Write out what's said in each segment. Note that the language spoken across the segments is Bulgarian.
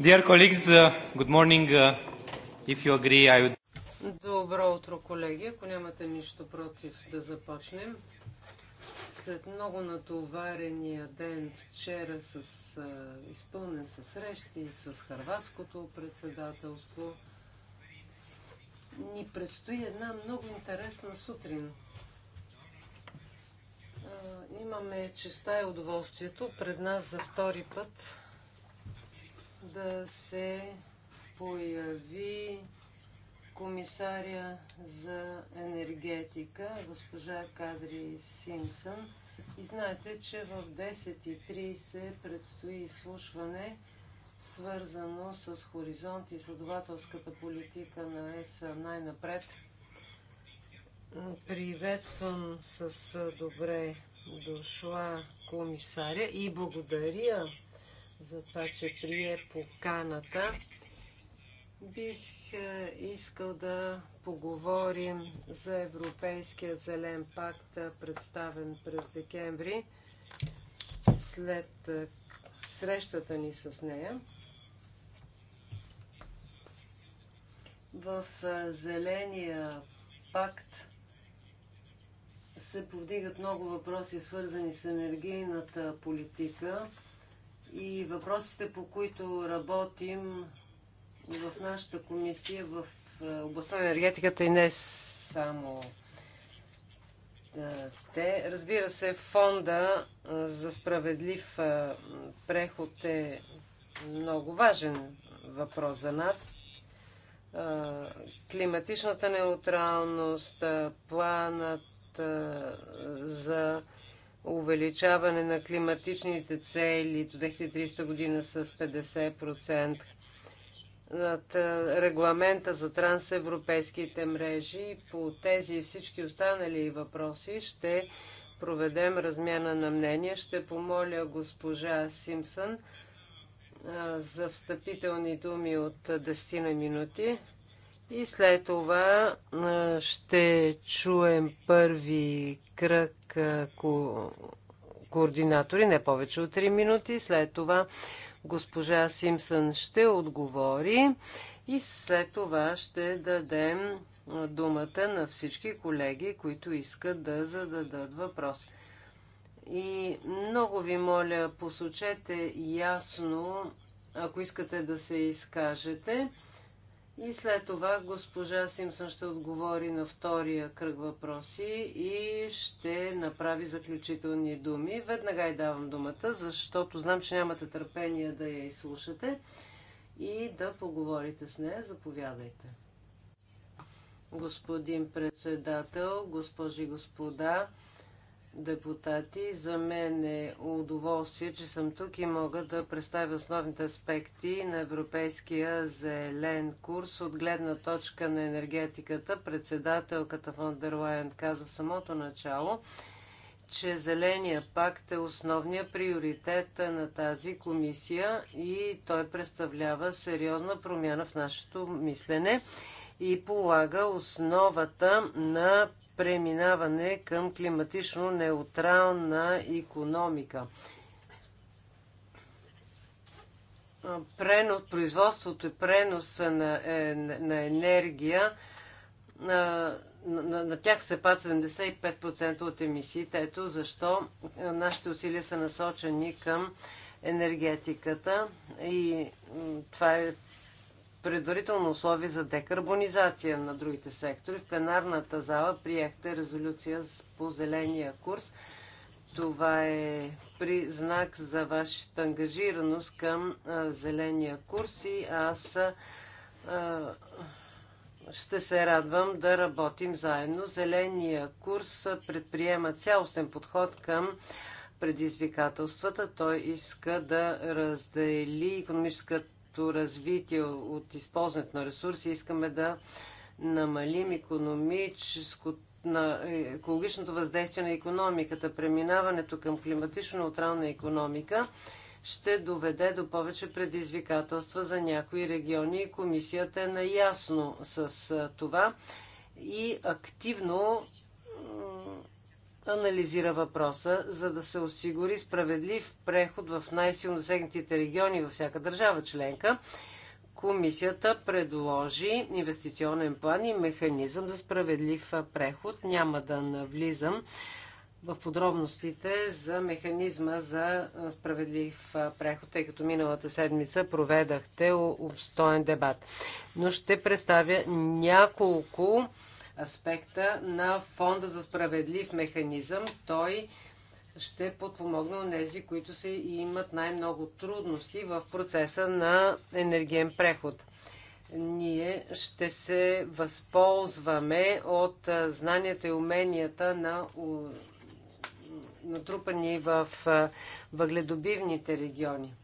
Dear colleagues, uh, good morning. Uh, if you agree, I would... Добро утро, колеги. Ако нямате нищо против да започнем. След много натоварения ден вчера с, uh, изпълнен с срещи с харватското председателство, ни предстои една много интересна сутрин – е, имаме честа и удоволствието пред нас за втори път да се появи комисаря за енергетика, госпожа Кадри Симпсън. И знаете, че в 10.30 предстои изслушване, свързано с хоризонт и следователската политика на ЕС най-напред – Приветствам с добре дошла комисаря и благодаря за това, че прие поканата. Бих искал да поговорим за Европейския зелен пакт, представен през декември, след срещата ни с нея. В Зеления пакт се повдигат много въпроси, свързани с енергийната политика и въпросите, по които работим в нашата комисия в е, областта на енергетиката и не само е, те. Разбира се, фонда е, за справедлив преход е много важен въпрос за нас. Климатичната неутралност, планът за увеличаване на климатичните цели до 2030 година с 50%. Над регламента за трансевропейските мрежи по тези и всички останали въпроси ще проведем размяна на мнения. Ще помоля госпожа Симпсън за встъпителни думи от 10 на минути. И след това ще чуем първи кръг ко... координатори, не повече от 3 минути. След това госпожа Симсън ще отговори и след това ще дадем думата на всички колеги, които искат да зададат въпрос. И много ви моля, посочете ясно, ако искате да се изкажете. И след това госпожа Симсън ще отговори на втория кръг въпроси и ще направи заключителни думи. Веднага й давам думата, защото знам, че нямате търпение да я изслушате и да поговорите с нея. Заповядайте. Господин председател, госпожи и господа, депутати. За мен е удоволствие, че съм тук и мога да представя основните аспекти на Европейския зелен курс от гледна точка на енергетиката. Председателката фон дер Лайен каза в самото начало, че Зеления пакт е основния приоритет на тази комисия и той представлява сериозна промяна в нашето мислене и полага основата на преминаване към климатично неутрална економика. Пренос, производството и преноса на, е, на енергия на, на, на тях се пад 75% от емисиите. Ето защо нашите усилия са насочени към енергетиката и това е предварително условие за декарбонизация на другите сектори. В пленарната зала приехте резолюция по зеления курс. Това е признак за вашата ангажираност към а, зеления курс и аз а, ще се радвам да работим заедно. Зеления курс предприема цялостен подход към предизвикателствата. Той иска да раздели економическата развитие от използването на ресурси, искаме да намалим економическото на екологичното въздействие на економиката, преминаването към климатично неутрална економика ще доведе до повече предизвикателства за някои региони. Комисията е наясно с това и активно анализира въпроса, за да се осигури справедлив преход в най-силно засегнатите региони във всяка държава членка. Комисията предложи инвестиционен план и механизъм за справедлив преход. Няма да навлизам в подробностите за механизма за справедлив преход, тъй като миналата седмица проведахте обстоен дебат. Но ще представя няколко аспекта на Фонда за справедлив механизъм. Той ще подпомогне тези, които се имат най-много трудности в процеса на енергиен преход. Ние ще се възползваме от знанията и уменията на натрупани в въгледобивните региони.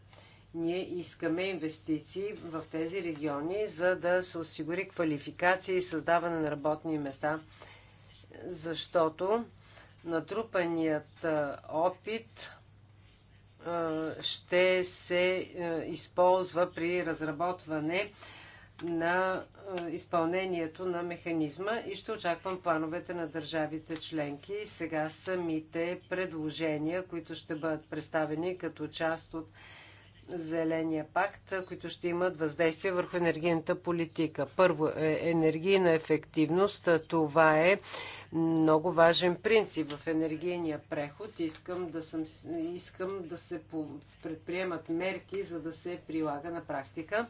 Ние искаме инвестиции в тези региони, за да се осигури квалификация и създаване на работни места, защото натрупаният опит ще се използва при разработване на изпълнението на механизма и ще очаквам плановете на държавите членки. Сега самите предложения, които ще бъдат представени като част от Зеления пакт, които ще имат въздействие върху енергийната политика. Първо е, енергийна ефективност. Това е много важен принцип в енергийния преход. Искам да, съм, искам да се предприемат мерки, за да се прилага на практика.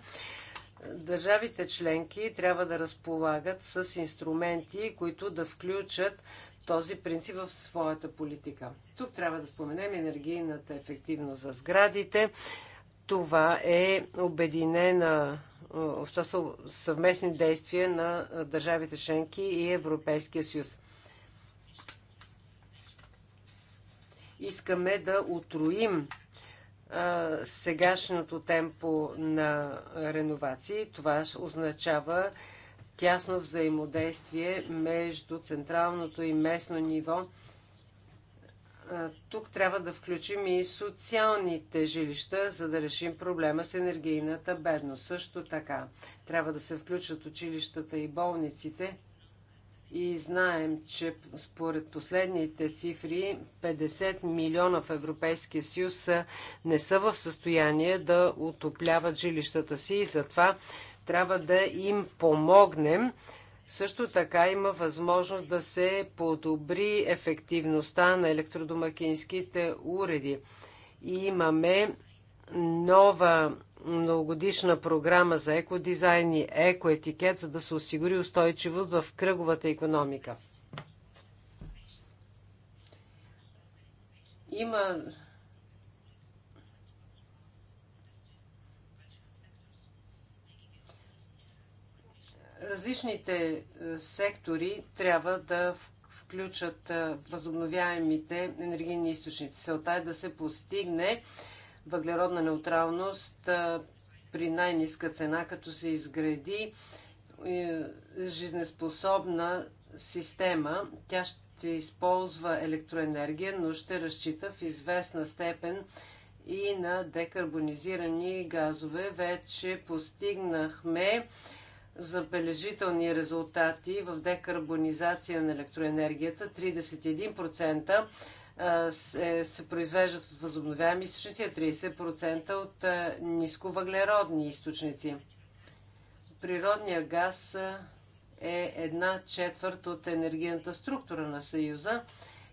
Държавите членки трябва да разполагат с инструменти, които да включат този принцип в своята политика. Тук трябва да споменем енергийната ефективност за сградите, това е обединена е, това са съвместни действия на е, държавите членки и Европейския съюз. Искаме да утроим е, сегашното темпо на реновации. Това означава тясно взаимодействие между централното и местно ниво – тук трябва да включим и социалните жилища, за да решим проблема с енергийната бедност. Също така трябва да се включат училищата и болниците. И знаем, че според последните цифри 50 милиона в Европейския съюз не са в състояние да отопляват жилищата си и затова трябва да им помогнем също така има възможност да се подобри ефективността на електродомакинските уреди. И имаме нова многогодишна програма за екодизайн и екоетикет, за да се осигури устойчивост в кръговата економика. Има Различните е, сектори трябва да включат е, възобновяемите енергийни източници. Целта е да се постигне въглеродна неутралност е, при най-низка цена, като се изгради жизнеспособна система. Тя ще използва електроенергия, но ще разчита в известна степен и на декарбонизирани газове. Вече постигнахме забележителни резултати в декарбонизация на електроенергията. 31% се, произвеждат от възобновяеми източници, а 30% от нисковъглеродни източници. Природният газ е една четвърт от енергийната структура на Съюза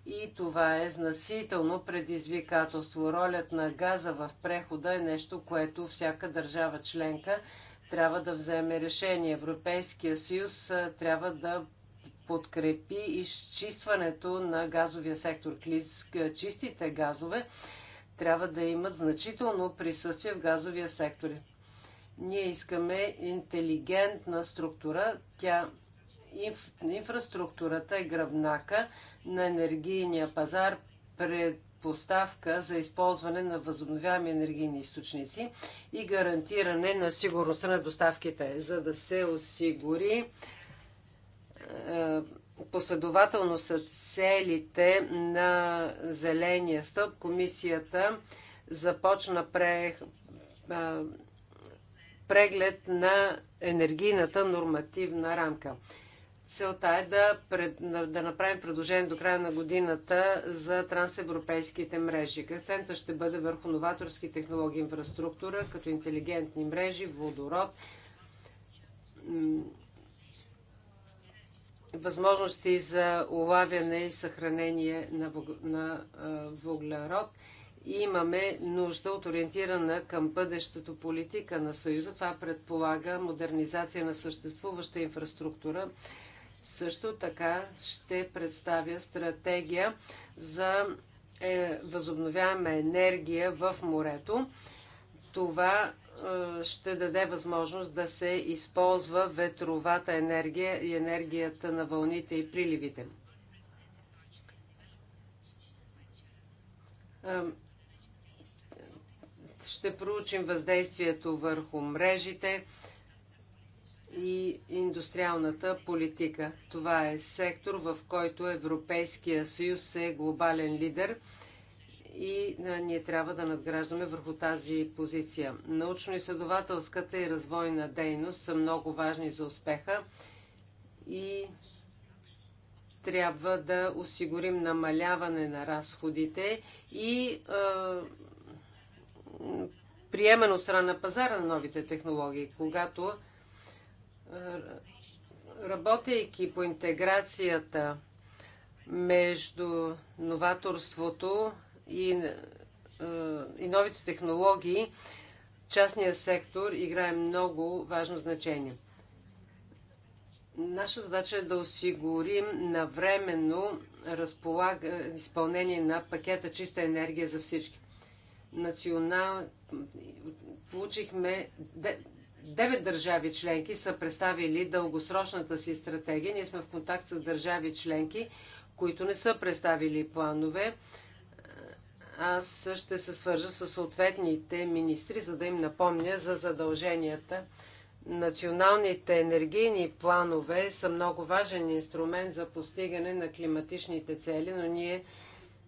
и това е значително предизвикателство. Ролят на газа в прехода е нещо, което всяка държава членка трябва да вземе решение. Европейския съюз трябва да подкрепи изчистването на газовия сектор. Чистите газове трябва да имат значително присъствие в газовия сектор. Ние искаме интелигентна структура. Тя инф, инфраструктурата е гръбнака на енергийния пазар, пред, предпоставка за използване на възобновяеми енергийни източници и гарантиране на сигурността на доставките, за да се осигури е, последователно са целите на зеления стълб. Комисията започна е, преглед на енергийната нормативна рамка. Целта е да, пред, да направим предложение до края на годината за трансевропейските мрежи. Акцента ще бъде върху новаторски технологии инфраструктура, като интелигентни мрежи, водород, възможности за улавяне и съхранение на, на въглерод. И имаме нужда от ориентирана към бъдещето политика на Съюза. Това предполага модернизация на съществуваща инфраструктура също така ще представя стратегия за е, възобновяема енергия в морето. Това е, ще даде възможност да се използва ветровата енергия и енергията на вълните и приливите. Е, ще проучим въздействието върху мрежите, и индустриалната политика. Това е сектор, в който Европейския съюз е глобален лидер и ние трябва да надграждаме върху тази позиция. Научно-изследователската и развойна дейност са много важни за успеха и трябва да осигурим намаляване на разходите и приемано страна на пазара на новите технологии. Когато Работейки по интеграцията между новаторството и, е, и новите технологии, частният сектор играе много важно значение. Наша задача е да осигурим навременно разполаг... изпълнение на пакета чиста енергия за всички. Национал... Получихме Девет държави членки са представили дългосрочната си стратегия. Ние сме в контакт с държави членки, които не са представили планове. Аз ще се свържа с съответните министри, за да им напомня за задълженията. Националните енергийни планове са много важен инструмент за постигане на климатичните цели, но ние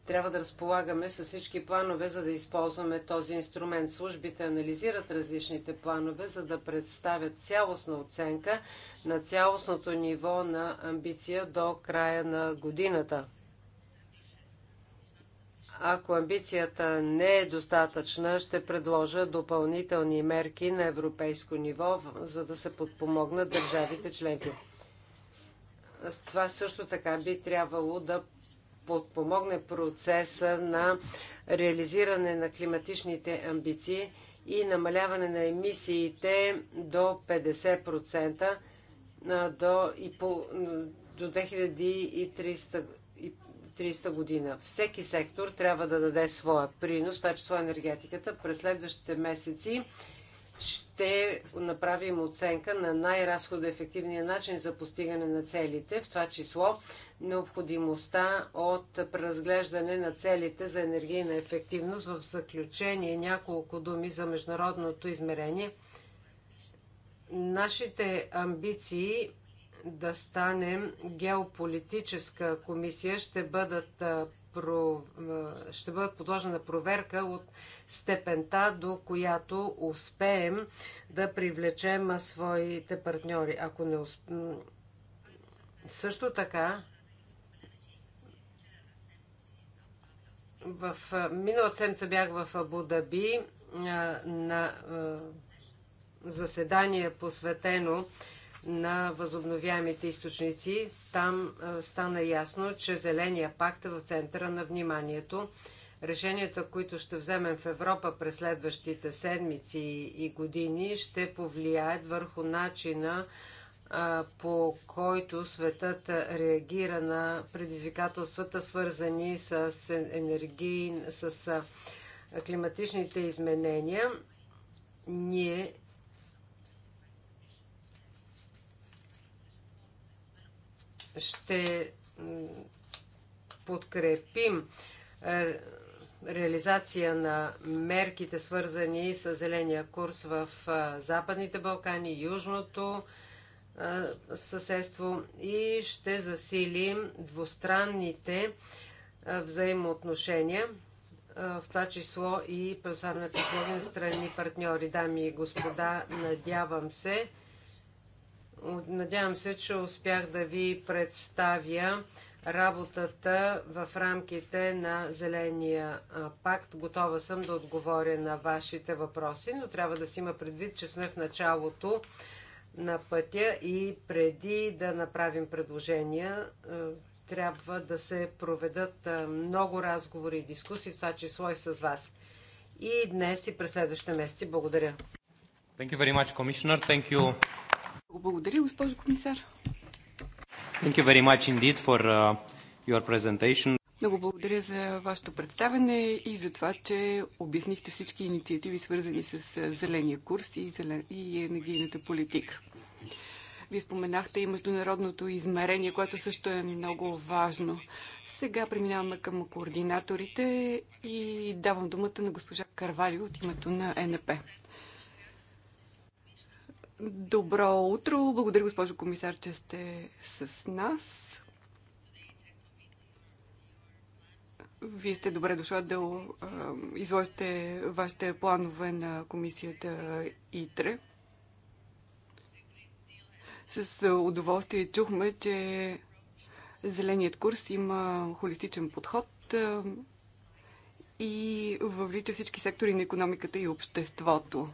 трябва да разполагаме с всички планове, за да използваме този инструмент. Службите анализират различните планове, за да представят цялостна оценка на цялостното ниво на амбиция до края на годината. Ако амбицията не е достатъчна, ще предложа допълнителни мерки на европейско ниво, за да се подпомогнат държавите членки. Това също така би трябвало да подпомогне процеса на реализиране на климатичните амбиции и намаляване на емисиите до 50% до, и по, до 2030, година. Всеки сектор трябва да даде своя принос, това число енергетиката. През следващите месеци ще направим оценка на най-разходоефективния начин за постигане на целите, в това число необходимостта от преразглеждане на целите за енергийна ефективност. В заключение няколко думи за международното измерение. Нашите амбиции да станем геополитическа комисия ще бъдат, про... ще бъдат подложена на проверка от степента, до която успеем да привлечем своите партньори. Ако не усп... също така В миналата седмица бях в Абу-Даби на заседание посветено на възобновяемите източници. Там стана ясно, че Зеления пакт е в центъра на вниманието. Решенията, които ще вземем в Европа през следващите седмици и години, ще повлияят върху начина, по който светът реагира на предизвикателствата, свързани с енергии, с климатичните изменения, ние ще подкрепим реализация на мерките, свързани с зеления курс в Западните Балкани, Южното съседство и ще засилим двустранните взаимоотношения, в това число и предоставяне технологии на страни партньори. Дами и господа, надявам се, надявам се, че успях да ви представя работата в рамките на Зеления пакт. Готова съм да отговоря на вашите въпроси, но трябва да си има предвид, че сме в началото на пътя и преди да направим предложения, е, трябва да се проведат е, много разговори и дискусии, в това число и с вас. И днес и през следващите месеци. Благодаря. Thank you very much, Commissioner. Thank you. Благодаря, госпожо комисар. Thank you very much indeed for uh, your presentation. Много благодаря за вашето представене и за това, че обяснихте всички инициативи, свързани с зеления курс и, зелен... и енергийната политика. Вие споменахте и международното измерение, което също е много важно. Сега преминаваме към координаторите и давам думата на госпожа Карвали от името на НП. Добро утро! Благодаря, госпожо комисар, че сте с нас. Вие сте добре дошла да изложите вашите планове на комисията ИТРЕ. С удоволствие чухме, че зеленият курс има холистичен подход и въвлича всички сектори на економиката и обществото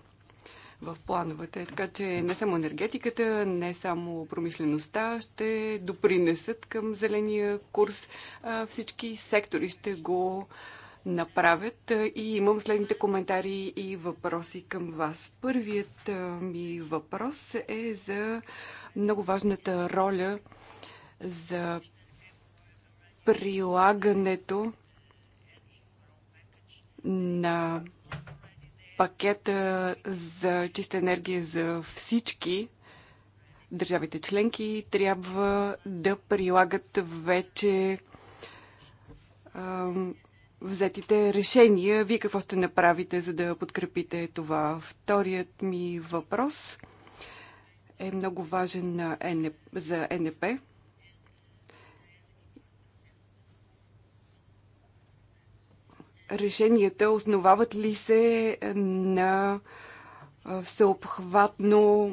в плановете. Така че не само енергетиката, не само промишлеността ще допринесат към зеления курс. Всички сектори ще го направят и имам следните коментари и въпроси към вас. Първият ми въпрос е за много важната роля за прилагането на пакета за чиста енергия за всички държавите членки трябва да прилагат вече а, взетите решения. Вие какво сте направите, за да подкрепите това? Вторият ми въпрос е много важен за НП. решенията основават ли се е, на е, всеобхватно,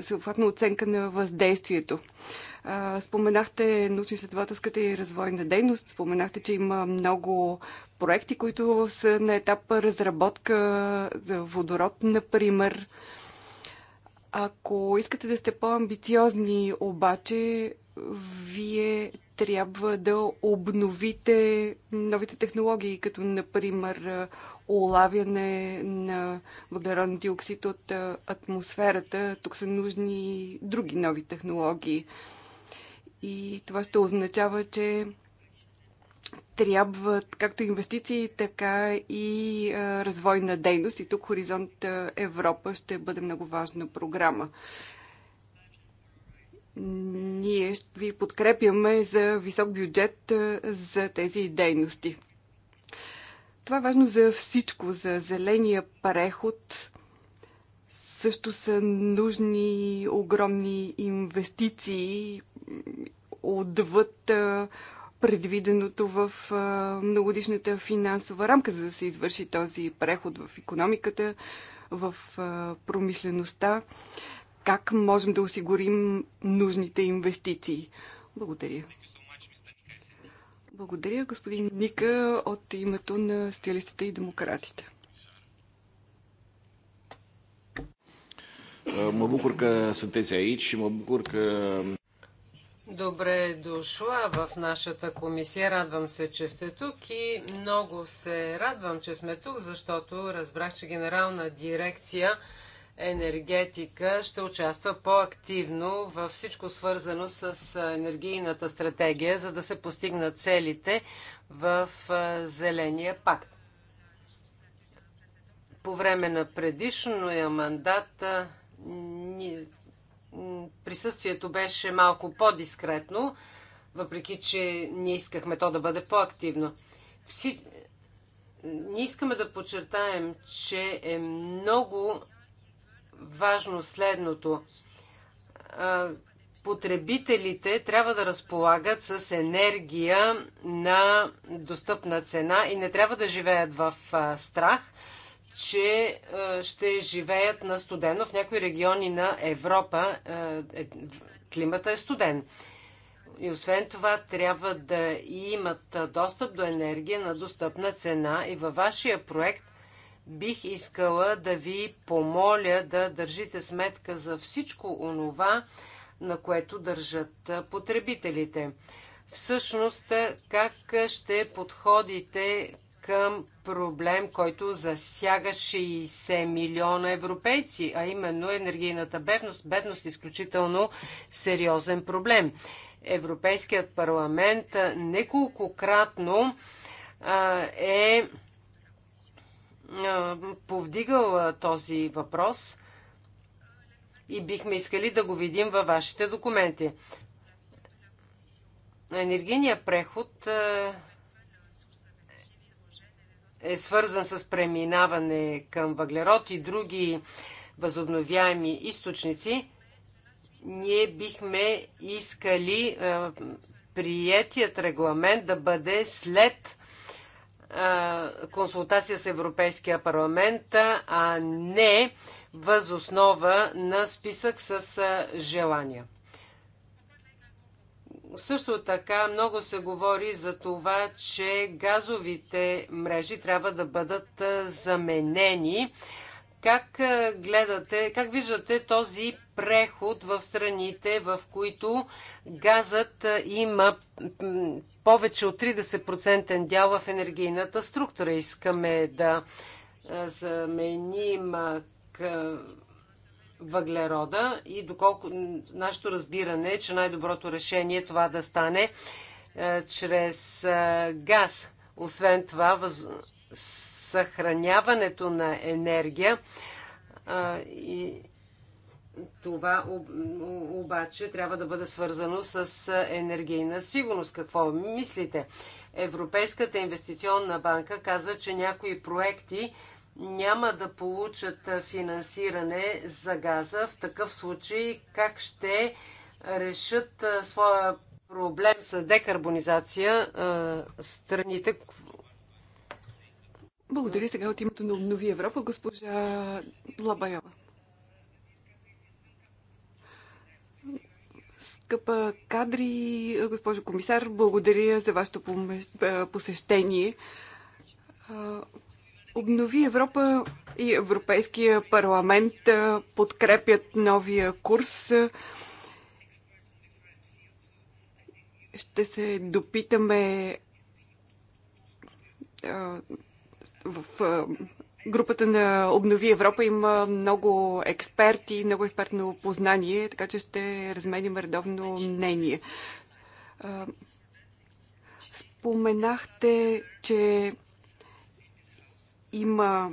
всеобхватна оценка на въздействието. Е, споменахте научно-изследователската и развойна дейност, споменахте, че има много проекти, които са на етап разработка за водород, например. Ако искате да сте по-амбициозни, обаче, вие трябва да обновите новите технологии, като например улавяне на въглероден диоксид от атмосферата. Тук са нужни други нови технологии. И това ще означава, че трябват както инвестиции, така и развойна дейност. И тук Хоризонт Европа ще бъде много важна програма. Ние ви подкрепяме за висок бюджет е, за тези дейности. Това е важно за всичко, за зеления преход. Също са нужни огромни инвестиции отвъд е, предвиденото в е, многодишната финансова рамка, за да се извърши този преход в економиката, в промишлеността как можем да осигурим нужните инвестиции. Благодаря. Благодаря, господин Ника, от името на стилистите и демократите. Mă bucur că sunteți aici și mă bucur că... Добре дошла в нашата комисия. Радвам се, че сте тук и много се радвам, че сме тук, защото разбрах, че генерална дирекция енергетика ще участва по-активно във всичко свързано с енергийната стратегия, за да се постигнат целите в Зеления пакт. По време на предишния мандат присъствието беше малко по-дискретно, въпреки че ние искахме то да бъде по-активно. Всички... Ние искаме да подчертаем, че е много важно следното. Потребителите трябва да разполагат с енергия на достъпна цена и не трябва да живеят в страх, че ще живеят на студено. В някои региони на Европа е, климата е студен. И освен това трябва да имат достъп до енергия на достъпна цена. И във вашия проект бих искала да ви помоля да държите сметка за всичко онова, на което държат потребителите. Всъщност, как ще подходите към проблем, който засяга 60 милиона европейци, а именно енергийната бедност, бедност е изключително сериозен проблем. Европейският парламент неколкократно а, е повдигал този въпрос и бихме искали да го видим във вашите документи. Енергийният преход е свързан с преминаване към въглерод и други възобновяеми източници. Ние бихме искали приятият регламент да бъде след консултация с Европейския парламент, а не възоснова на списък с желания. Също така много се говори за това, че газовите мрежи трябва да бъдат заменени. Как гледате, как виждате този преход в страните, в които газът има повече от 30% дял в енергийната структура. Искаме да заменим въглерода и доколко нашето разбиране е, че най-доброто решение е това да стане чрез газ. Освен това, съхраняването на енергия и това обаче трябва да бъде свързано с енергийна сигурност. Какво мислите? Европейската инвестиционна банка каза, че някои проекти няма да получат финансиране за газа. В такъв случай как ще решат своя проблем с декарбонизация страните? Благодаря сега от името на Обнови Европа, госпожа Лабайова. скъпа кадри, госпожо комисар, благодаря за вашето посещение. Обнови Европа и Европейския парламент подкрепят новия курс. Ще се допитаме в групата на Обнови Европа има много експерти, много експертно познание, така че ще разменим редовно мнение. Споменахте, че има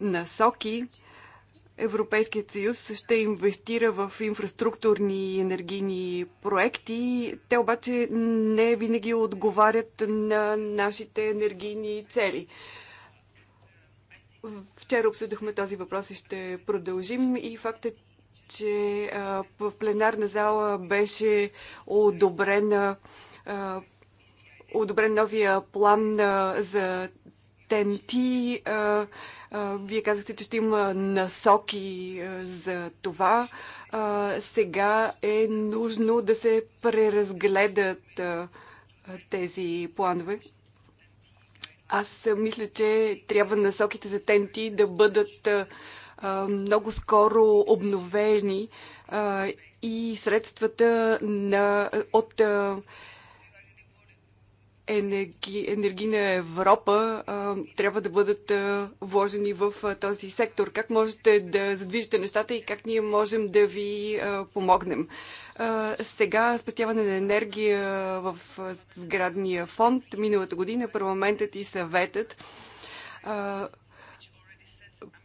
насоки Европейският съюз ще инвестира в инфраструктурни и енергийни проекти. Те обаче не винаги отговарят на нашите енергийни цели. Вчера обсъждахме този въпрос и ще продължим. И факта, че в пленарна зала беше одобрена одобрен новия план за ТНТ. Вие казахте, че ще има насоки за това. Сега е нужно да се преразгледат тези планове. Аз мисля, че трябва насоките за ТНТ да бъдат много скоро обновени и средствата на, от енерги, енергийна Европа а, трябва да бъдат а, вложени в а, този сектор. Как можете да задвижите нещата и как ние можем да ви а, помогнем? А, сега спестяване на енергия в а, сградния фонд. Миналата година парламентът и съветът а,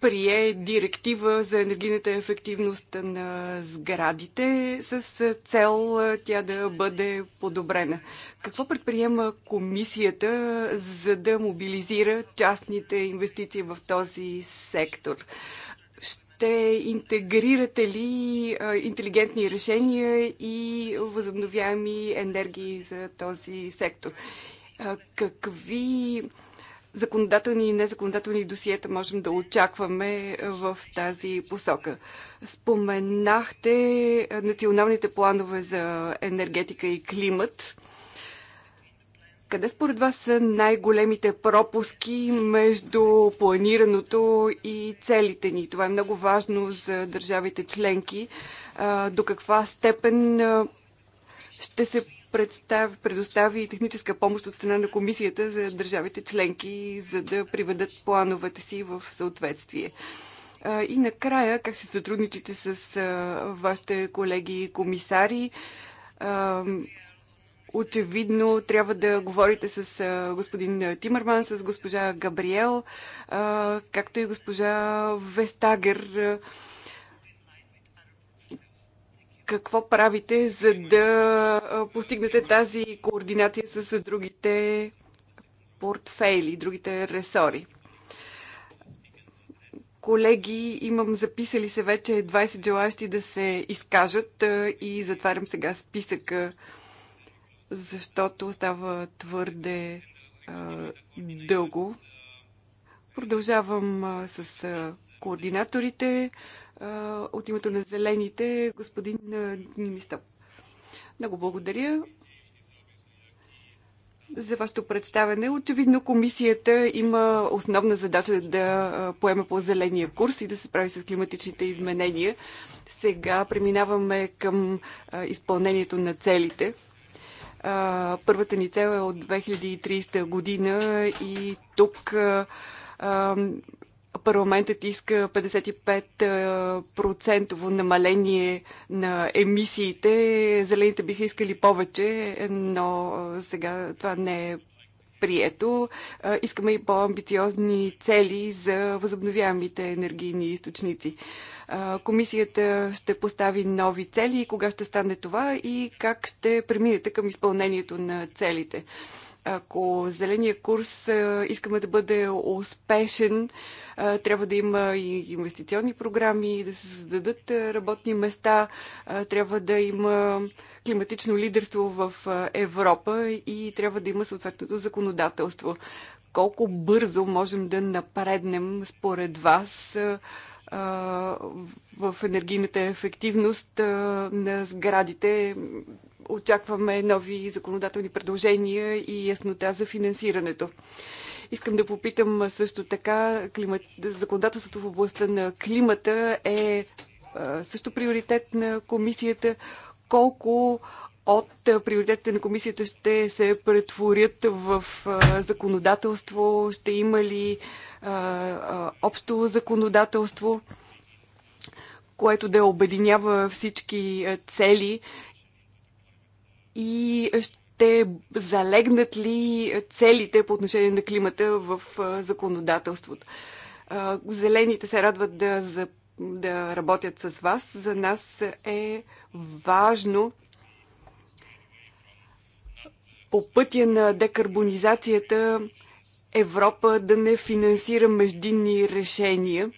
прие директива за енергийната ефективност на сградите с цел тя да бъде подобрена. Какво предприема комисията, за да мобилизира частните инвестиции в този сектор? ще интегрирате ли интелигентни решения и възобновяеми енергии за този сектор? какви законодателни и незаконодателни досиета можем да очакваме е, в тази посока. Споменахте е, националните планове за енергетика и климат. Къде според вас са най-големите пропуски между планираното и целите ни? Това е много важно за държавите членки. До каква степен ще се представ, предостави техническа помощ от страна на комисията за държавите членки, за да приведат плановете си в съответствие. И накрая, как се сътрудничите с вашите колеги комисари? Очевидно трябва да говорите с господин Тимърман, с госпожа Габриел, както и госпожа Вестагер какво правите, за да постигнете тази координация с другите портфейли, другите ресори? Колеги, имам записали се вече 20 желащи да се изкажат и затварям сега списъка, защото става твърде дълго. Продължавам с координаторите. От името на зелените, господин Нимистъп. Много благодаря за вашето представене. Очевидно комисията има основна задача да поеме по зеления курс и да се прави с климатичните изменения. Сега преминаваме към изпълнението на целите. Първата ни цел е от 2030 година и тук парламентът иска 55% намаление на емисиите. Зелените биха искали повече, но сега това не е прието. Искаме и по-амбициозни цели за възобновяемите енергийни източници. Комисията ще постави нови цели. Кога ще стане това и как ще преминете към изпълнението на целите? Ако зеления курс искаме да бъде успешен, трябва да има и инвестиционни програми, да се създадат работни места, трябва да има климатично лидерство в Европа и трябва да има съответното законодателство. Колко бързо можем да напреднем според вас в енергийната ефективност на сградите очакваме нови законодателни предложения и яснота за финансирането. Искам да попитам също така, климат, законодателството в областта на климата е също приоритет на комисията. Колко от приоритетите на комисията ще се претворят в законодателство? Ще има ли общо законодателство, което да обединява всички цели и ще залегнат ли целите по отношение на климата в законодателството. Зелените се радват да, за, да работят с вас. За нас е важно по пътя на декарбонизацията Европа да не финансира междинни решения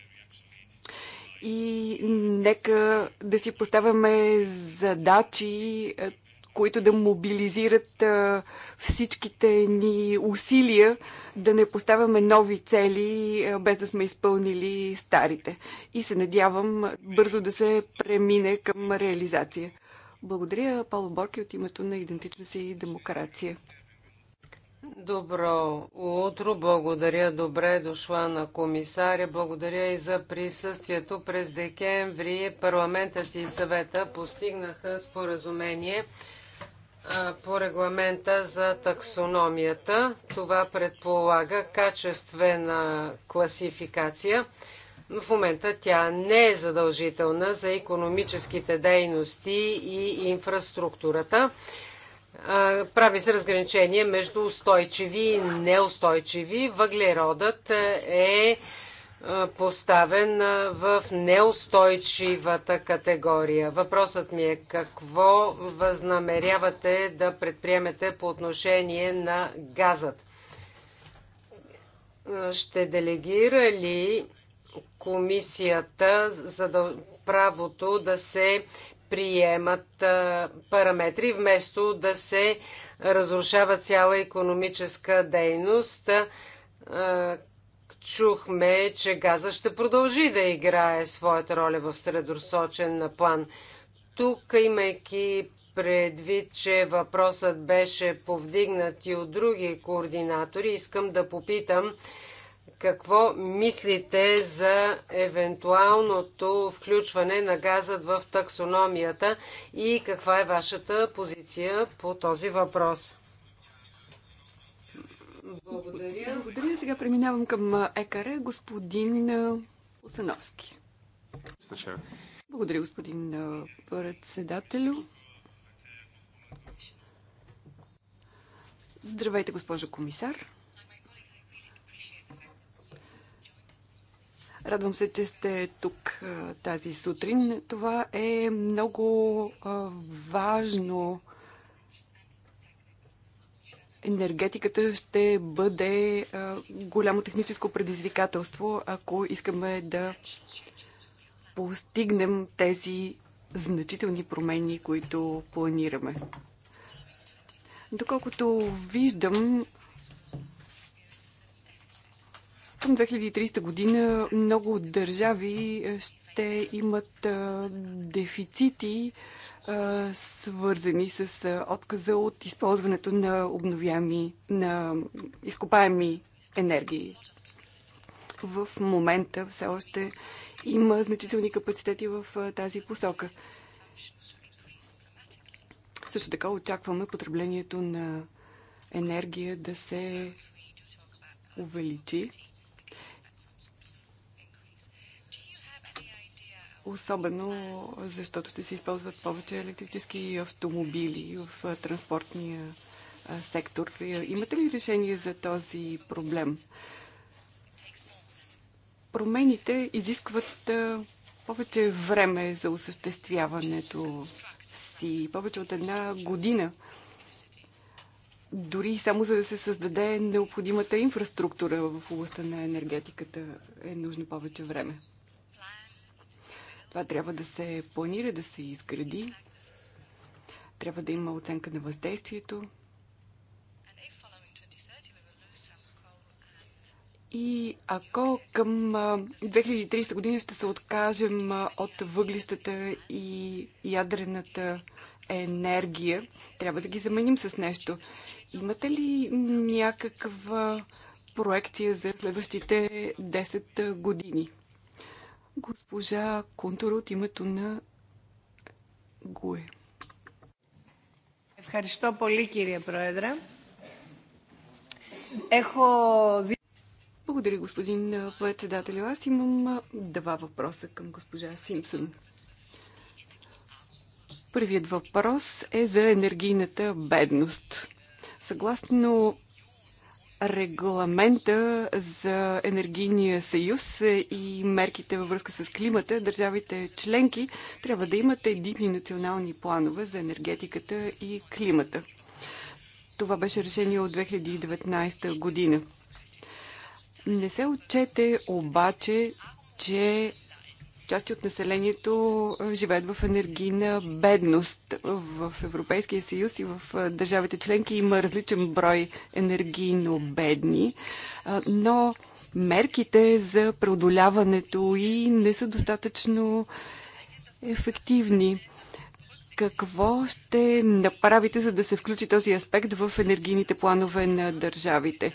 и нека да си поставяме задачи които да мобилизират всичките ни усилия да не поставяме нови цели, без да сме изпълнили старите. И се надявам бързо да се премине към реализация. Благодаря, Павло Борки, от името на идентичност и демокрация. Добро утро, благодаря, добре е дошла на комисаря, благодаря и за присъствието. През декември парламентът и съвета постигнаха споразумение по регламента за таксономията. Това предполага качествена класификация. В момента тя не е задължителна за економическите дейности и инфраструктурата. Прави се разграничение между устойчиви и неустойчиви. Въглеродът е поставен в неустойчивата категория. Въпросът ми е какво възнамерявате да предприемете по отношение на газът? Ще делегира ли комисията за да, правото да се приемат параметри, вместо да се разрушава цяла економическа дейност? чухме, че газа ще продължи да играе своята роля в средосочен план. Тук, имайки предвид, че въпросът беше повдигнат и от други координатори, искам да попитам какво мислите за евентуалното включване на газът в таксономията и каква е вашата позиция по този въпрос? Благодаря. Благодаря. Сега преминавам към екаре господин Осановски. Благодаря, господин председателю. Здравейте, госпожо комисар. Радвам се, че сте тук тази сутрин. Това е много важно енергетиката ще бъде голямо техническо предизвикателство, ако искаме да постигнем тези значителни промени, които планираме. Доколкото виждам, към 2030 година много държави ще имат дефицити свързани с отказа от използването на обновяеми, на изкопаеми енергии. В момента все още има значителни капацитети в тази посока. Също така очакваме потреблението на енергия да се увеличи. особено защото ще се използват повече електрически автомобили в транспортния сектор. Имате ли решение за този проблем? Промените изискват повече време за осъществяването си, повече от една година, дори само за да се създаде необходимата инфраструктура в областта на енергетиката е нужно повече време. Това трябва да се планира, да се изгради. Трябва да има оценка на въздействието. И ако към 2030 година ще се откажем от въглищата и ядрената енергия, трябва да ги заменим с нещо. Имате ли някаква проекция за следващите 10 години? Госпожа Контур от името на ГУЕ. Ευχαριστώ πολύ, κύριε Πρόεδρε. Έχω... Благодаря, господин председател. Аз имам два въпроса към госпожа Симпсон. Първият въпрос е за енергийната бедност. Съгласно регламента за енергийния съюз и мерките във връзка с климата, държавите членки трябва да имат единни национални планове за енергетиката и климата. Това беше решение от 2019 година. Не се отчете обаче, че части от населението живеят в енергийна бедност. В Европейския съюз и в държавите членки има различен брой енергийно бедни, но мерките за преодоляването и не са достатъчно ефективни. Какво ще направите, за да се включи този аспект в енергийните планове на държавите?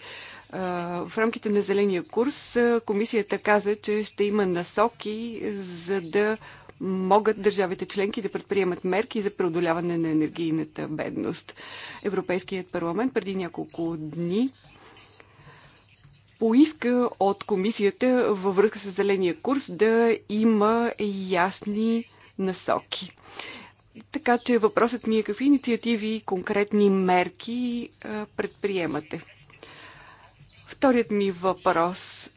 В рамките на зеления курс комисията каза, че ще има насоки, за да могат държавите членки да предприемат мерки за преодоляване на енергийната бедност. Европейският парламент преди няколко дни поиска от комисията във връзка с зеления курс да има ясни насоки. Така че въпросът ми е какви инициативи и конкретни мерки предприемате. Вторият ми въпрос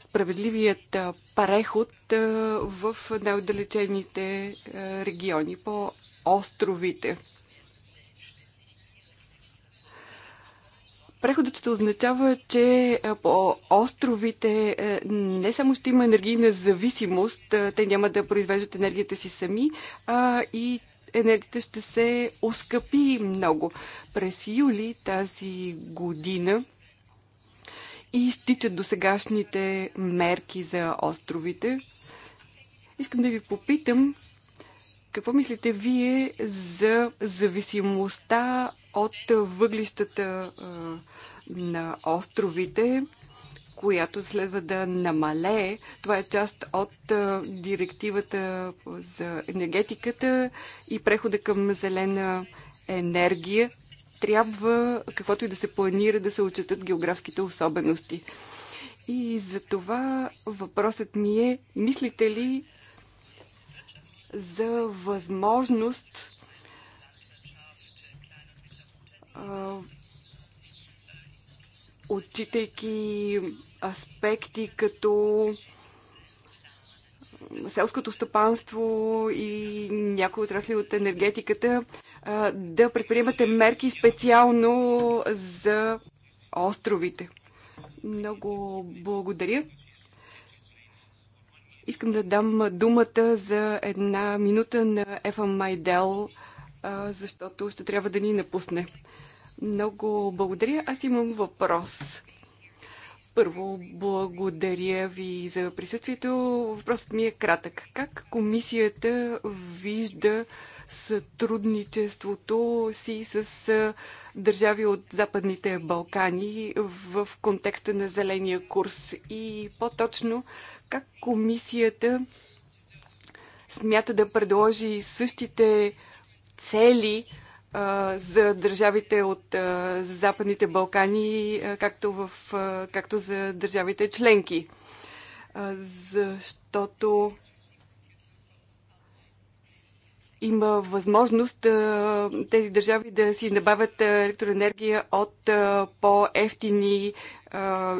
справедливият преход в най-отдалечените региони по островите. Преходът ще означава, че по островите не само ще има енергийна зависимост, те няма да произвеждат енергията си сами, а и енергията ще се оскъпи много. През юли тази година и изтичат до сегашните мерки за островите. Искам да ви попитам, какво мислите вие за зависимостта от въглищата на островите, която следва да намалее. Това е част от директивата за енергетиката и прехода към зелена енергия трябва, каквото и да се планира, да се отчетат географските особености. И за това въпросът ми е, мислите ли за възможност отчитайки аспекти като селското стопанство и някои отрасли от енергетиката да предприемате мерки специално за островите. Много благодаря. Искам да дам думата за една минута на Ефа Майдел, защото ще трябва да ни напусне. Много благодаря. Аз имам въпрос първо, благодаря ви за присъствието. Въпросът ми е кратък. Как комисията вижда сътрудничеството си с държави от Западните Балкани в контекста на зеления курс и по-точно как комисията смята да предложи същите цели за държавите от Западните Балкани, както, в, както за държавите членки. Защото има възможност тези държави да си набавят електроенергия от по-ефтини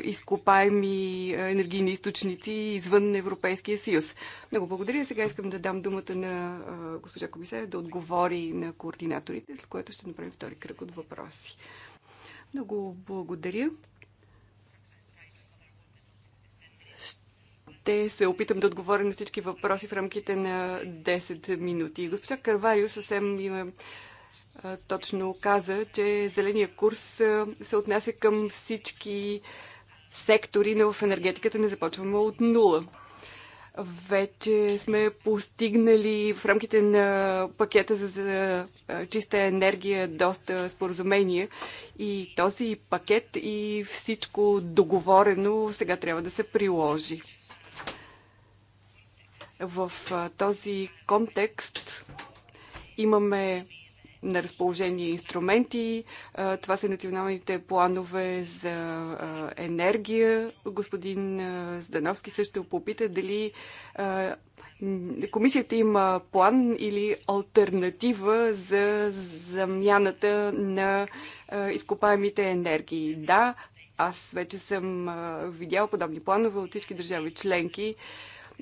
изкопаеми енергийни източници извън Европейския съюз. Много благодаря. Сега искам да дам думата на госпожа комисаря да отговори на координаторите, след което ще направим втори кръг от въпроси. Много благодаря. Ще се опитам да отговоря на всички въпроси в рамките на 10 минути. Госпожа Карварио съвсем има точно каза, че зеления курс се отнася към всички сектори, но в енергетиката не започваме от нула. Вече сме постигнали в рамките на пакета за, за чиста енергия доста споразумения и този пакет и всичко договорено сега трябва да се приложи. В този контекст имаме на разположение инструменти. Това са националните планове за енергия. Господин Здановски също попита дали комисията има план или альтернатива за замяната на изкопаемите енергии. Да, аз вече съм видял подобни планове от всички държави членки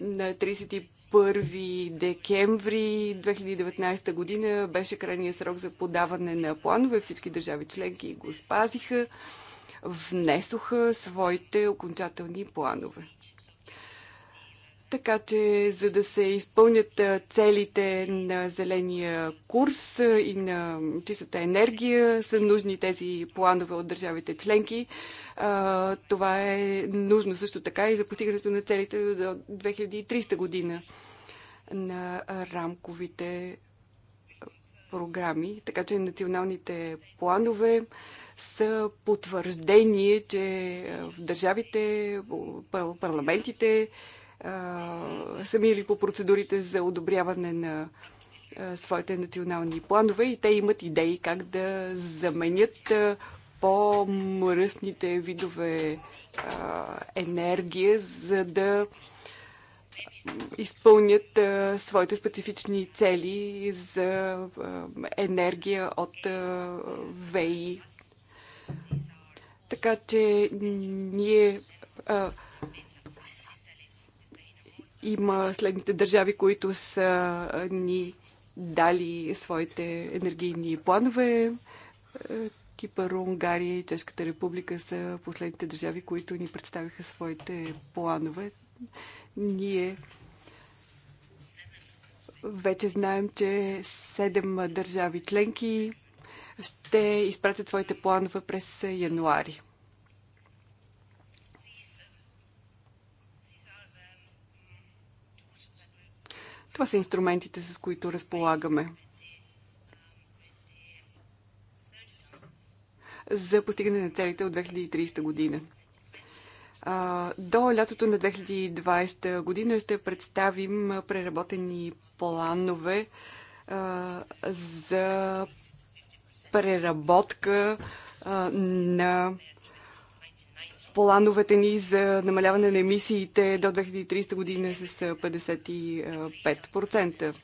на 35 1 декември 2019 година беше крайният срок за подаване на планове. Всички държави членки го спазиха, внесоха своите окончателни планове. Така че, за да се изпълнят целите на зеления курс и на чистата енергия, са нужни тези планове от държавите членки. Това е нужно също така и за постигането на целите до 2030 година на рамковите програми, така че националните планове са потвърждение, че в държавите, парламентите, са мили по процедурите за одобряване на своите национални планове и те имат идеи как да заменят по-мръсните видове енергия, за да изпълнят а, своите специфични цели за а, енергия от а, ВЕИ. Така че ние а, има следните държави, които са ни дали своите енергийни планове. Кипър, Унгария и Чешката република са последните държави, които ни представиха своите планове. Ние вече знаем, че седем държави членки ще изпратят своите планове през януари. Това са инструментите, с които разполагаме. за постигане на целите от 2030 година. До лятото на 2020 година ще представим преработени планове за преработка на плановете ни за намаляване на емисиите до 2030 година с 55%.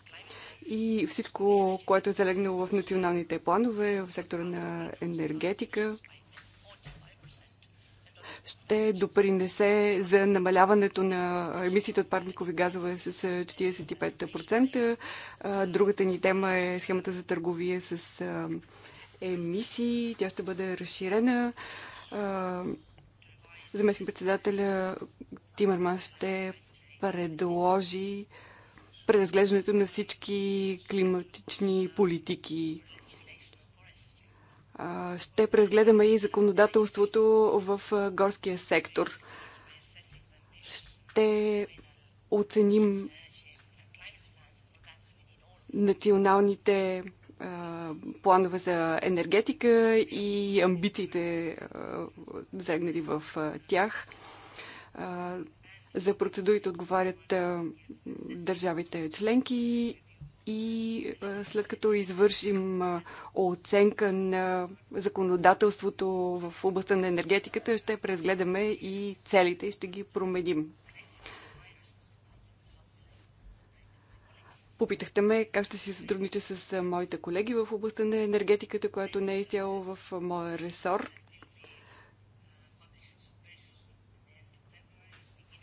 И всичко, което е залегнало в националните планове в сектора на енергетика, ще допринесе за намаляването на емисиите от парникови газове с 45%. Другата ни тема е схемата за търговия с емисии. Тя ще бъде разширена. Заместник председателя Тимърман ще предложи преразглеждането на всички климатични политики ще преразгледаме и законодателството в горския сектор. Ще оценим националните планове за енергетика и амбициите, загнали в тях. за процедурите отговарят държавите членки и след като извършим оценка на законодателството в областта на енергетиката, ще презгледаме и целите и ще ги променим. Попитахте ме как ще си сътруднича с моите колеги в областта на енергетиката, която не е изцяло в моя ресор.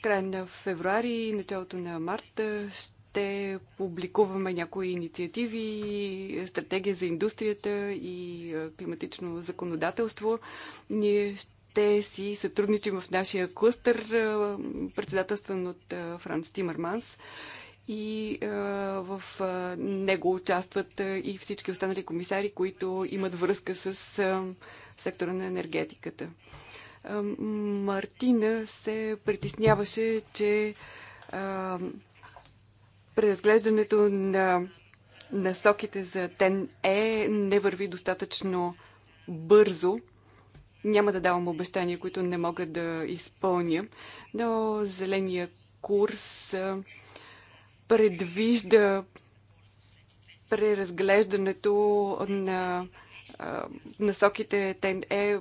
Край на февруари и началото на марта ще ще публикуваме някои инициативи, стратегия за индустрията и климатично законодателство. Ние ще си сътрудничим в нашия клъстър, председателстван от Франц Тимърманс и в него участват и всички останали комисари, които имат връзка с сектора на енергетиката. Мартина се притесняваше, че преразглеждането на насоките за ТЕН-Е не върви достатъчно бързо. Няма да давам обещания, които не мога да изпълня, но зеления курс предвижда преразглеждането на насоките ТЕН-Е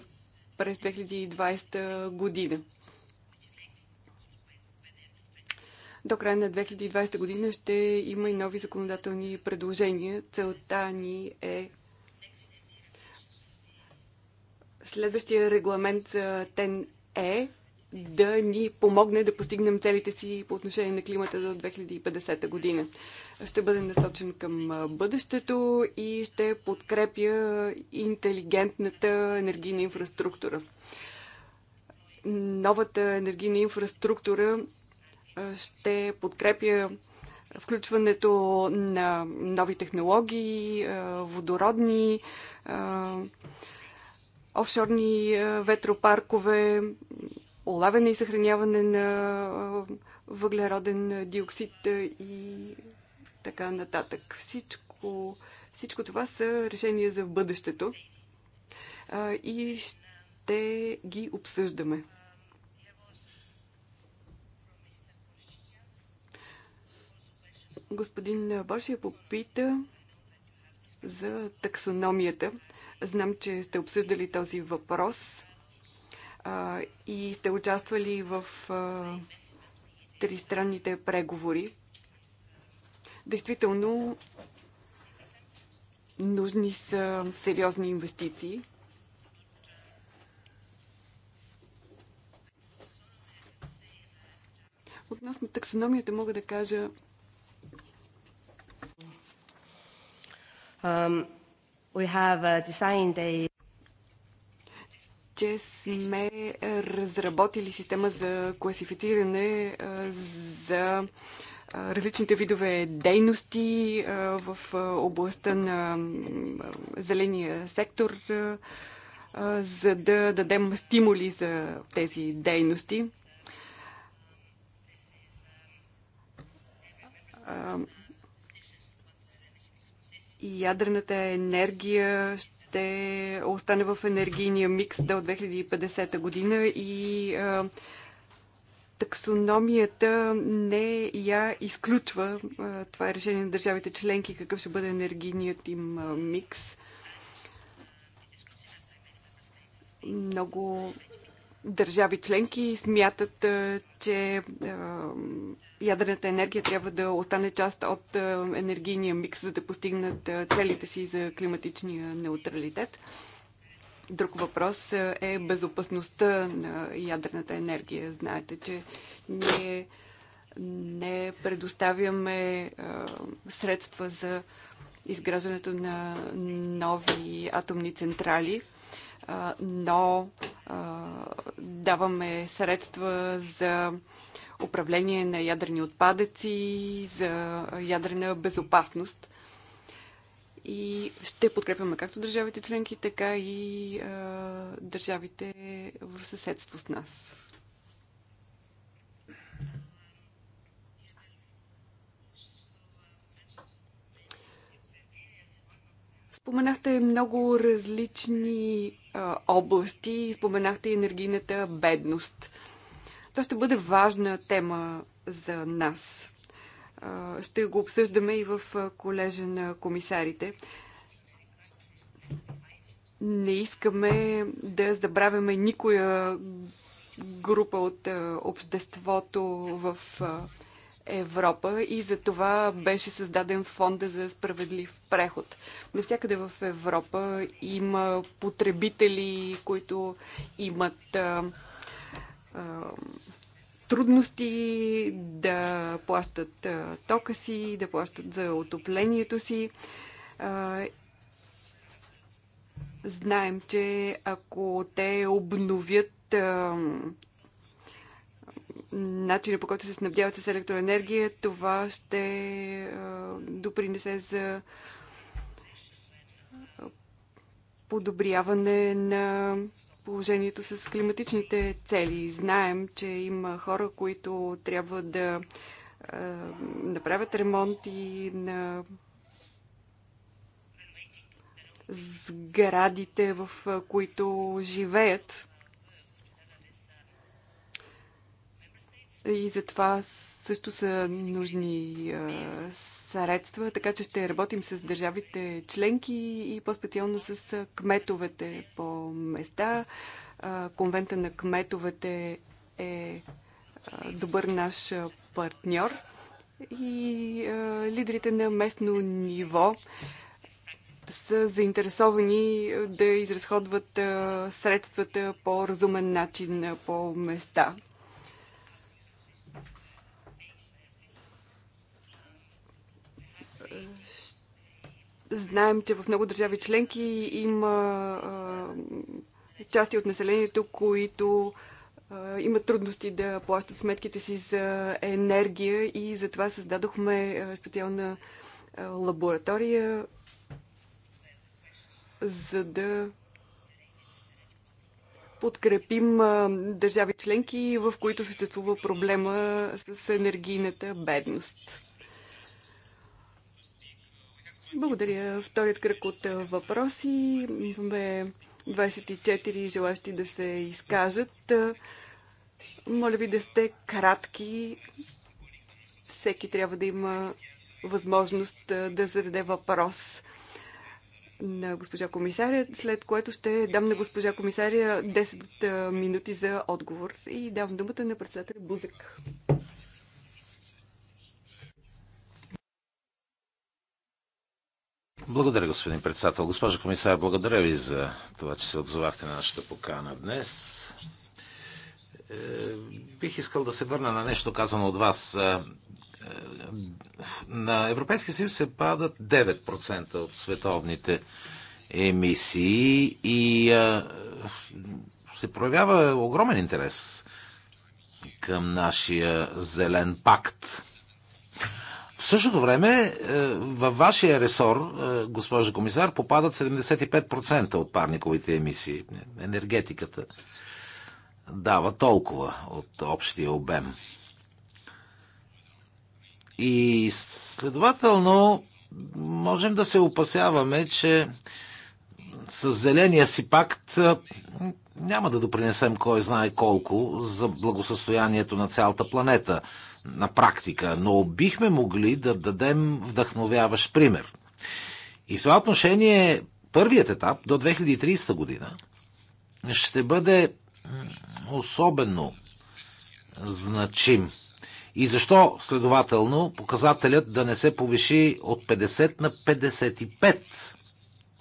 през 2020 година. До края на 2020 година ще има и нови законодателни предложения. Целта ни е следващия регламент ТЕН е да ни помогне да постигнем целите си по отношение на климата до 2050 година. Ще бъде насочен към бъдещето и ще подкрепя интелигентната енергийна инфраструктура. Новата енергийна инфраструктура ще подкрепя включването на нови технологии, водородни, офшорни ветропаркове, улавяне и съхраняване на въглероден диоксид и така нататък. Всичко, всичко това са решения за бъдещето и ще ги обсъждаме. Господин Боршия попита за таксономията. Знам, че сте обсъждали този въпрос а, и сте участвали в а, тристранните преговори. Действително, нужни са сериозни инвестиции. Относно таксономията мога да кажа, Um, we have uh, designed a че сме разработили система за класифициране за различните видове дейности в областта на зеления сектор, за да дадем стимули за тези дейности. И ядрената енергия ще остане в енергийния микс до 2050 година и а, таксономията не я изключва. А, това е решение на държавите членки, какъв ще бъде енергийният им а, микс. Много държави членки смятат, че ядрената енергия трябва да остане част от е, енергийния микс, за да постигнат е, целите си за климатичния неутралитет. Друг въпрос е, е безопасността на ядрената енергия. Знаете, че ние не предоставяме средства за изграждането на нови атомни централи, но даваме средства за управление на ядрени отпадъци, за ядрена безопасност. И ще подкрепяме както държавите членки, така и а, държавите в съседство с нас. Споменахте много различни а, области, споменахте енергийната бедност. А, то ще бъде важна тема за нас. Ще го обсъждаме и в колежа на комисарите. Не искаме да забравяме никоя група от обществото в Европа и за това беше създаден фонда за справедлив преход. Навсякъде в Европа има потребители, които имат трудности да плащат тока си, да плащат за отоплението си. Знаем, че ако те обновят начина по който се снабдяват с електроенергия, това ще допринесе за подобряване на положението с климатичните цели. Знаем, че има хора, които трябва да а, направят ремонт и на сградите, в които живеят. и за това също са нужни средства, така че ще работим с държавите членки и по-специално с кметовете по места. Конвента на кметовете е добър наш партньор и лидерите на местно ниво са заинтересовани да изразходват средствата по разумен начин по места. Знаем, че в много държави членки има части от населението, които имат трудности да плащат сметките си за енергия и затова създадохме специална лаборатория, за да подкрепим държави членки, в които съществува проблема с енергийната бедност. Благодаря. Вторият кръг от е, въпроси. Имаме 24 желащи да се изкажат. Е, моля ви да сте кратки. Всеки трябва да има възможност е, да зададе въпрос на госпожа комисаря, след което ще дам на госпожа комисаря 10 минути за отговор и давам думата на председателя Бузък. Благодаря, господин председател. Госпожо комисар, благодаря ви за това, че се отзовахте на нашата покана днес. Е, бих искал да се върна на нещо казано от вас. Е, е, на Европейския съюз се падат 9% от световните емисии и се проявява огромен интерес към нашия зелен пакт. В същото време е, във вашия ресор, е, госпожа комисар, попадат 75% от парниковите емисии. Енергетиката дава толкова от общия обем. И следователно можем да се опасяваме, че с зеления си пакт е, няма да допринесем кой знае колко за благосъстоянието на цялата планета – на практика, но бихме могли да дадем вдъхновяващ пример. И в това отношение първият етап до 2030 година ще бъде особено значим. И защо, следователно, показателят да не се повиши от 50 на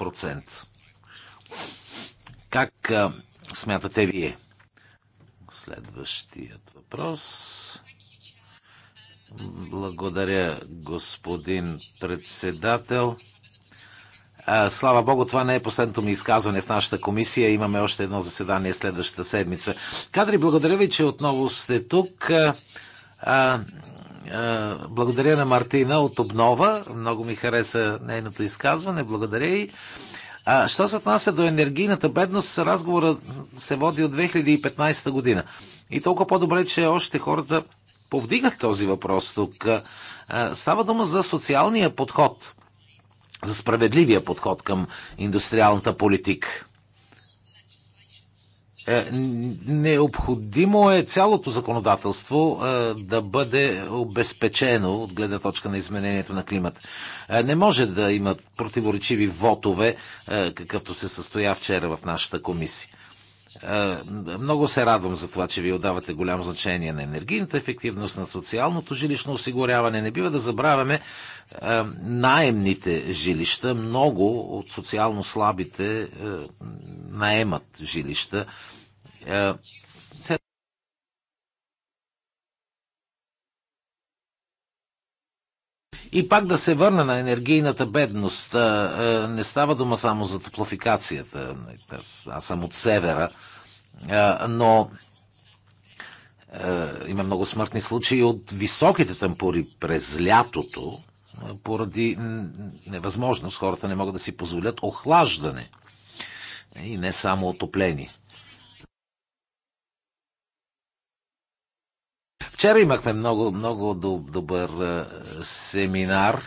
55%? Как а, смятате вие? Следващият въпрос. Благодаря, господин председател. Слава Богу, това не е последното ми изказване в нашата комисия. Имаме още едно заседание следващата седмица. Кадри, благодаря ви, че отново сте тук. Благодаря на Мартина от Обнова. Много ми хареса нейното изказване. Благодаря и. А, що се отнася до енергийната бедност, разговорът се води от 2015 година. И толкова по-добре, че още хората повдига този въпрос тук. Става дума за социалния подход, за справедливия подход към индустриалната политика. Е, необходимо е цялото законодателство е, да бъде обезпечено от гледна точка на изменението на климат. Е, не може да имат противоречиви вотове, какъвто се състоя вчера в нашата комисия. Е, много се радвам за това, че ви отдавате голямо значение на енергийната ефективност, на социалното жилищно осигуряване. Не бива да забравяме е, наемните жилища. Много от социално слабите е, наемат жилища. И пак да се върна на енергийната бедност. Не става дума само за топлофикацията. Аз съм от севера но е, има много смъртни случаи от високите тампури през лятото, е, поради невъзможност. Хората не могат да си позволят охлаждане и не само отопление. Вчера имахме много, много добър е, семинар.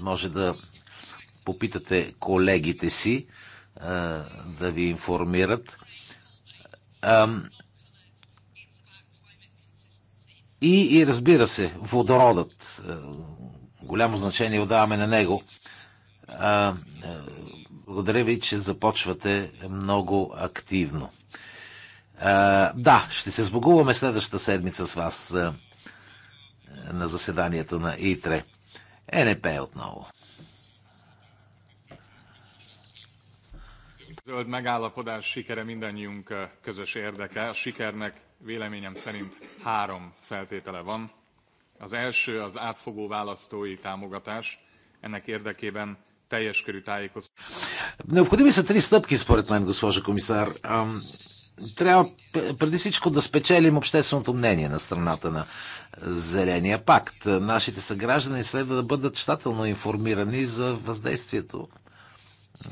Може да попитате колегите си да ви информират. И, и разбира се, водородът. Голямо значение отдаваме на него. Благодаря ви, че започвате много активно. Да, ще се сбогуваме следващата седмица с вас на заседанието на ИТРЕ. ЕНП отново. Zöld megállapodás sikere mindannyiunk közös érdeke. A sikernek véleményem szerint három feltétele van. Az első az átfogó választói támogatás. Ennek érdekében teljes körű tájékoztatás. Необходими са три стъпки, според мен, госпожо комисар. Трябва преди всичко да спечелим общественото мнение на страната на Зеления пакт. Нашите съграждани следва да бъдат щателно информирани за въздействието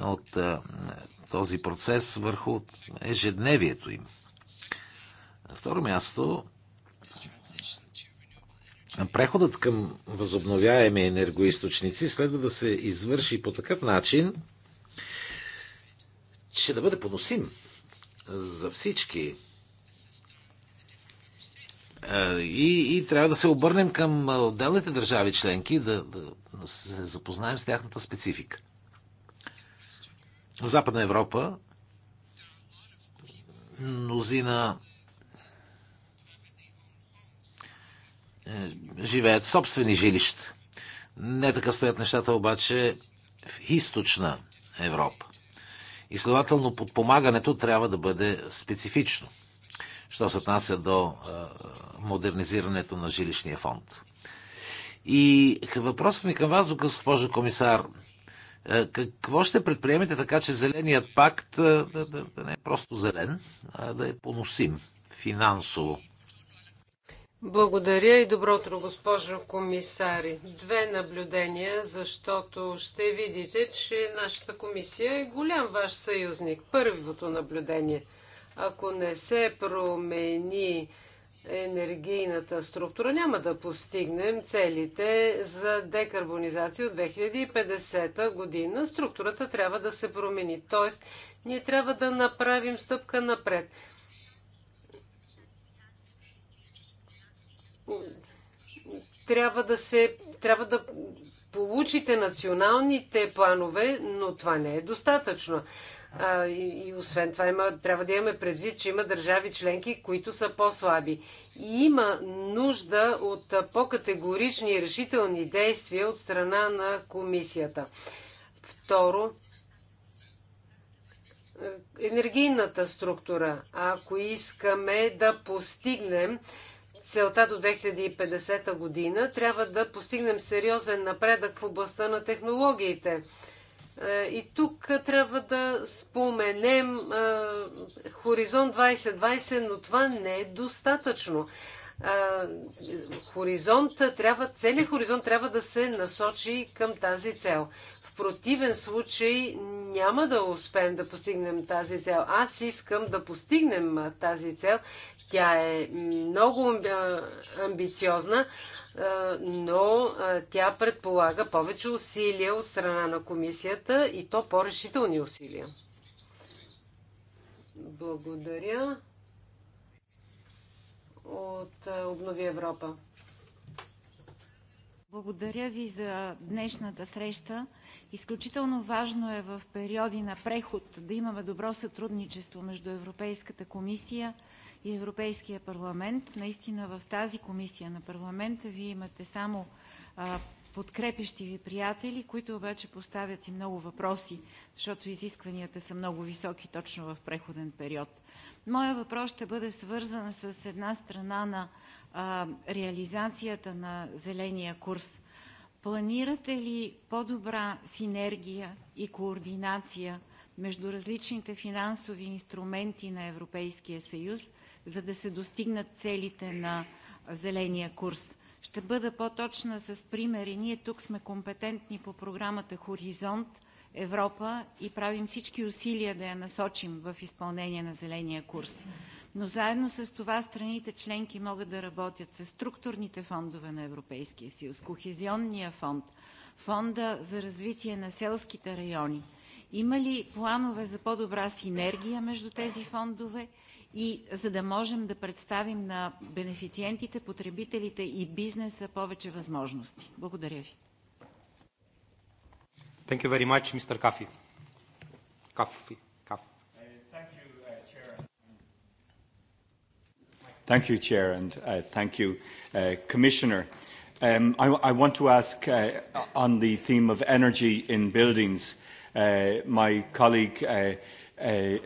от този процес върху ежедневието им. На второ място, преходът към възобновяеми енергоисточници следва да се извърши по такъв начин, че да бъде поносим за всички. Е, и, и трябва да се обърнем към отделните държави членки, да, да се запознаем с тяхната специфика. В Западна Европа мнозина е, живеят в собствени жилища. Не така стоят нещата обаче в източна Европа. И следователно подпомагането трябва да бъде специфично, що се отнася до е, модернизирането на жилищния фонд. И въпросът ми към вас, госпожо комисар, е, какво ще предприемете така, че зеленият пакт е, да, да, да не е просто зелен, а да е поносим финансово? Благодаря и добро утро, госпожо комисари. Две наблюдения, защото ще видите, че нашата комисия е голям ваш съюзник. Първото наблюдение. Ако не се промени енергийната структура, няма да постигнем целите за декарбонизация от 2050 година. Структурата трябва да се промени, т.е. ние трябва да направим стъпка напред. Трябва да се трябва да получите националните планове, но това не е достатъчно. А, и, и освен това има, трябва да имаме предвид, че има държави членки, които са по-слаби. И има нужда от по-категорични и решителни действия от страна на комисията. Второ, енергийната структура. Ако искаме да постигнем целта до 2050 година, трябва да постигнем сериозен напредък в областта на технологиите. Е, и тук трябва да споменем е, Хоризонт 2020, но това не е достатъчно. Е, хоризонт трябва, целият хоризонт трябва да се насочи към тази цел. В противен случай няма да успеем да постигнем тази цел. Аз искам да постигнем тази цел, тя е много амбициозна, но тя предполага повече усилия от страна на комисията и то по-решителни усилия. Благодаря. От Обнови Европа. Благодаря ви за днешната среща. Изключително важно е в периоди на преход да имаме добро сътрудничество между Европейската комисия, и Европейския парламент. Наистина в тази комисия на парламента вие имате само а, подкрепящи ви приятели, които обаче поставят и много въпроси, защото изискванията са много високи точно в преходен период. Моя въпрос ще бъде свързан с една страна на а, реализацията на зеления курс. Планирате ли по-добра синергия и координация между различните финансови инструменти на Европейския съюз, за да се достигнат целите на зеления курс. Ще бъда по-точна с примери. Ние тук сме компетентни по програмата Хоризонт Европа и правим всички усилия да я насочим в изпълнение на зеления курс. Но заедно с това страните членки могат да работят с структурните фондове на Европейския съюз, Кохезионния фонд, Фонда за развитие на селските райони. Има ли планове за по-добра синергия между тези фондове и за да можем да представим на бенефициентите, потребителите и бизнеса повече възможности. Благодаря ви. Thank you very much, Mr. Kafi. Kafi. Thank you, Chair, and uh, thank you, uh, Commissioner. Um, I, I want to ask uh, on the theme of energy in buildings. Uh, my colleague uh, е,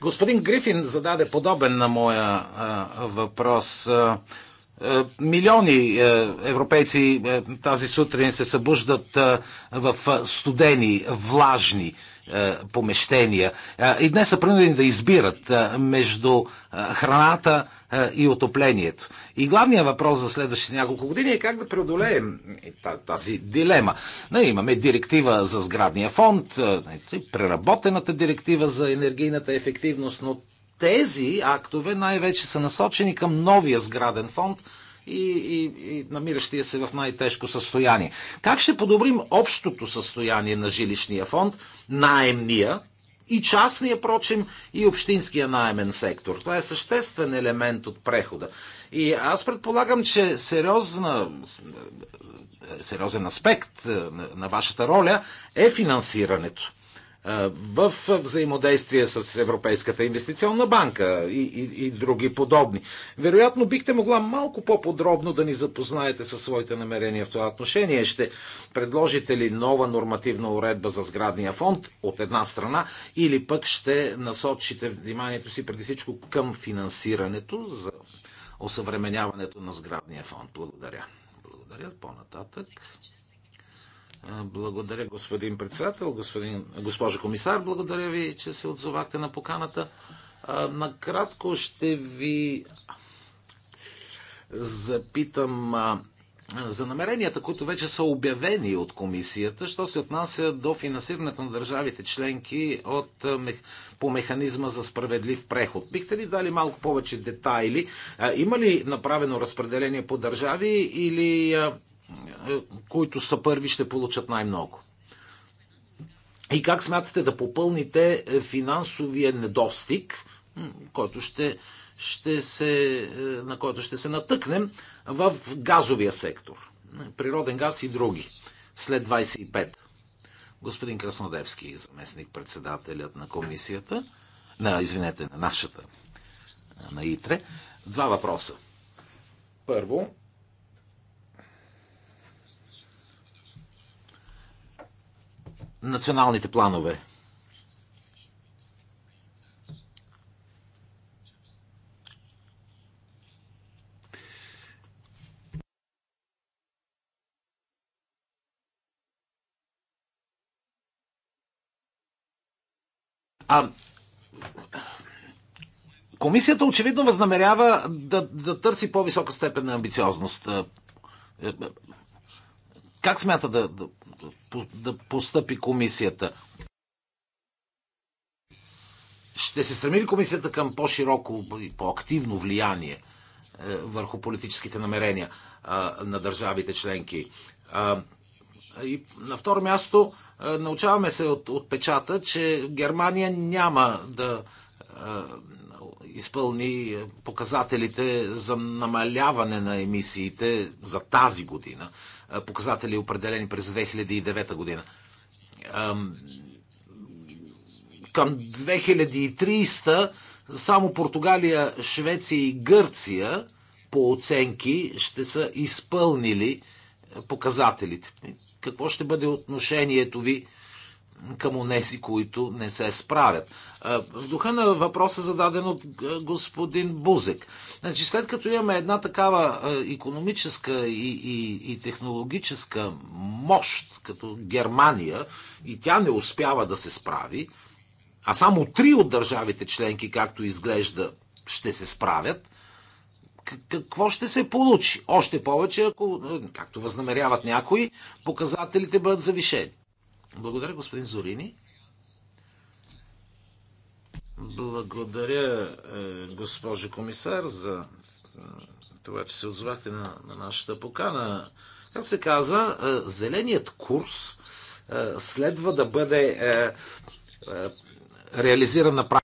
господин Грифин зададе подобен на моя въпрос. Милиони е, европейци е, тази сутрин се събуждат в студени, влажни помещения и днес са принудени да избират между храната, и отоплението. И главният въпрос за следващите няколко години е как да преодолеем тази дилема. Нали, имаме директива за сградния фонд, нали, преработената директива за енергийната ефективност, но тези актове най-вече са насочени към новия сграден фонд, и, и, и намиращия се в най-тежко състояние. Как ще подобрим общото състояние на жилищния фонд, наемния, и частния, прочим, и общинския найемен сектор. Това е съществен елемент от прехода. И аз предполагам, че сериозна, е, сериозен аспект е, на вашата роля е финансирането в взаимодействие с Европейската инвестиционна банка и, и, и други подобни. Вероятно бихте могла малко по-подробно да ни запознаете със своите намерения в това отношение. Ще предложите ли нова нормативна уредба за сградния фонд от една страна или пък ще насочите вниманието си преди всичко към финансирането за осъвременяването на сградния фонд? Благодаря. Благодаря. По-нататък. Благодаря, господин председател, господин, госпожо комисар, благодаря ви, че се отзовахте на поканата. Накратко ще ви запитам за намеренията, които вече са обявени от комисията, що се отнася до финансирането на държавите членки от, по механизма за справедлив преход. Бихте ли дали малко повече детайли? Има ли направено разпределение по държави или които са първи, ще получат най-много. И как смятате да попълните е, финансовия недостиг, който ще, ще се, е, на който ще се натъкнем в газовия сектор? Природен газ и други. След 25. Господин Краснодевски, заместник председателят на комисията, на, извинете, на нашата, на ИТРЕ, два въпроса. Първо, националните планове. А, комисията очевидно възнамерява да, да търси по-висока степен на амбициозност. Как смята да, да, да постъпи комисията? Ще се стреми ли комисията към по-широко и по-активно влияние е, върху политическите намерения на държавите членки? И на второ място, е, научаваме се от, от печата, че Германия няма да е, изпълни показателите за намаляване на емисиите за тази година показатели определени през 2009 година. Към 2300 само Португалия, Швеция и Гърция по оценки ще са изпълнили показателите. Какво ще бъде отношението ви към онези, които не се справят. В духа на въпроса зададен от господин Бузек. Значи, след като имаме една такава економическа и, и, и технологическа мощ, като Германия, и тя не успява да се справи, а само три от държавите членки, както изглежда, ще се справят, какво ще се получи? Още повече, ако, както възнамеряват някои, показателите бъдат завишени. Благодаря, господин Зорини. Благодаря, е, госпожо комисар, за е, това, че се отзвахте на, на нашата покана. Как се каза, е, зеленият курс следва да бъде реализиран на практика.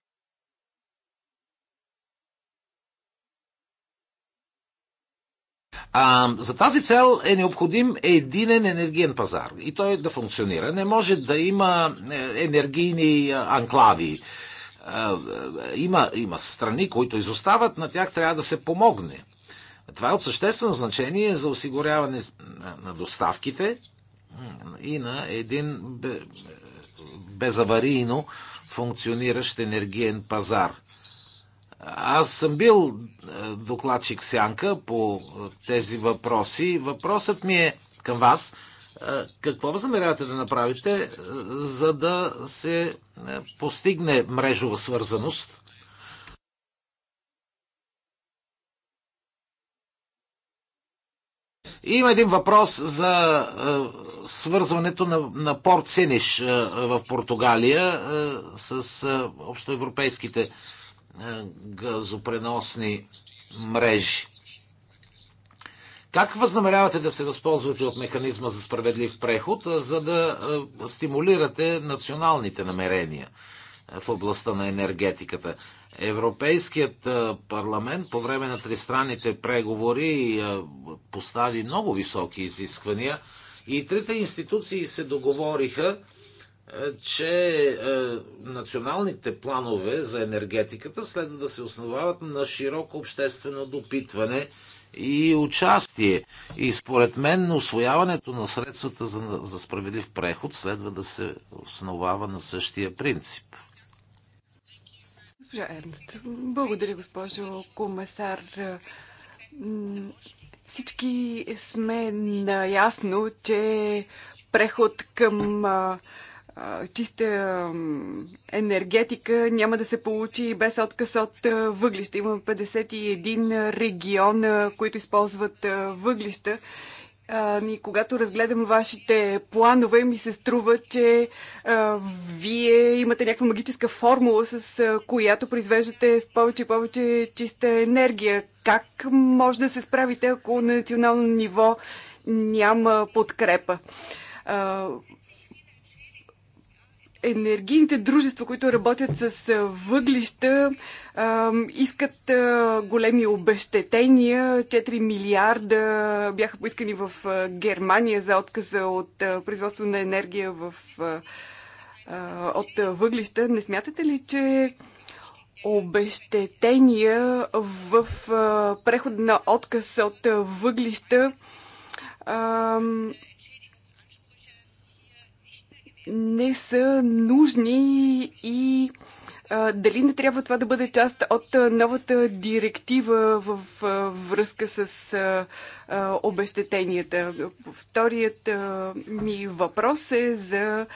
А, за тази цел е необходим единен енергиен пазар и той да функционира. Не може да има е, енергийни е, анклави. Е, има, има страни, които изостават, на тях трябва да се помогне. Това е от съществено значение за осигуряване на доставките и на един безаварийно функциониращ енергиен пазар. Аз съм бил е, докладчик Сянка по е, тези въпроси. Въпросът ми е към вас. Е, какво възнамерявате да направите, за да се постигне мрежова свързаност? И има един въпрос за свързването на, на Порт Синиш в Португалия с общоевропейските европейските е, газопреносни мрежи. Как възнамерявате да се възползвате от механизма за справедлив преход, е, за да е, стимулирате националните намерения в областта на енергетиката? Европейският парламент по време на тристранните преговори постави много високи изисквания и трите институции се договориха че е, националните планове за енергетиката следва да се основават на широко обществено допитване и участие. И според мен освояването на средствата за, за справедлив преход следва да се основава на същия принцип. Госпожа Ернст, благодаря, госпожо комесар. Всички сме наясно, че преход към чиста енергетика няма да се получи без отказ от въглища. Има 51 региона, които използват въглища. И когато разгледам вашите планове, ми се струва, че а, вие имате някаква магическа формула, с а, която произвеждате с повече и повече чиста енергия. Как може да се справите, ако на национално ниво няма подкрепа? А, енергийните дружества, които работят с въглища, искат големи обещетения. 4 милиарда бяха поискани в Германия за отказа от производство на енергия в, от въглища. Не смятате ли, че обещетения в преход на отказ от въглища не са нужни и дали не трябва това да бъде част от новата директива в връзка с обещетенията. Вторият ми въпрос е за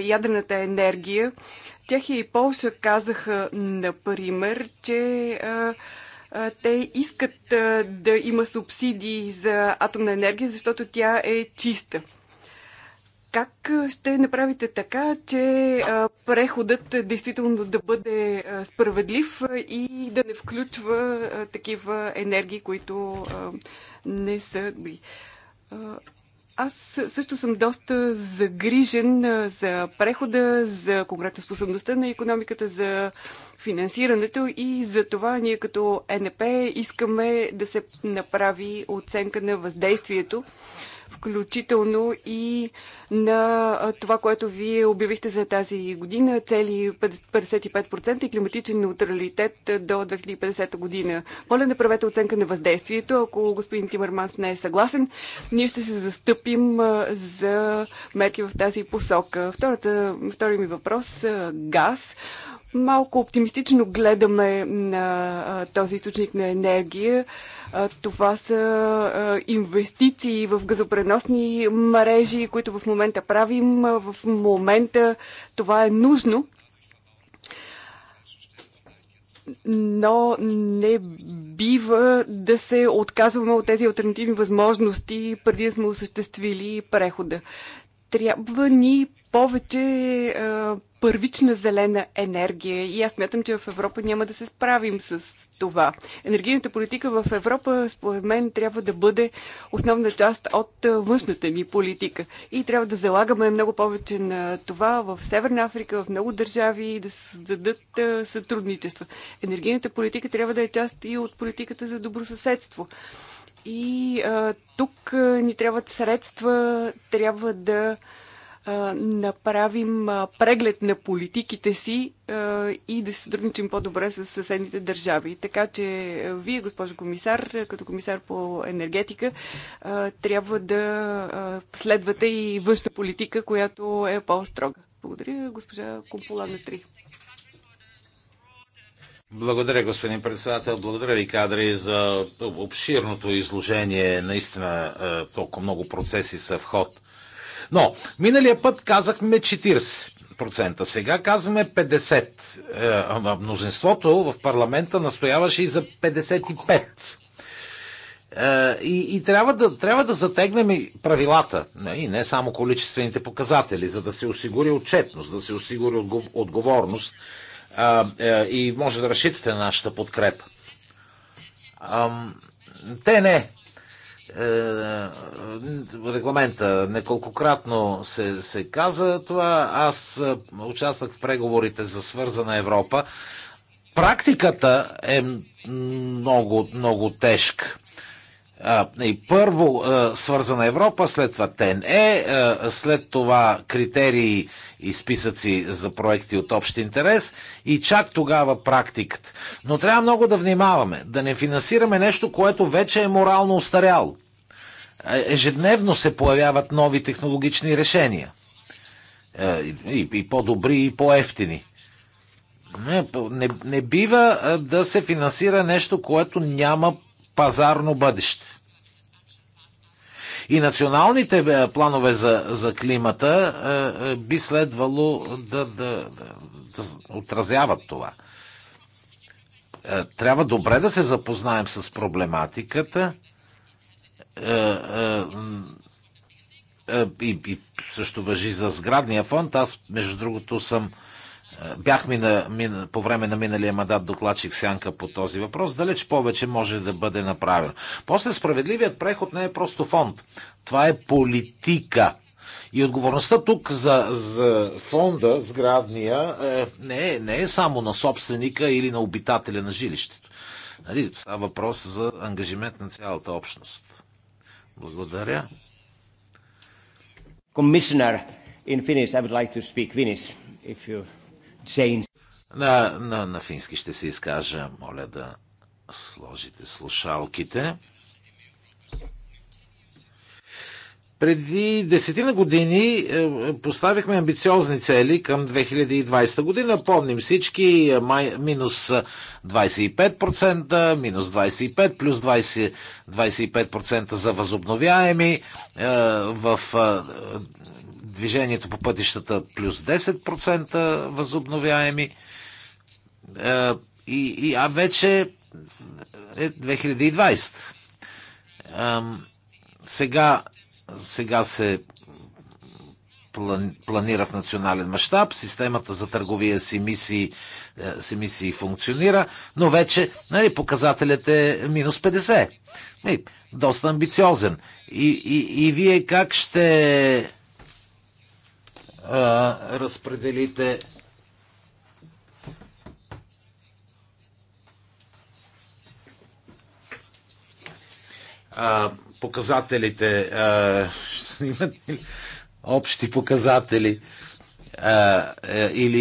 ядрената енергия. Чехия и Полша казаха, например, че те искат да има субсидии за атомна енергия, защото тя е чиста. Как ще направите така, че преходът действително да бъде справедлив и да не включва такива енергии, които не са добри? Аз също съм доста загрижен за прехода, за конкретно способността на економиката, за финансирането и за това ние като НП искаме да се направи оценка на въздействието включително и на това, което вие обявихте за тази година, цели 55% и климатичен неутралитет до 2050 година. Моля, направете оценка на въздействието. Ако господин Тимърманс не е съгласен, ние ще се застъпим за мерки в тази посока. Втората, втори ми въпрос – газ. Малко оптимистично гледаме на този източник на енергия. Това са инвестиции в газопреносни мрежи, които в момента правим. В момента това е нужно, но не бива да се отказваме от тези альтернативни възможности преди да сме осъществили прехода. Трябва ни повече първична зелена енергия и аз смятам, че в Европа няма да се справим с това. Енергийната политика в Европа, според мен, трябва да бъде основна част от външната ни политика. И трябва да залагаме много повече на това в Северна Африка, в много държави и да създадат сътрудничества. Енергийната политика трябва да е част и от политиката за добросъседство. И а, тук а, ни трябват средства, трябва да а, направим преглед на политиките си и да се сътрудничим по-добре с съседните държави. Така че вие, госпожо комисар, като комисар по енергетика, трябва да следвате и външна политика, която е по-строга. Благодаря, госпожа Компола на 3. Благодаря, господин председател. Благодаря ви, кадри, за обширното изложение. Наистина толкова много процеси са в ход. Но, миналия път казахме 40%, сега казваме 50%. Е, мнозинството в парламента настояваше и за 55%. Е, и, и трябва, да, трябва да затегнем и правилата, и не само количествените показатели, за да се осигури отчетност, да се осигури отговорност е, и може да разчитате на нашата подкрепа. Те не. Е, регламента. Неколкократно се, се каза това. Аз е, участвах в преговорите за свързана Европа. Практиката е много, много тежка. И първо е, свързана Европа, след това ТНЕ, след това критерии и списъци за проекти от общ интерес и чак тогава практиката. Но трябва много да внимаваме, да не финансираме нещо, което вече е морално устаряло. Ежедневно се появяват нови технологични решения. Е, и, по-добри, и по-ефтини. Не, не, не бива да се финансира нещо, което няма пазарно бъдеще. И националните е, планове за, за климата е, би следвало да, да, да, да отразяват това. Трябва добре да се запознаем с проблематиката е, е, е, и, и също въжи за сградния фонд. Аз, между другото, съм бях на, ми, по време на миналия мандат докладчик сянка по този въпрос. Далеч повече може да бъде направено. После справедливият преход не е просто фонд. Това е политика. И отговорността тук за, за фонда, сградния, е, не, е, не е само на собственика или на обитателя на жилището. Нали? Става въпрос за ангажимент на цялата общност. Благодаря. Commissioner in Finnish, I would like to speak Finnish, if you change. На, на, на фински ще се изкажа. Моля да сложите слушалките. Преди десетина години е, е, поставихме амбициозни цели към 2020 година. Помним всички е, май, минус 25%, минус 25, плюс 20, 25% за възобновяеми в движението по пътищата плюс 10% възобновяеми. И, и, а вече е 2020. Сега сега се планира в национален мащаб, системата за търговия с емисии, е, с емисии функционира, но вече нали, показателят е минус 50. Нали, доста амбициозен. И, и, и вие как ще а, разпределите а, показателите. Имат общи показатели? Е, или,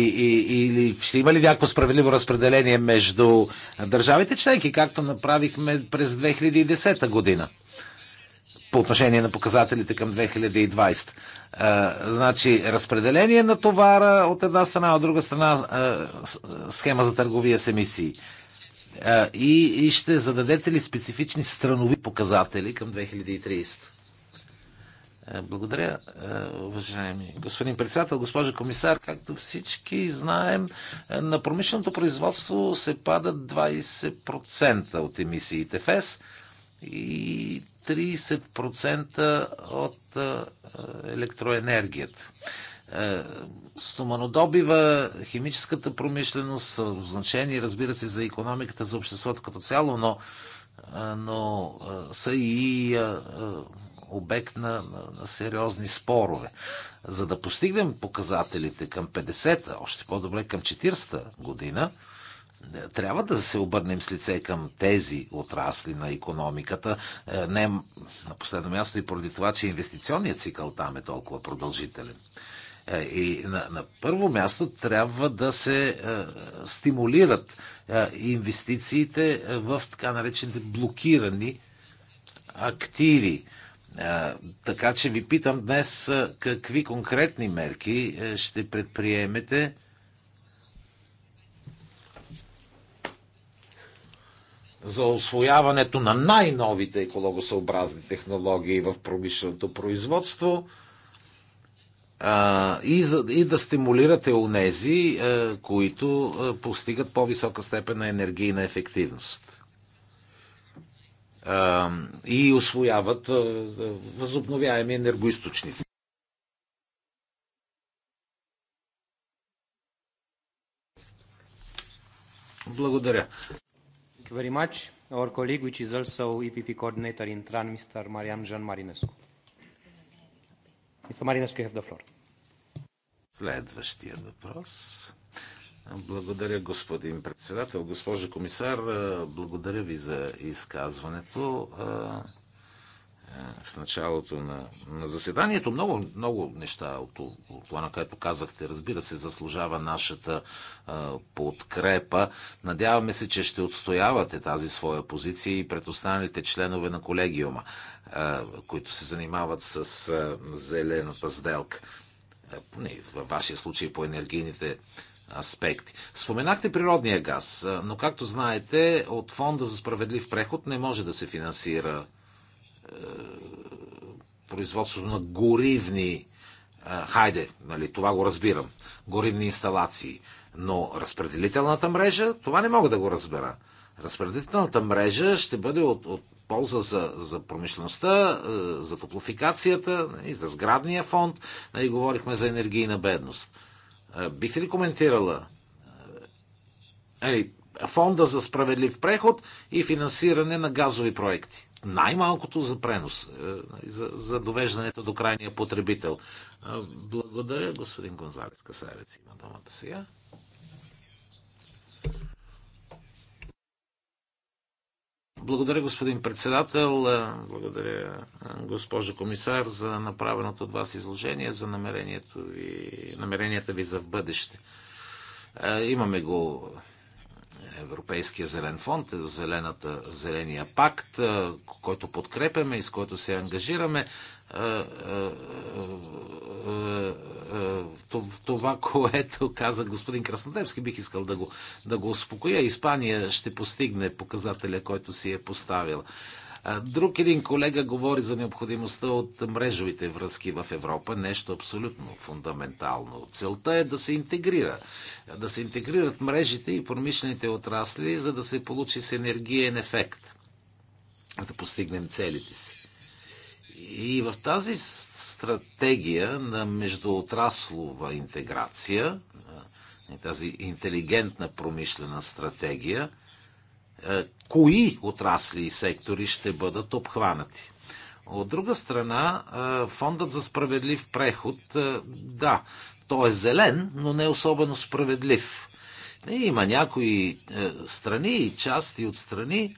или ще има ли някакво справедливо разпределение между държавите членки, както направихме през 2010 година? по отношение на показателите към 2020. А, значи, разпределение на товара от една страна, от друга страна а, схема за търговия с емисии. И, и ще зададете ли специфични странови показатели към 2030? Благодаря, уважаеми господин председател, госпожа комисар. Както всички знаем, на промишленото производство се падат 20% от емисиите в ЕС и 30% от електроенергията. Е, стоманодобива, химическата промишленост са значени, разбира се, за економиката, за обществото като цяло, но, е, но е, са и обект на, на, на сериозни спорове. За да постигнем показателите към 50-та, още по-добре към 40-та година, трябва да се обърнем с лице към тези отрасли на економиката. Не на последно място и поради това, че инвестиционният цикъл там е толкова продължителен. Е, и на, на първо място трябва да се а, е, стимулират а, е, инвестициите в така наречените блокирани активи. А, така че ви питам днес какви конкретни мерки ще предприемете. за освояването на най-новите екологосъобразни технологии в промишленото производство – а, и, за, и да стимулирате унези, а, които а, постигат по-висока степен на енергийна ефективност а, и освояват а, възобновяеми енергоисточници. Благодаря. very much. Our colleague, which is also EPP coordinator in TRAN, Mr. Marian Jean Marinescu. Мисто Marinescu, you have the floor. Следващия въпрос. Благодаря, господин председател. Госпожо комисар, благодаря ви за изказването. В началото на, на заседанието много, много неща от, от това, на което казахте, разбира се, заслужава нашата а, подкрепа. Надяваме се, че ще отстоявате тази своя позиция и пред останалите членове на колегиума които се занимават с зелената сделка. Поне във вашия случай по енергийните аспекти. Споменахте природния газ, но както знаете, от Фонда за справедлив преход не може да се финансира производството на горивни. хайде, нали, това го разбирам. Горивни инсталации. Но разпределителната мрежа, това не мога да го разбера. Разпределителната мрежа ще бъде от, от полза за, за промишлеността, е, за топлофикацията и нали, за сградния фонд. И нали, говорихме за енергийна бедност. Е, бихте ли коментирала ali, е, нали, фонда за справедлив преход и финансиране на газови проекти? Най-малкото за пренос, за, за довеждането до крайния потребител. Благодаря, господин Гонзалес Касарец. Има думата сега. Благодаря, господин председател. Благодаря, госпожо комисар, за направеното от вас изложение, за намерението ви, намеренията ви за в бъдеще. Имаме го Европейския зелен фонд, зелената, зеления пакт, който подкрепяме и с който се ангажираме това, което каза господин Краснодевски, бих искал да го, да го успокоя. Испания ще постигне показателя, който си е поставил. Друг един колега говори за необходимостта от мрежовите връзки в Европа, нещо абсолютно фундаментално. Целта е да се интегрира, да се интегрират мрежите и промишлените отрасли, за да се получи с енергиен ефект, да постигнем целите си. И в тази стратегия на междуотраслова интеграция, тази интелигентна промишлена стратегия, кои отрасли и сектори ще бъдат обхванати? От друга страна, фондът за справедлив преход, да, той е зелен, но не е особено справедлив. Има някои страни и части от страни,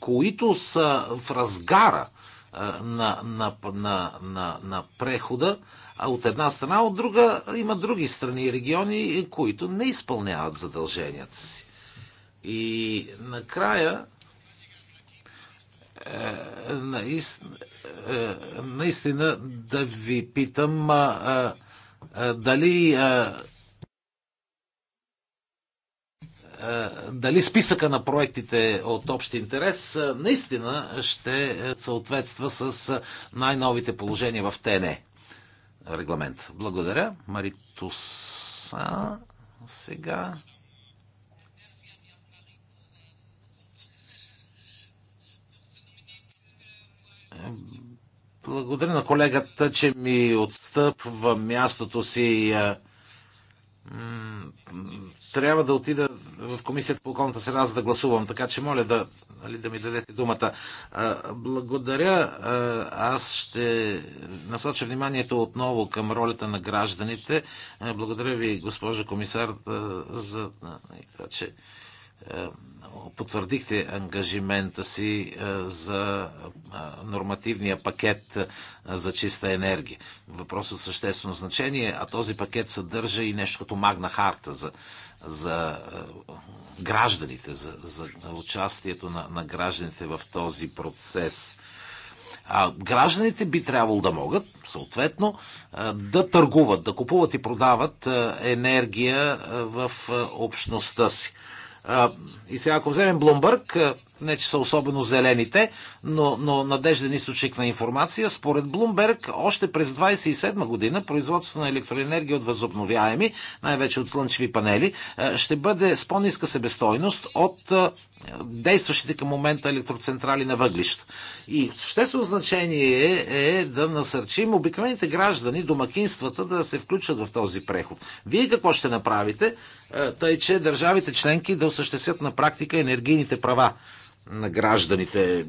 които са в разгара на, на, на, на, на прехода, а от една страна, от друга има други страни и региони, които не изпълняват задълженията си. И накрая, е, наистина, е, наистина да ви питам е, дали е, дали списъка на проектите е от общ интерес е, наистина ще съответства с най-новите положения в ТНЕ регламент. Благодаря. Маритуса сега. Благодаря на колегата, че ми отстъпва мястото си. М- трябва да отида в комисията по околната среда, за да гласувам. Така че моля да, нали, да ми дадете думата. Благодаря. Аз ще насоча вниманието отново към ролята на гражданите. Благодаря ви, госпожо комисар, за нали, това, че потвърдихте ангажимента си е, за е, нормативния пакет е, за чиста енергия. Въпрос от съществено значение, а този пакет съдържа и нещо като магна харта за, за гражданите, за, за участието на, на гражданите в този процес. А гражданите би трябвало да могат, съответно, да търгуват, да купуват и продават енергия в общността си. И сега, ако вземем Блумбърг, не че са особено зелените, но, но надежден източник на информация. Според Блумберг, още през 27 година производството на електроенергия от възобновяеми, най-вече от слънчеви панели, е, ще бъде с по-ниска себестойност от е, действащите към момента електроцентрали на въглища. И съществено значение е, е да насърчим обикновените граждани, домакинствата да се включат в този преход. Вие какво ще направите, е, тъй че държавите членки да осъществят на практика енергийните права на гражданите?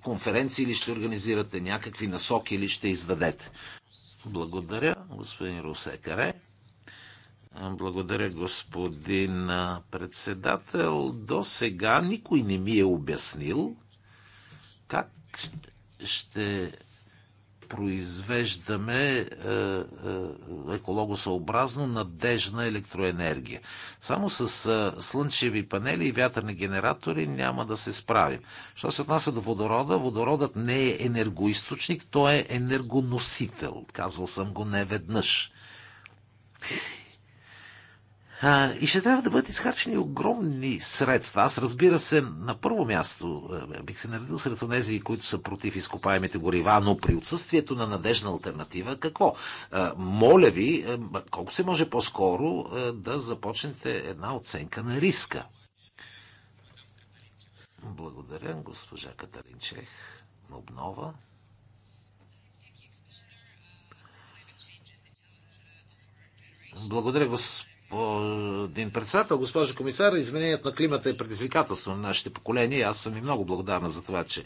Конференции ли ще организирате? Някакви насоки ли ще издадете? Благодаря, господин Русекаре. Благодаря, господин председател. До сега никой не ми е обяснил как ще произвеждаме е, е, екологосъобразно надежна електроенергия. Само с е, слънчеви панели и вятърни генератори няма да се справим. Що се отнася до водорода, водородът не е енергоисточник, той е енергоносител. Казвал съм го неведнъж. А, и ще трябва да бъдат изхарчени огромни средства. Аз разбира се, на първо място е, бих се наредил сред тези, които са против изкопаемите горива, но при отсъствието на надежна альтернатива, какво? А, е, моля ви, е, колко се може по-скоро да започнете една оценка на риска. Благодаря, госпожа Катаринчех. Чех. Обнова. Благодаря, госпожа господин председател, госпожа комисар, изменението на климата е предизвикателство на нашите поколения. Аз съм и много благодарна за това, че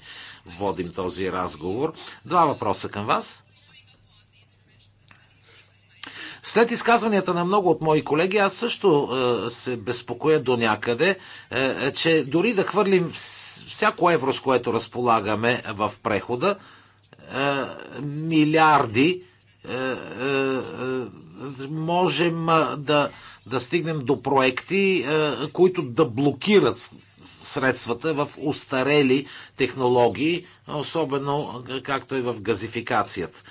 водим този разговор. Два въпроса към вас. След изказванията на много от мои колеги, аз също е, се безпокоя до някъде, е, че дори да хвърлим всяко евро, с което разполагаме в прехода, е, милиарди, е, е, е, можем да, да стигнем до проекти, които да блокират средствата в устарели технологии, особено както е в газификацията.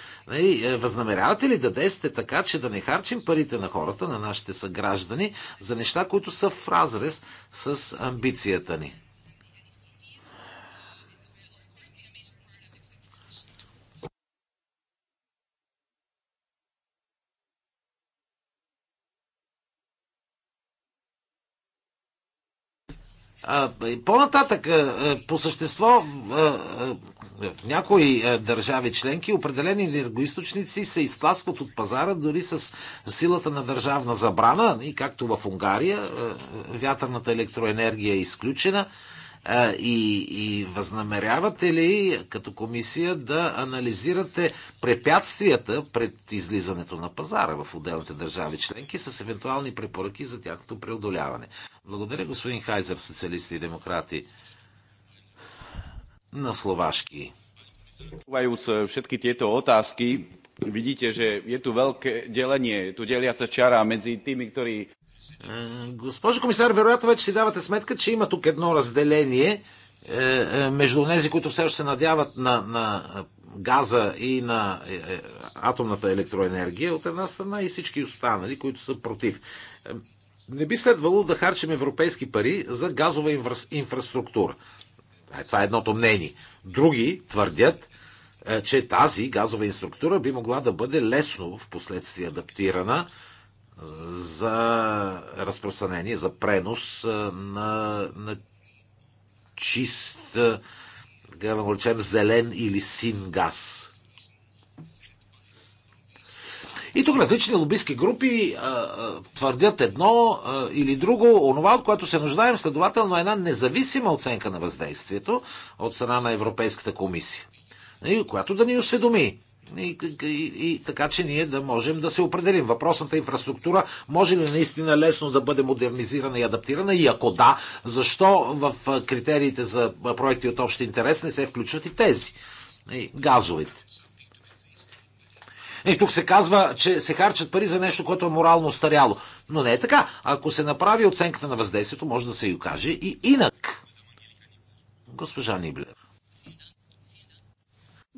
Възнамерявате ли да действате така, че да не харчим парите на хората, на нашите съграждани, за неща, които са в разрез с амбицията ни? По-нататък, по същество, в някои държави членки определени енергоисточници се изтласкват от пазара дори с силата на държавна забрана, и както в Унгария, вятърната електроенергия е изключена и, и възнамерявате ли като комисия да анализирате препятствията пред излизането на пазара в отделните държави членки с евентуални препоръки за тяхното преодоляване? Благодаря, господин Хайзер, социалисти и демократи на словашки. Počúvajúc všetky tieto otázky, vidíte, že je tu veľké delenie, je tu deliaca čara medzi tými, ktorí... Е, госпожо комисар, вероятно вече си давате сметка, че има тук едно разделение е, е, между тези, които все още се надяват на, на газа и на атомната електроенергия от една страна и всички останали, които са против. Не би следвало да харчим европейски пари за газова инфра... инфраструктура. Това е едното мнение. Други твърдят, че тази газова инструктура би могла да бъде лесно в последствие адаптирана за разпространение, за пренос на, на чист, така да го речем, зелен или син газ. И тук различни лобистки групи а, а, твърдят едно а, или друго, онова, от което се нуждаем, следователно е една независима оценка на въздействието от страна на Европейската комисия, нали, която да ни осведоми и, и, и така, че ние да можем да се определим. Въпросната инфраструктура може ли наистина лесно да бъде модернизирана и адаптирана? И ако да, защо в критериите за проекти от общ интерес не се включват и тези? И газовите. И тук се казва, че се харчат пари за нещо, което е морално старяло. Но не е така. Ако се направи оценката на въздействието, може да се и окаже и инак. Госпожа Ниблер.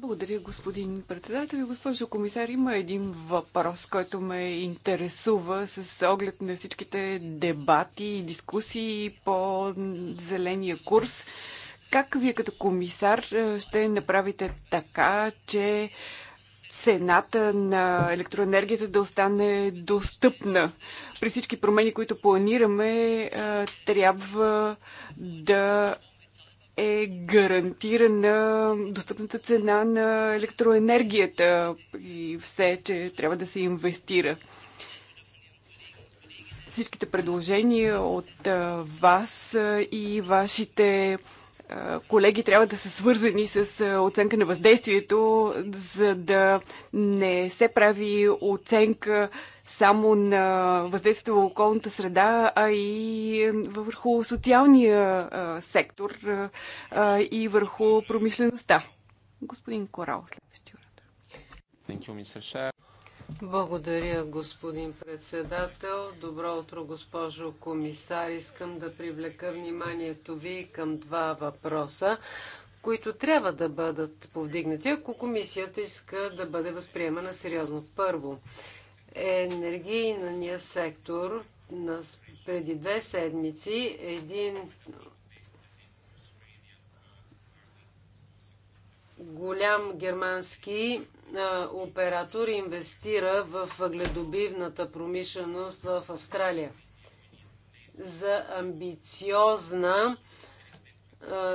Благодаря, господин председател. Госпожо комисар, има един въпрос, който ме интересува с оглед на всичките дебати и дискусии по зеления курс. Как вие като комисар е, ще направите така, че цената на електроенергията да остане достъпна. При всички промени, които планираме, е, трябва да е гарантирана достъпната цена на електроенергията и все, че трябва да се инвестира. Всичките предложения от вас и вашите колеги трябва да са свързани с оценка на въздействието, за да не се прави оценка само на въздействието в околната среда, а и върху социалния сектор и върху промишлеността. Господин Корал, следващия. Благодаря, господин председател. Добро утро, госпожо комисар. Искам да привлека вниманието ви към два въпроса, които трябва да бъдат повдигнати, ако комисията иска да бъде възприемана сериозно. Първо, енергийния сектор на преди две седмици един голям германски оператор инвестира в въгледобивната промишленост в Австралия. За амбициозна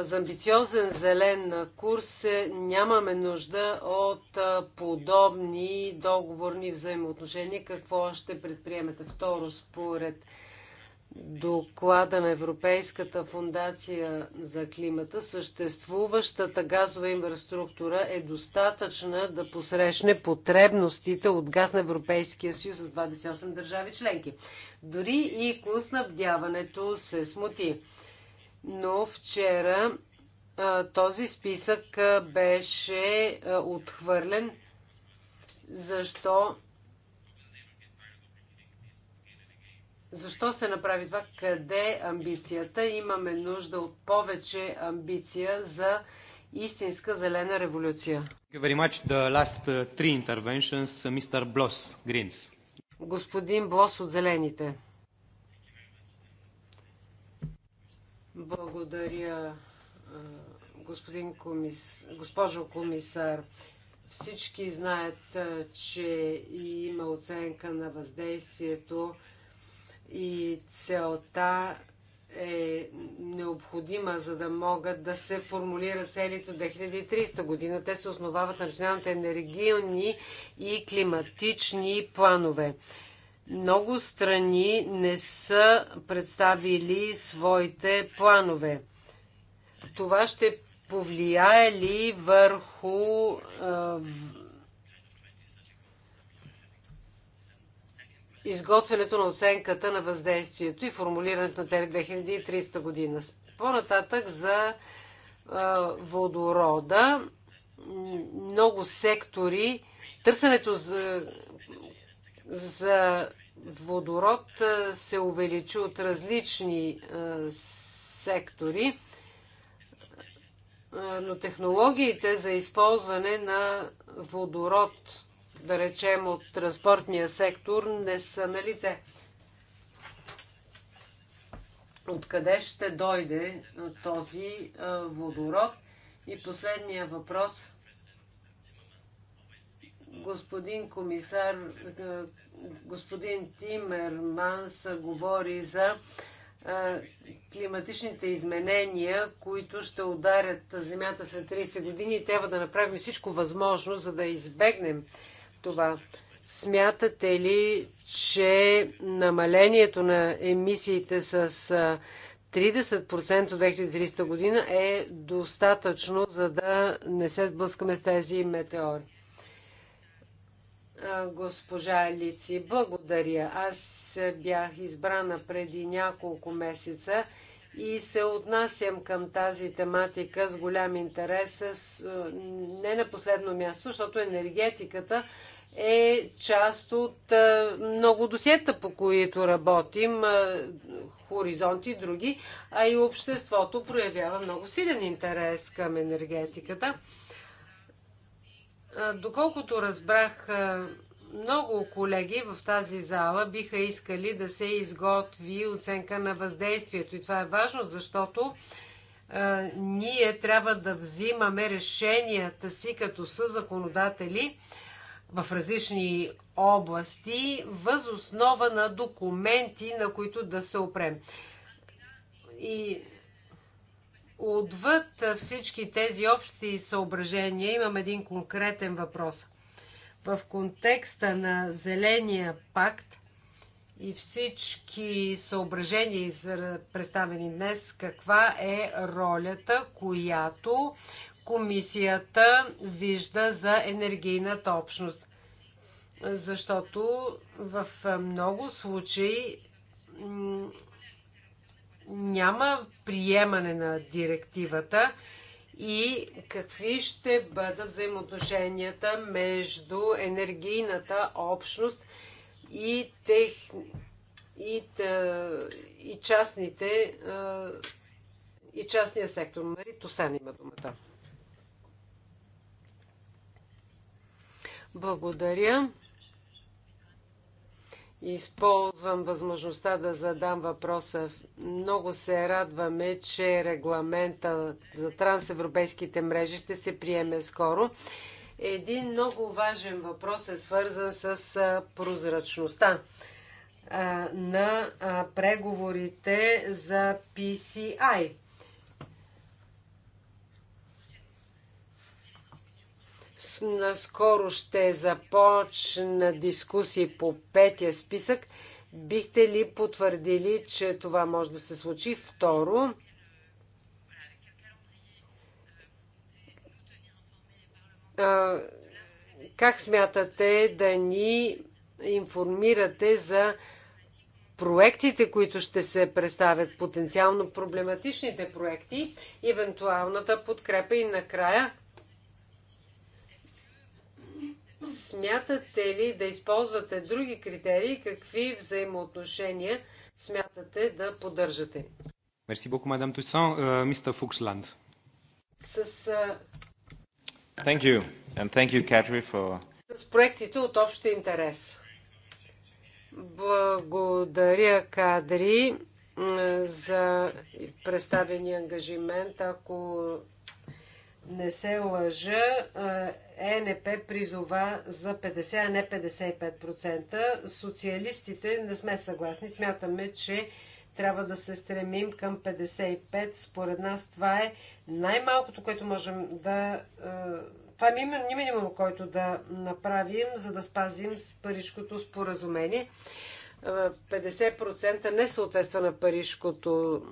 за амбициозен зелен курс нямаме нужда от подобни договорни взаимоотношения. Какво ще предприемете? Второ, според доклада на Европейската фундация за климата, съществуващата газова инфраструктура е достатъчна да посрещне потребностите от газ на Европейския съюз с 28 държави членки. Дори и снабдяването се смути. Но вчера този списък беше отхвърлен. Защо? Защо се направи това? Къде е амбицията? Имаме нужда от повече амбиция за истинска зелена революция. Uh, uh, Bloss, Господин Блос от Зелените. Благодаря, господин комис... госпожо комисар. Всички знаят, че има оценка на въздействието и целта е необходима, за да могат да се формулират целите от 2300 година. Те се основават на националните енергийни и климатични планове. Много страни не са представили своите планове. Това ще повлияе ли върху изготвянето на оценката на въздействието и формулирането на цели 2300 година. По-нататък за водорода много сектори, търсенето за, за водород се увеличи от различни сектори, но технологиите за използване на водород да речем, от транспортния сектор не са на лице. Откъде ще дойде този водород? И последния въпрос. Господин комисар, господин Тимерманс говори за климатичните изменения, които ще ударят Земята след 30 години и трябва да направим всичко възможно, за да избегнем това. Смятате ли, че намалението на емисиите с 30% от 2030 година е достатъчно, за да не се сблъскаме с тези метеори? Госпожа Лици, благодаря. Аз бях избрана преди няколко месеца и се отнасям към тази тематика с голям интерес, не на последно място, защото енергетиката е част от много досиета, по които работим, хоризонти и други, а и обществото проявява много силен интерес към енергетиката. Доколкото разбрах, много колеги в тази зала биха искали да се изготви оценка на въздействието. И това е важно, защото ние трябва да взимаме решенията си като съзаконодатели законодатели в различни области, въз основа на документи, на които да се опрем. И отвъд всички тези общи съображения имам един конкретен въпрос. В контекста на Зеления пакт и всички съображения, представени днес, каква е ролята, която комисията вижда за енергийната общност. Защото в много случаи няма приемане на директивата и какви ще бъдат взаимоотношенията между енергийната общност и, тех... и, тъ... и частните и частния сектор. Мари Тосен има думата. Благодаря. Използвам възможността да задам въпроса. Много се радваме, че регламента за трансевропейските мрежи ще се приеме скоро. Един много важен въпрос е свързан с прозрачността на преговорите за PCI. наскоро ще започна дискусии по петия списък. Бихте ли потвърдили, че това може да се случи? Второ, как смятате да ни информирате за проектите, които ще се представят, потенциално проблематичните проекти, евентуалната подкрепа и накрая Смятате ли да използвате други критерии? Какви взаимоотношения смятате да поддържате? Мерси боку, мадам Тусан. Мистер Фуксланд. С... Thank you. And thank you, for... С проектите от общ интерес. Благодаря, Кадри, за представения ангажимент. Ако не се лъжа, ЕНП призова за 50, а не 55%. Социалистите не сме съгласни. Смятаме, че трябва да се стремим към 55. Според нас това е най-малкото, което можем да... Това е минимум, който да направим, за да спазим парижкото споразумение. 50% не съответства на парижкото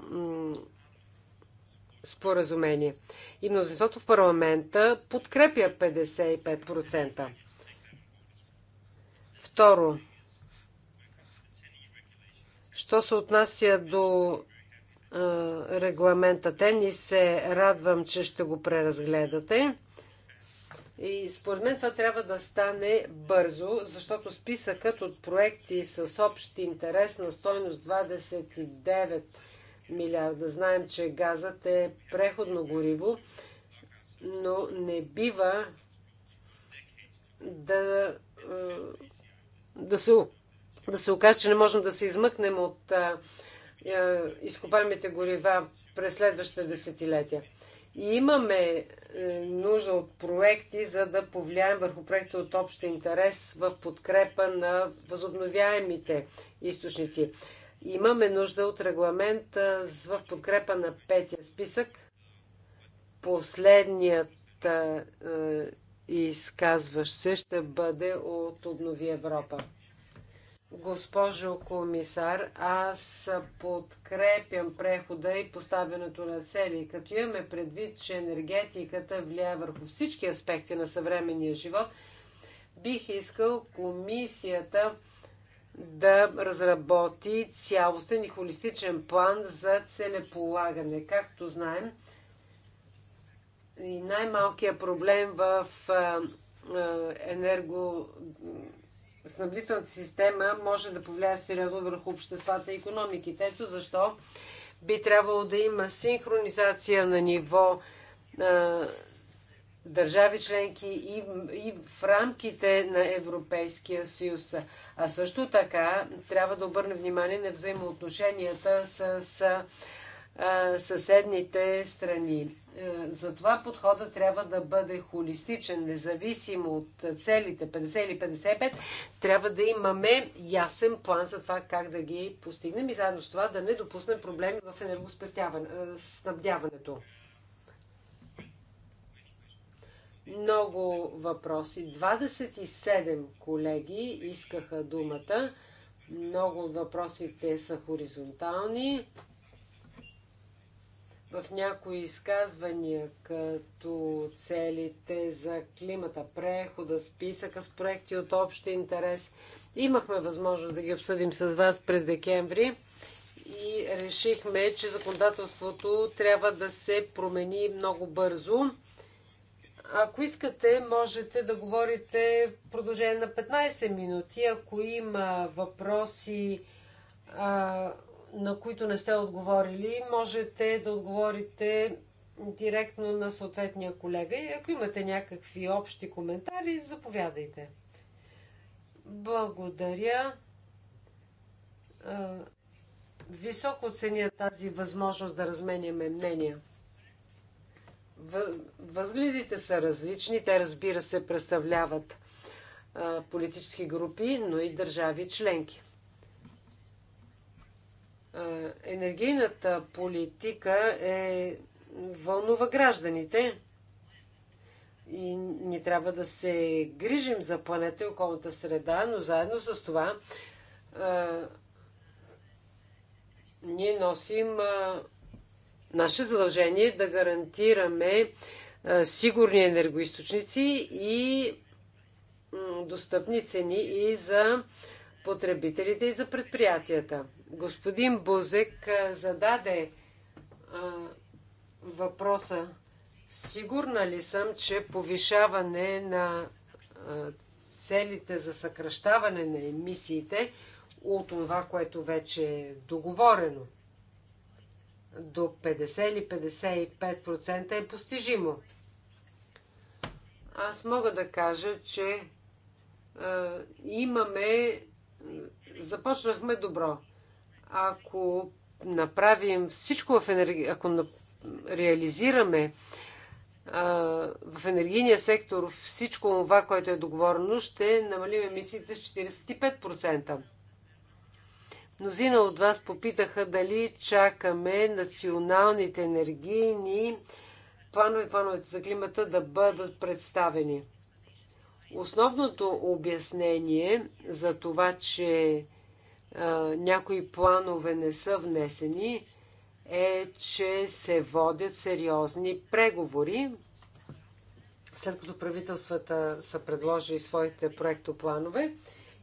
споразумение. И мнозинството в парламента подкрепя 55%. Второ, що се отнася до е, регламента тенис, се радвам, че ще го преразгледате. И според мен това трябва да стане бързо, защото списъкът от проекти с общ интерес на стойност 29 милиарда. Знаем, че газът е преходно гориво, но не бива да, е, да, се, да се окаже, че не можем да се измъкнем от е, е, изкопаемите горива през следващите десетилетия. И имаме нужда от проекти, за да повлияем върху проекти от общ интерес в подкрепа на възобновяемите източници. Имаме нужда от регламент в подкрепа на петия списък. Последният изказващ се ще бъде от Обнови Европа. Госпожо комисар, аз подкрепям прехода и поставянето на цели, като имаме предвид, че енергетиката влияе върху всички аспекти на съвременния живот. Бих искал комисията да разработи цялостен и холистичен план за целеполагане. Както знаем, и най-малкият проблем в енергоснабдителната система може да повлияе сериозно върху обществата и економиките. Ето защо би трябвало да има синхронизация на ниво държави членки и, и в рамките на Европейския съюз. А също така трябва да обърнем внимание на взаимоотношенията с, с а, съседните страни. Е, затова подходът трябва да бъде холистичен, независимо от целите 50 или 55, трябва да имаме ясен план за това как да ги постигнем и заедно с това да не допуснем проблеми в енергоспестяване, е, снабдяването много въпроси. 27 колеги искаха думата. Много от въпросите са хоризонтални. В някои изказвания, като целите за климата, прехода, списъка с проекти от общ интерес, имахме възможност да ги обсъдим с вас през декември и решихме, че законодателството трябва да се промени много бързо ако искате, можете да говорите в продължение на 15 минути. Ако има въпроси, а, на които не сте отговорили, можете да отговорите директно на съответния колега. И ако имате някакви общи коментари, заповядайте. Благодаря. Високо оценя тази възможност да разменяме мнения. Възгледите са различни. Те, разбира се, представляват политически групи, но и държави членки. Енергийната политика е вълнува гражданите и ни трябва да се грижим за планета и околната среда, но заедно с това ние носим Наше задължение е да гарантираме е, сигурни енергоисточници и достъпни цени и за потребителите и за предприятията. Господин Бузек е, зададе е, въпроса сигурна ли съм, че повишаване на целите за съкръщаване на емисиите от това, което вече е договорено – до 50 или 55% е постижимо. Аз мога да кажа, че е, имаме. Започнахме добро. Ако направим всичко в енергия, ако на... реализираме е, в енергийния сектор всичко това, което е договорено, ще намалим емисиите с 45%. Мнозина от вас попитаха дали чакаме националните енергийни планове, плановете за климата да бъдат представени. Основното обяснение за това, че а, някои планове не са внесени, е, че се водят сериозни преговори. След като правителствата са предложили своите проектопланове, планове,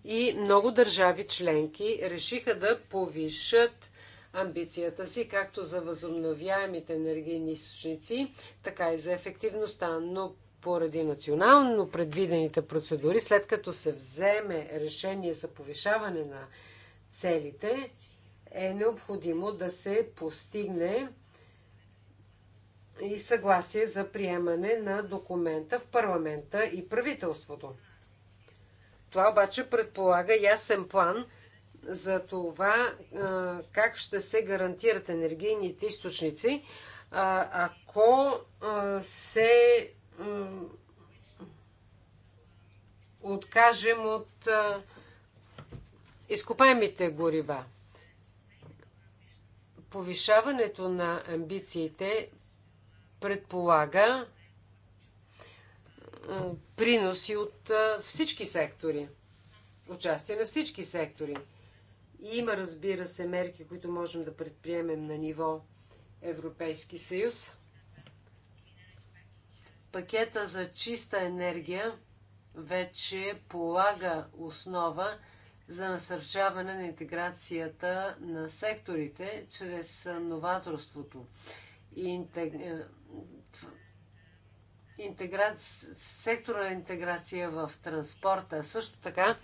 и много държави членки решиха да повишат амбицията си, както за възобновяемите енергийни източници, така и за ефективността. Но поради национално предвидените процедури, след като се вземе решение за повишаване на целите, е необходимо да се постигне и съгласие за приемане на документа в парламента и правителството. Това обаче предполага ясен план за това как ще се гарантират енергийните източници, ако се откажем от изкопаемите горива. Повишаването на амбициите предполага приноси от всички сектори. Участие на всички сектори. И има, разбира се, мерки, които можем да предприемем на ниво Европейски съюз. Пакета за чиста енергия вече полага основа за насърчаване на интеграцията на секторите чрез новаторството интег интегра... сектора на интеграция в транспорта, също така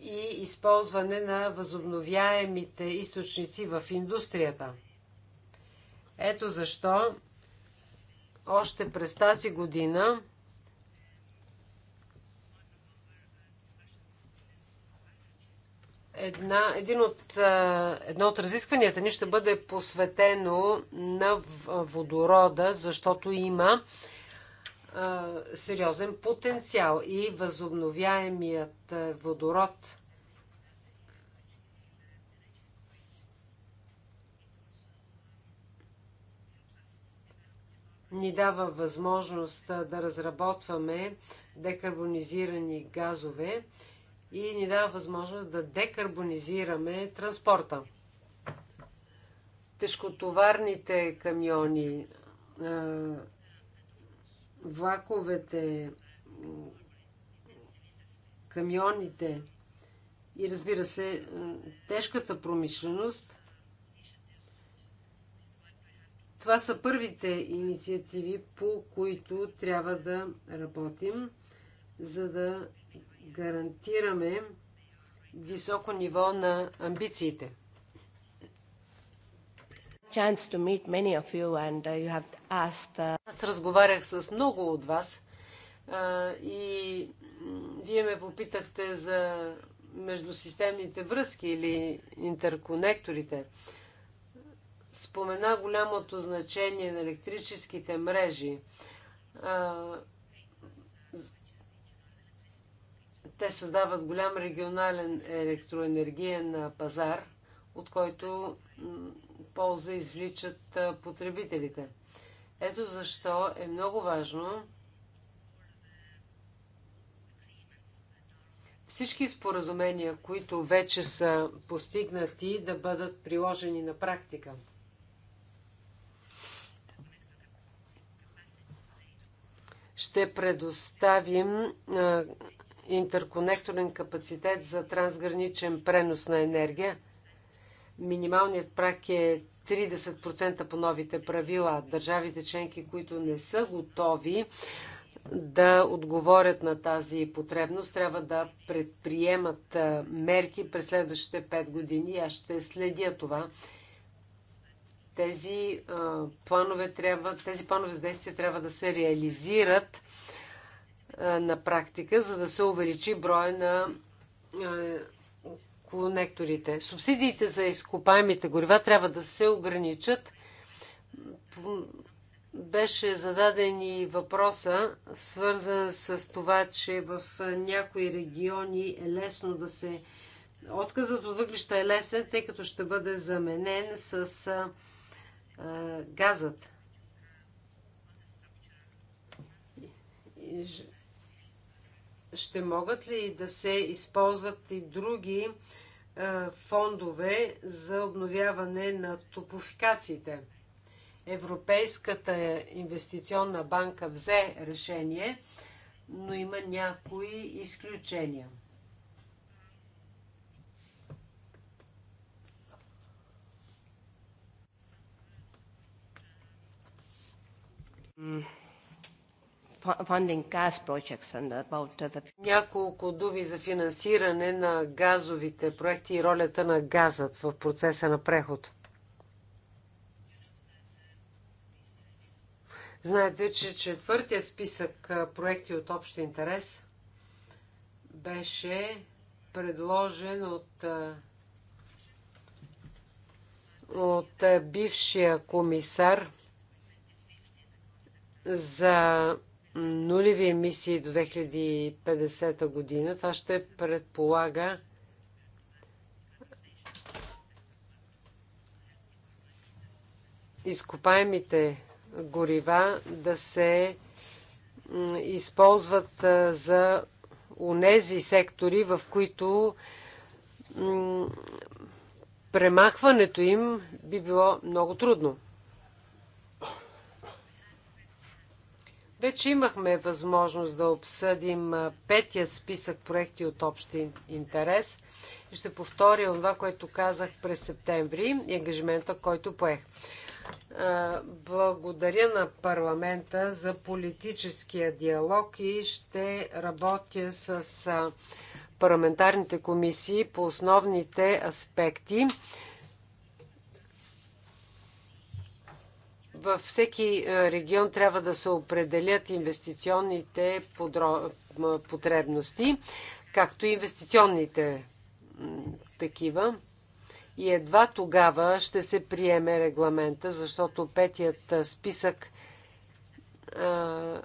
и използване на възобновяемите източници в индустрията. Ето защо още през тази година една, един от, едно от разискванията ни ще бъде посветено на водорода, защото има сериозен потенциал и възобновяемият водород. ни дава възможност да разработваме декарбонизирани газове и ни дава възможност да декарбонизираме транспорта. Тежкотоварните камиони влаковете, камионите и разбира се, тежката промишленост. Това са първите инициативи, по които трябва да работим, за да гарантираме високо ниво на амбициите. Chance to meet many of you and uh, you have аз разговарях с много от вас а, и вие ме попитахте за междусистемните връзки или интерконекторите. Спомена голямото значение на електрическите мрежи. А, те създават голям регионален електроенергиен пазар, от който полза извличат потребителите. Ето защо е много важно всички споразумения, които вече са постигнати, да бъдат приложени на практика. Ще предоставим интерконекторен капацитет за трансграничен пренос на енергия. Минималният прак е 30% по новите правила. Държавите членки, които не са готови да отговорят на тази потребност, трябва да предприемат мерки през следващите 5 години. Аз ще следя това. Тези, планове трябва, тези планове за действие трябва да се реализират на практика, за да се увеличи броя на интерконекторите. Субсидиите за изкопаемите горива трябва да се ограничат. Беше зададен и въпроса, свързан с това, че в някои региони е лесно да се... Отказът от въглища е лесен, тъй като ще бъде заменен с а, а, газът. ще могат ли да се използват и други е, фондове за обновяване на топофикациите. Европейската инвестиционна банка взе решение, но има някои изключения. Mm. Няколко думи за финансиране на газовите проекти и ролята на газът в процеса на преход. Знаете, че четвъртия списък проекти от общ интерес беше предложен от, от бившия комисар за нулеви емисии до 2050 година. Това ще предполага изкопаемите горива да се използват за унези сектори, в които премахването им би било много трудно. Вече имахме възможност да обсъдим петия списък проекти от общи интерес. ще повторя това, което казах през септември и ангажимента, който поех. Благодаря на парламента за политическия диалог и ще работя с парламентарните комисии по основните аспекти във всеки е, регион трябва да се определят инвестиционните подро... потребности, както и инвестиционните такива. И едва тогава ще се приеме регламента, защото петият списък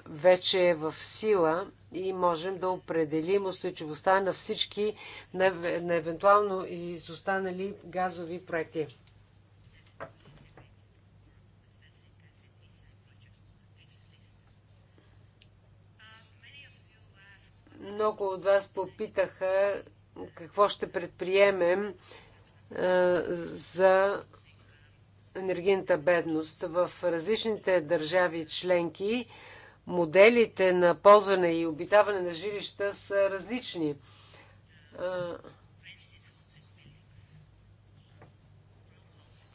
вече е в сила и можем да определим устойчивостта на всички, на, на евентуално изостанали газови проекти. Много от вас попитаха какво ще предприемем за енергийната бедност. В различните държави членки моделите на ползване и обитаване на жилища са различни.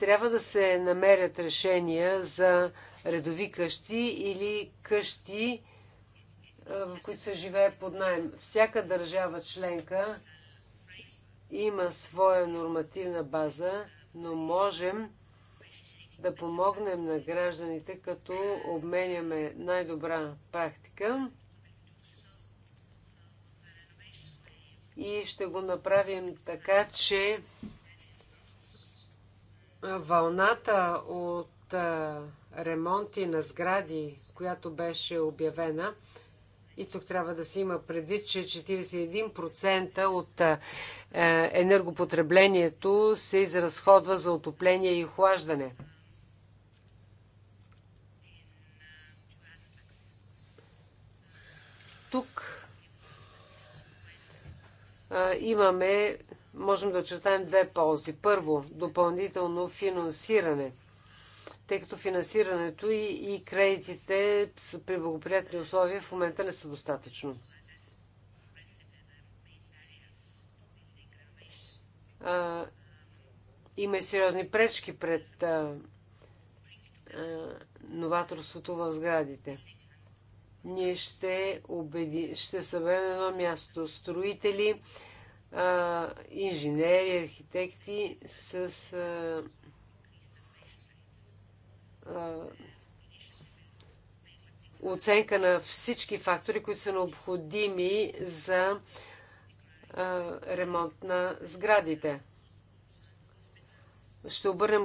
Трябва да се намерят решения за редови къщи или къщи, в които се живее под найем. Всяка държава членка има своя нормативна база, но можем да помогнем на гражданите, като обменяме най-добра практика и ще го направим така, че вълната от ремонти на сгради, която беше обявена, и тук трябва да се има предвид, че 41% от е, е, енергопотреблението се изразходва за отопление и охлаждане. Тук е, имаме, можем да очертаем две ползи. Първо, допълнително финансиране – тъй като финансирането и, и кредитите при благоприятни условия в момента не са достатъчно. А, има и сериозни пречки пред а, а, новаторството в сградите. Ние ще, убеди, ще съберем едно място строители, а, инженери, архитекти с. А, оценка на всички фактори, които са необходими за ремонт на сградите. Ще обърнем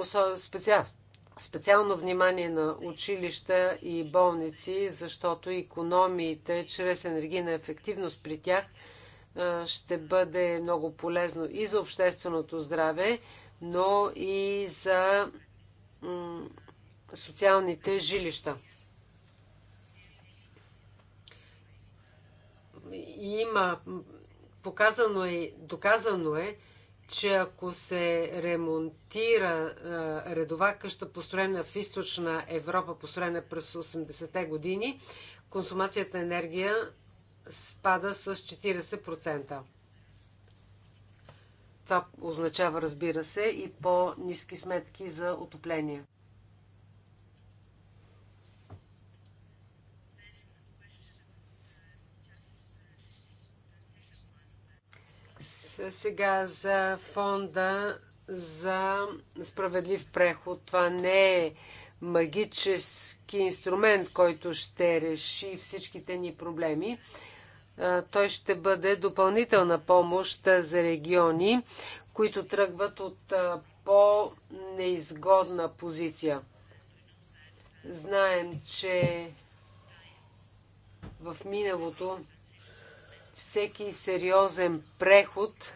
специално внимание на училища и болници, защото економиите чрез енергийна ефективност при тях ще бъде много полезно и за общественото здраве, но и за социалните жилища. Има, показано е, доказано е, че ако се ремонтира а, редова къща, построена в източна Европа, построена през 80-те години, консумацията на енергия спада с 40%. Това означава, разбира се, и по-низки сметки за отопление. Сега за фонда за справедлив преход. Това не е магически инструмент, който ще реши всичките ни проблеми. Той ще бъде допълнителна помощ за региони, които тръгват от по-неизгодна позиция. Знаем, че в миналото всеки сериозен преход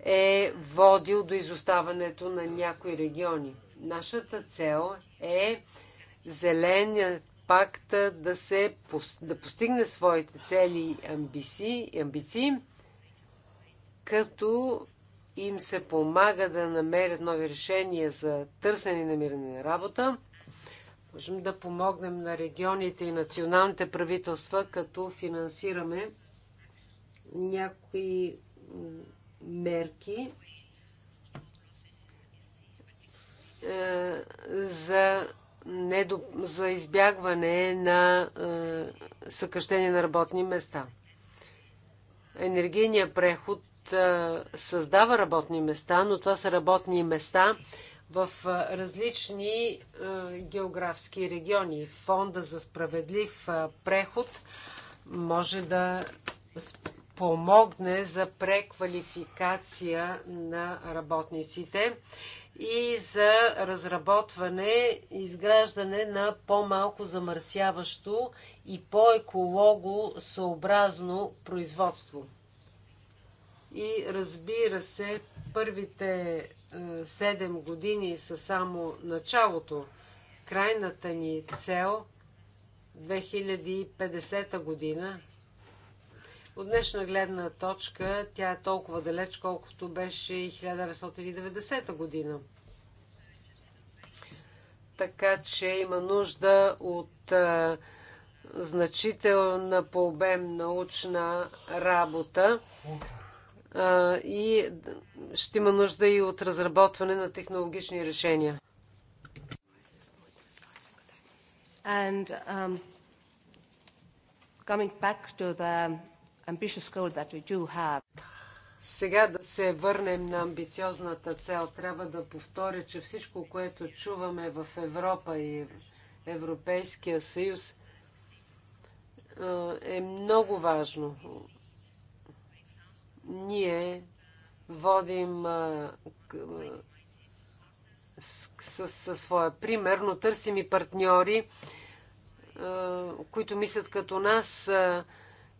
е водил до изоставането на някои региони. Нашата цел е зеления пакт да, се, да постигне своите цели и амбиции, амбиции, като им се помага да намерят нови решения за търсене и намиране на работа. Можем да помогнем на регионите и националните правителства, като финансираме някои мерки е, за, недо... за избягване на е, съкръщение на работни места. Енергийният преход е, създава работни места, но това са работни места в различни географски региони. Фонда за справедлив преход може да помогне за преквалификация на работниците и за разработване, изграждане на по-малко замърсяващо и по еколого съобразно производство. И разбира се, първите 7 е, години са само началото. Крайната ни цел 2050 година от днешна гледна точка тя е толкова далеч, колкото беше и 1990 година. Така че има нужда от а, значителна по обем научна работа а, и ще има нужда и от разработване на технологични решения. And um, coming back to the сега да се върнем на амбициозната цел. Трябва да повторя, че всичко, което чуваме в Европа и Европейския съюз е, е много важно. Ние водим със своя пример, но търсим и партньори, които мислят като нас,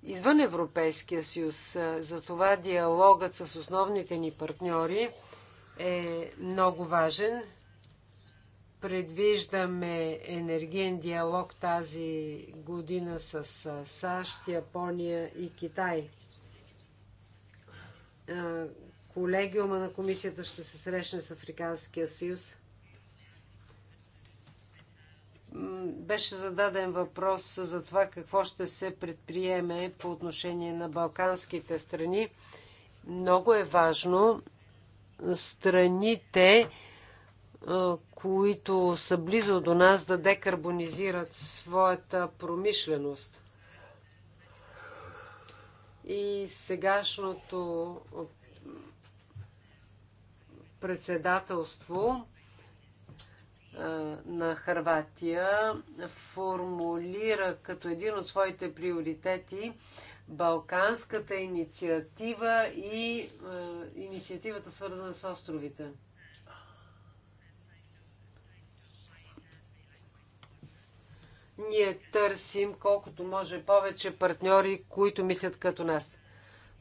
извън Европейския съюз. Затова диалогът с основните ни партньори е много важен. Предвиждаме енергиен диалог тази година с САЩ, Япония и Китай. Колегиума на комисията ще се срещне с Африканския съюз беше зададен въпрос за това какво ще се предприеме по отношение на балканските страни. Много е важно страните, които са близо до нас, да декарбонизират своята промишленост. И сегашното председателство на Харватия формулира като един от своите приоритети Балканската инициатива и е, инициативата свързана с островите. Ние търсим колкото може повече партньори, които мислят като нас.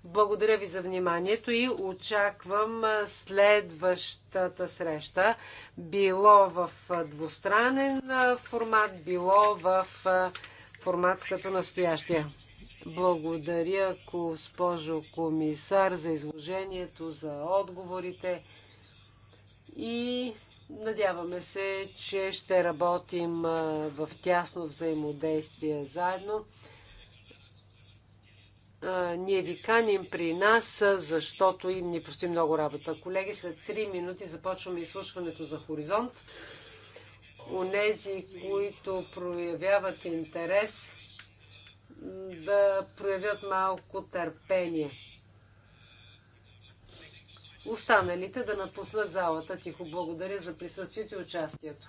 Благодаря ви за вниманието и очаквам следващата среща. Било в двустранен формат, било в формат като настоящия. Благодаря, госпожо комисар, за изложението, за отговорите и надяваме се, че ще работим в тясно взаимодействие заедно ние ви каним при нас, защото им ни прости много работа. Колеги, след 3 минути започваме изслушването за Хоризонт. Онези, които проявяват интерес, да проявят малко търпение. Останалите да напуснат залата. Тихо благодаря за присъствието и участието.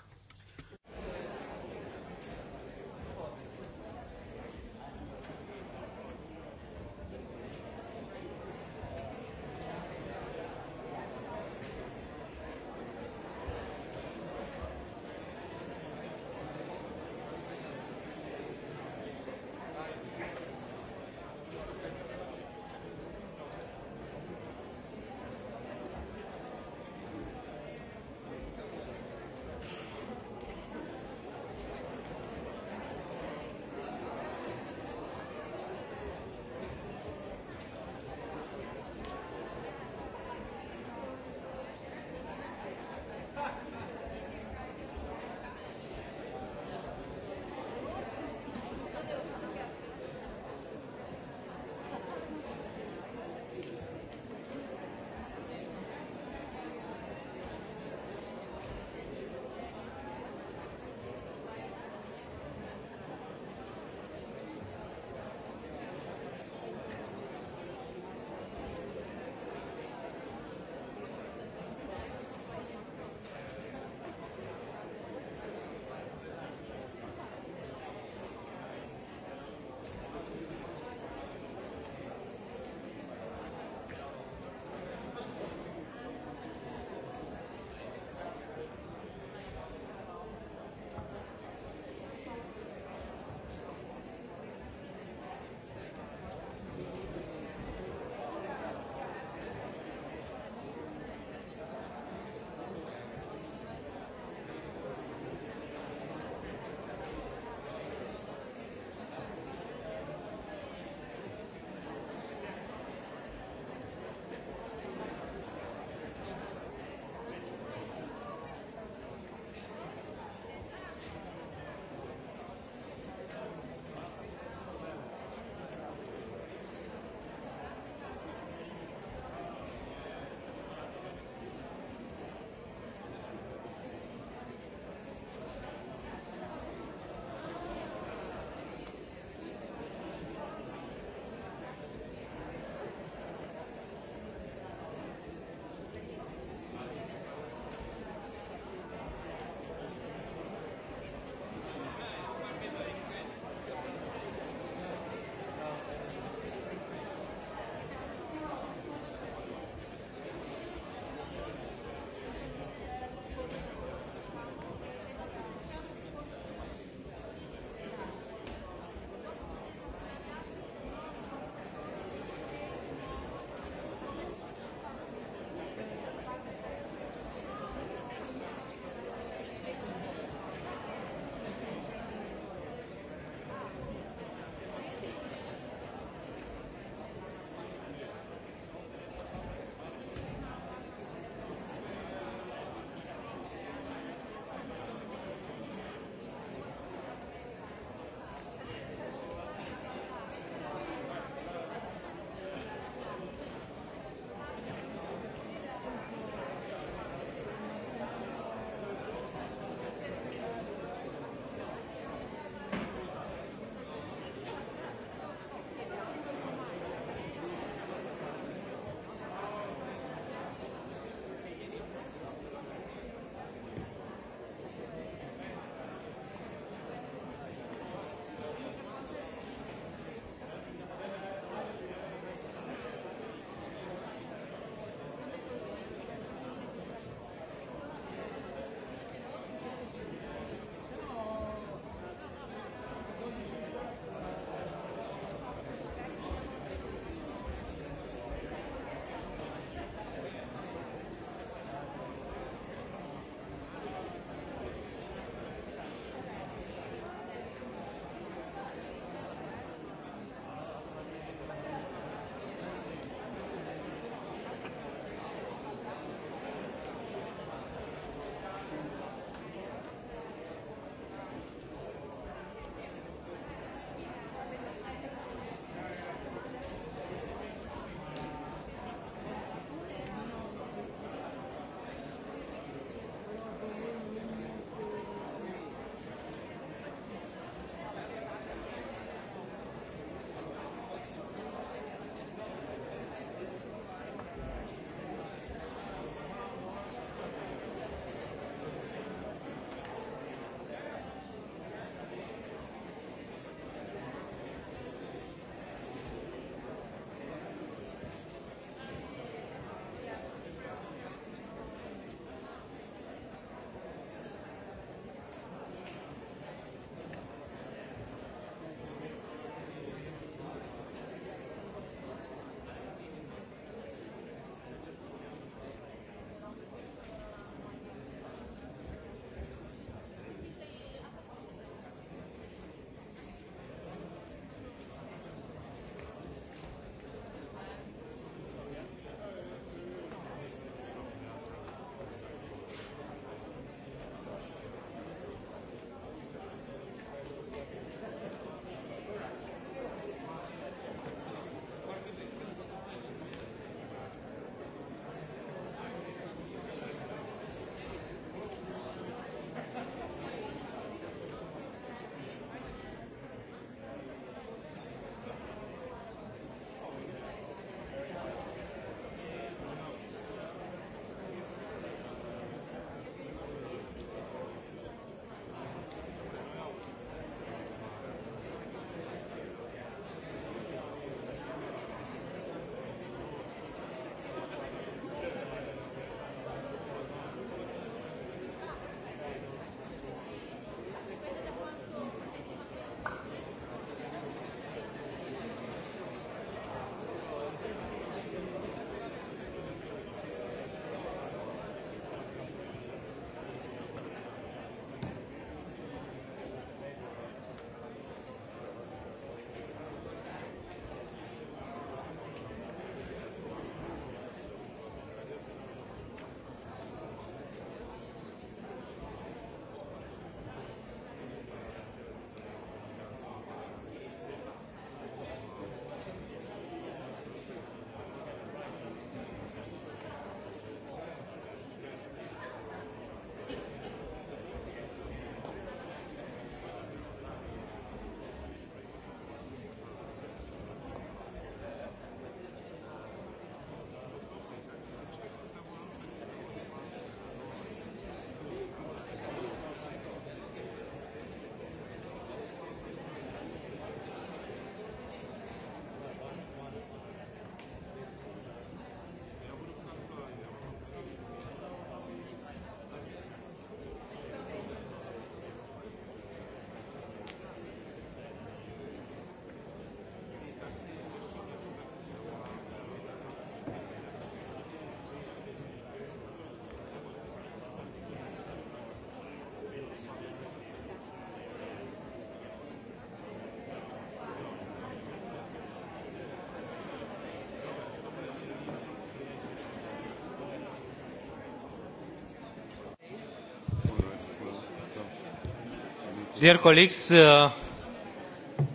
Dear colleagues, uh,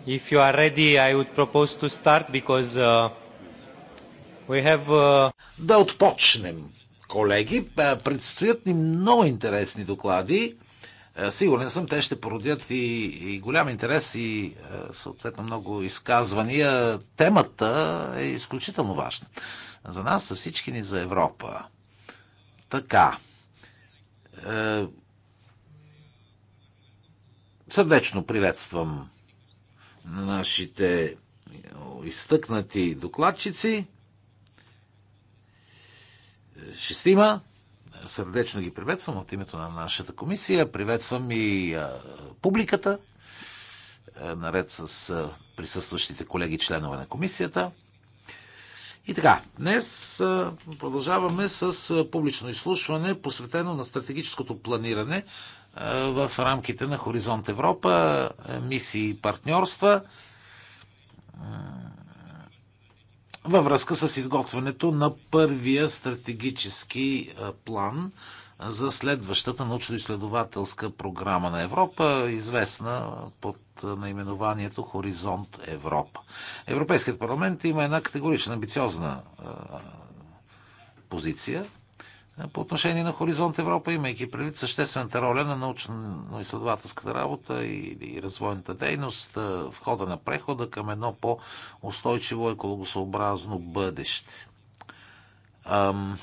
if you are ready, I would propose to start because uh, we have. Uh... Да отпочнем, колеги. Е, предстоят ни много интересни доклади. Е, сигурен съм, те ще породят и, и голям интерес и е, съответно много изказвания. Темата е изключително важна. За нас, за всички ни, за Европа. Така. Сърдечно приветствам нашите изтъкнати докладчици. Шестима. Сърдечно ги приветствам от името на нашата комисия. Приветствам и публиката, наред с присъстващите колеги членове на комисията. И така, днес продължаваме с публично изслушване, посветено на стратегическото планиране в рамките на Хоризонт Европа, мисии и партньорства във връзка с изготвянето на първия стратегически план за следващата научно-изследователска програма на Европа, известна под наименованието Хоризонт Европа. Европейският парламент има една категорична, амбициозна позиция по отношение на Хоризонт Европа, имайки предвид съществената роля на научно-изследователската работа и развойната дейност в хода на прехода към едно по-устойчиво екологосъобразно бъдеще. Ам...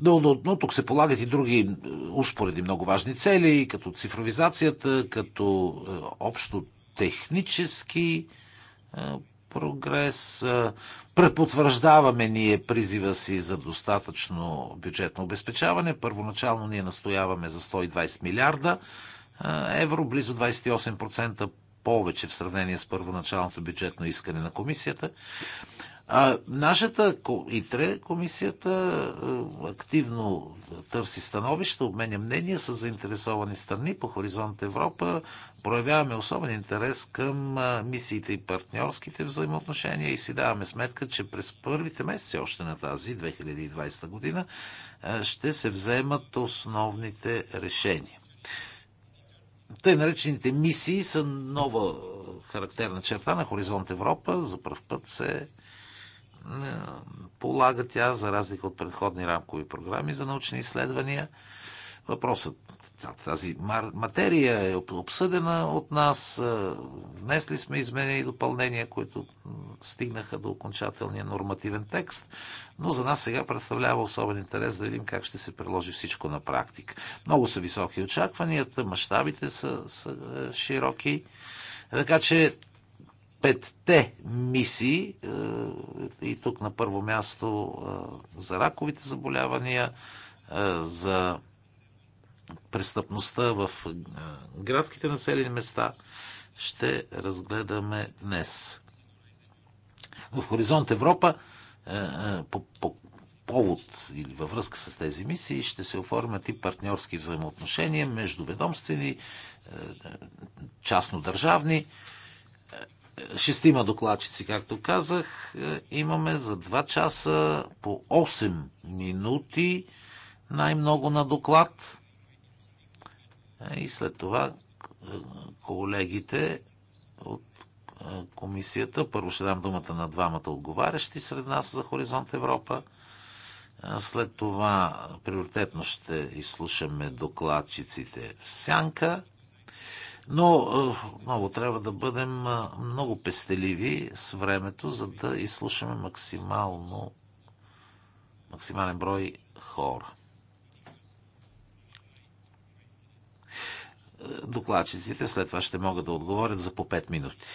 Но, но, но тук се полагат и други успореди много важни цели, като цифровизацията, като общо технически прогрес. Препотвърждаваме ние призива си за достатъчно бюджетно обезпечаване. Първоначално ние настояваме за 120 милиарда евро, близо 28% повече в сравнение с първоначалното бюджетно искане на комисията. А, нашата ИТРЕ, комисията, е, активно е, търси становище, обменя мнения с заинтересовани страни по Хоризонт Европа. Проявяваме особен интерес към е, мисиите и партньорските взаимоотношения и си даваме сметка, че през първите месеци още на тази 2020 година ще се вземат основните решения. Тъй наречените мисии са нова характерна черта на Хоризонт Европа. За първ път се е, полага тя, за разлика от предходни рамкови програми за научни изследвания. Въпросът тази материя е обсъдена от нас. Е, внесли сме изменения и допълнения, които стигнаха до окончателния нормативен текст, но за нас сега представлява особен интерес да видим как ще се приложи всичко на практика. Много са високи очакванията, мащабите са, са е, широки. Така че петте мисии е, и тук на първо място е, за раковите заболявания, е, за престъпността в градските населени места ще разгледаме днес. В Хоризонт Европа по, по повод или във връзка с тези мисии ще се оформят и партньорски взаимоотношения между ведомствени, частно-държавни, шестима докладчици, както казах, е, имаме за 2 часа по 8 минути най-много на доклад. Е, и след това е, колегите от комисията, първо ще дам думата на двамата отговарящи сред нас за Хоризонт Европа. След това приоритетно ще изслушаме докладчиците в Сянка но много е, трябва да бъдем е, много пестеливи с времето, за да изслушаме максимално максимален брой хора. Е, докладчиците след това ще могат да отговорят за по 5 минути.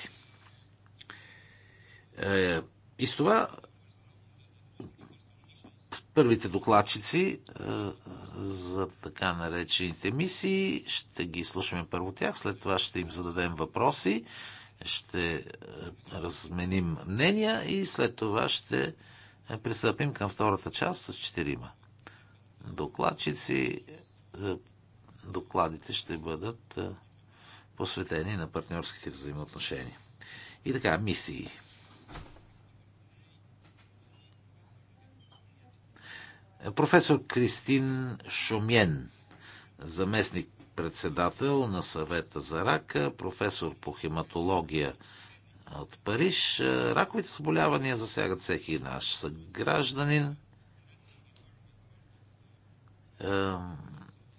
И с това Първите докладчици е, за така наречените мисии ще ги слушаме първо тях, след това ще им зададем въпроси, ще е, разменим мнения и след това ще е, пристъпим към втората част с четирима. Докладчици, докладите ще бъдат посветени на партньорските взаимоотношения. И така, мисии. Професор Кристин Шумен, заместник председател на съвета за рака, професор по хематология от Париж. Раковите заболявания засягат всеки наш съгражданин.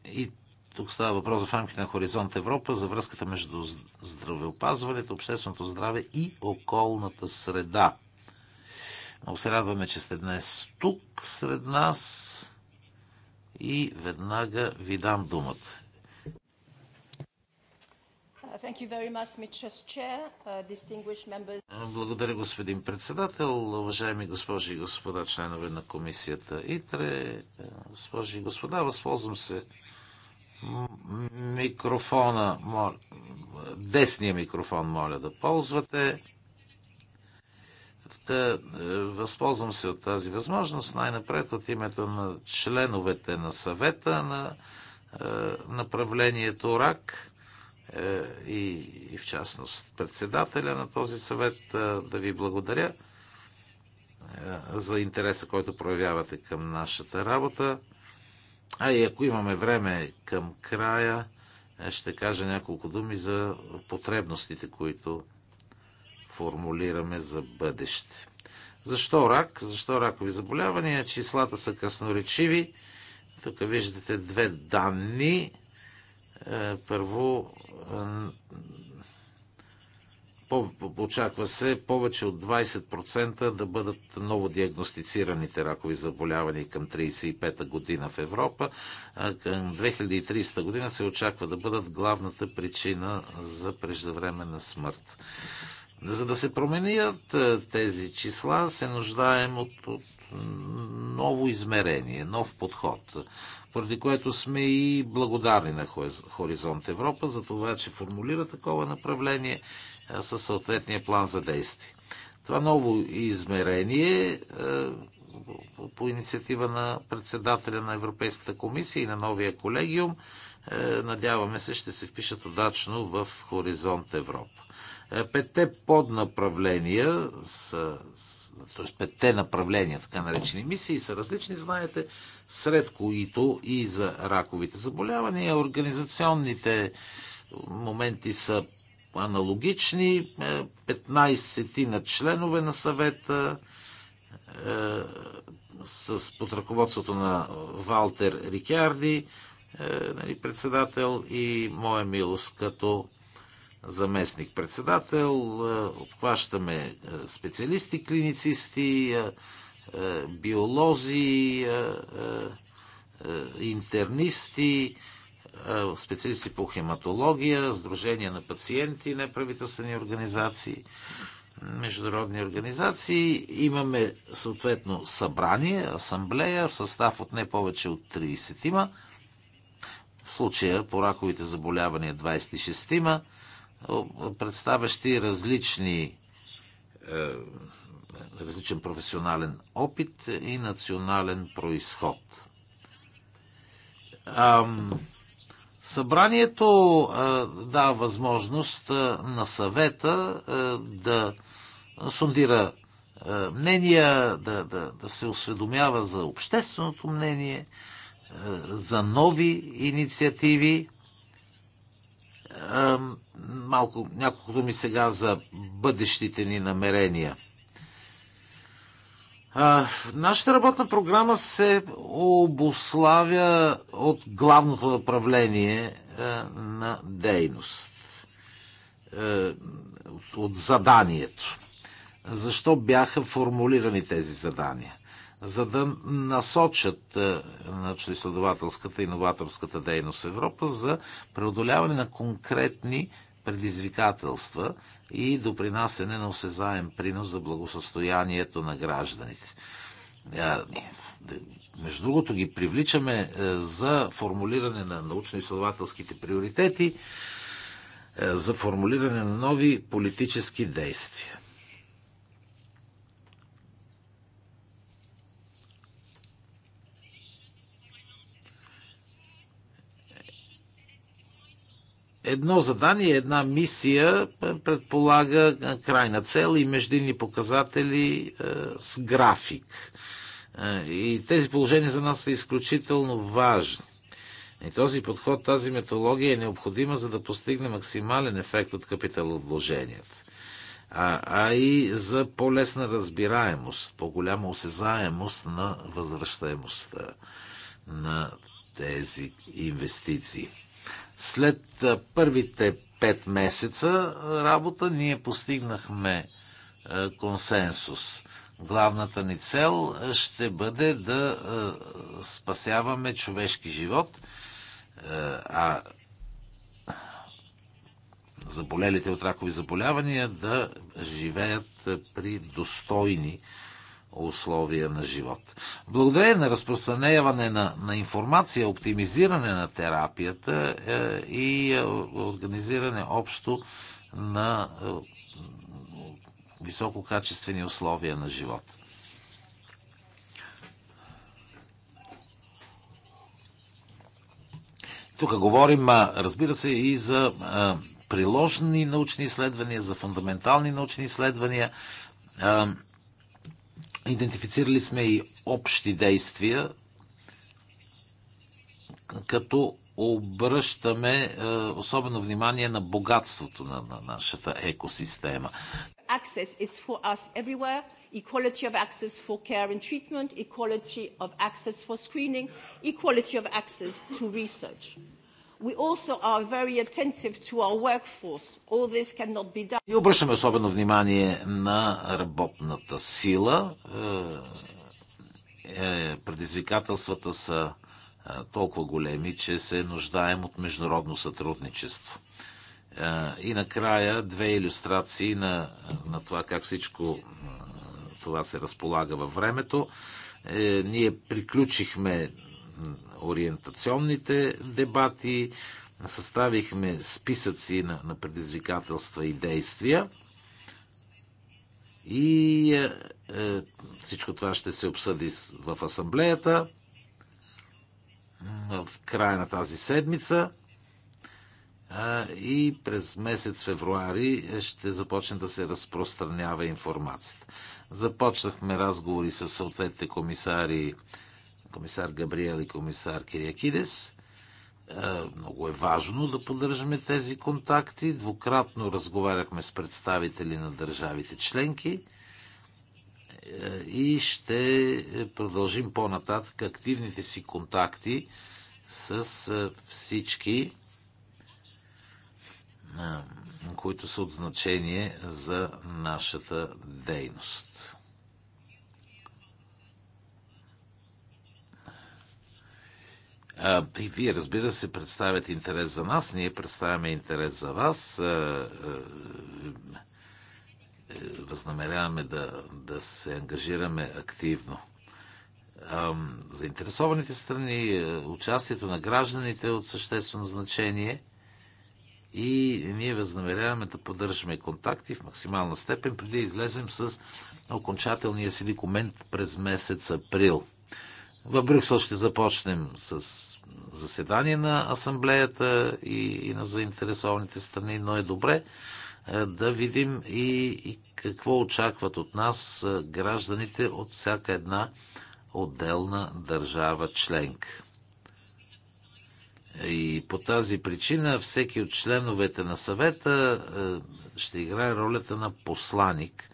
И тук става въпрос в рамките на Хоризонт Европа за връзката между здравеопазването, общественото здраве и околната среда. Много се радваме, че сте днес тук сред нас и веднага ви дам думата. Uh, uh, uh, благодаря, господин председател, уважаеми госпожи и господа, членове на комисията ИТРЕ, госпожи и господа, възползвам се микрофона, десния микрофон моля да ползвате. Та, е, възползвам се от тази възможност най-напред от името на членовете на съвета на е, направлението РАК е, и, и в частност председателя на този съвет да ви благодаря за интереса, който проявявате към нашата работа. А и ако имаме време към края, ще кажа няколко думи за потребностите, които формулираме за бъдеще. Защо рак? Защо ракови заболявания? Числата са красноречиви. Тук виждате две данни. Е, първо, е, очаква се повече от 20% да бъдат ново диагностицираните ракови заболявания към 35-та година в Европа. Към 2300 година се очаква да бъдат главната причина за преждевременна смърт. За да се променят е, тези числа, се нуждаем от, от ново измерение, нов подход, поради което сме и благодарни на Хоризонт Европа за това, че формулира такова направление е, със съответния план за действие. Това ново измерение е, по инициатива на председателя на Европейската комисия и на новия колегиум, надяваме се, ще се впишат удачно в Хоризонт Европа. Петте поднаправления са т.е. петте направления, така наречени мисии, са различни, знаете, сред които и за раковите заболявания. Организационните моменти са аналогични. 15 на членове на съвета е, с под ръководството на Валтер Рикярди, е, нали, председател и моя милост като заместник-председател. Обхващаме специалисти, клиницисти, биолози, интернисти, специалисти по хематология, Сдружения на пациенти, неправителствени организации, международни организации. Имаме съответно събрание, асамблея в състав от не повече от 30-ма. В случая по раковите заболявания 26-ма представящи различни е, различен професионален опит и национален происход. Събранието е, дава възможност е, на съвета да сундира мнения, да, да, да се осведомява за общественото мнение, за нови инициативи малко, няколко думи сега за бъдещите ни намерения. А, нашата работна програма се обославя от главното направление а, на дейност, а, от заданието. Защо бяха формулирани тези задания? за да насочат е, научно-изследователската и новаторската дейност в Европа за преодоляване на конкретни предизвикателства и допринасене на осезаем принос за благосъстоянието на гражданите. Е, между другото ги привличаме е, за формулиране на научно-изследователските приоритети, за формулиране на нови политически действия. едно задание, една мисия предполага крайна цел и междинни показатели е, с график. Е, и тези положения за нас са изключително важни. И този подход, тази методология е необходима, за да постигне максимален ефект от капиталовложенията. А, а и за по-лесна разбираемост, по-голяма осезаемост на възвръщаемостта на тези инвестиции. След първите пет месеца работа ние постигнахме консенсус. Главната ни цел ще бъде да спасяваме човешки живот, а заболелите от ракови заболявания да живеят при достойни условия на живот. Благодарение на разпространяване на, на информация, оптимизиране на терапията е, и е, организиране общо на е, висококачествени условия на живот. Тук говорим, разбира се, и за приложни научни изследвания, за фундаментални научни изследвания. Идентифицирали сме и общи действия, като обръщаме е, особено внимание на богатството на, на нашата екосистема. Access is for us everywhere. Equality of access for care and treatment, equality of access for screening, equality of access to research. We also are very attentive to our workforce. All this cannot be done. И обръщаме особено внимание на работната сила. Е, е, предизвикателствата са е, толкова големи, че се нуждаем от международно сътрудничество. И накрая две иллюстрации на, на това как всичко това се разполага във времето. Ние приключихме ориентационните дебати, съставихме списъци на, на предизвикателства и действия. И е, е, всичко това ще се обсъди в асамблеята в края на тази седмица. Е, и през месец февруари ще започне да се разпространява информацията. Започнахме разговори с съответните комисари комисар Габриел и комисар Кириакидес. Е, много е важно да поддържаме тези контакти. Двукратно разговаряхме с представители на държавите членки е, и ще продължим по-нататък активните си контакти с е, всички, които са от значение за нашата дейност. И вие, разбира се, представяте интерес за нас, ние представяме интерес за вас. Е, възнамеряваме да, да се ангажираме активно. Заинтересованите страни, е, участието на гражданите е от съществено значение и ние възнамеряваме да поддържаме контакти в максимална степен, преди да излезем с окончателния си документ през месец април. В Брюксел ще започнем с заседание на асамблеята и, и на заинтересованите страни, но е добре е, да видим и, и какво очакват от нас е, гражданите от всяка една отделна държава членка. И по тази причина всеки от членовете на съвета е, ще играе ролята на посланик,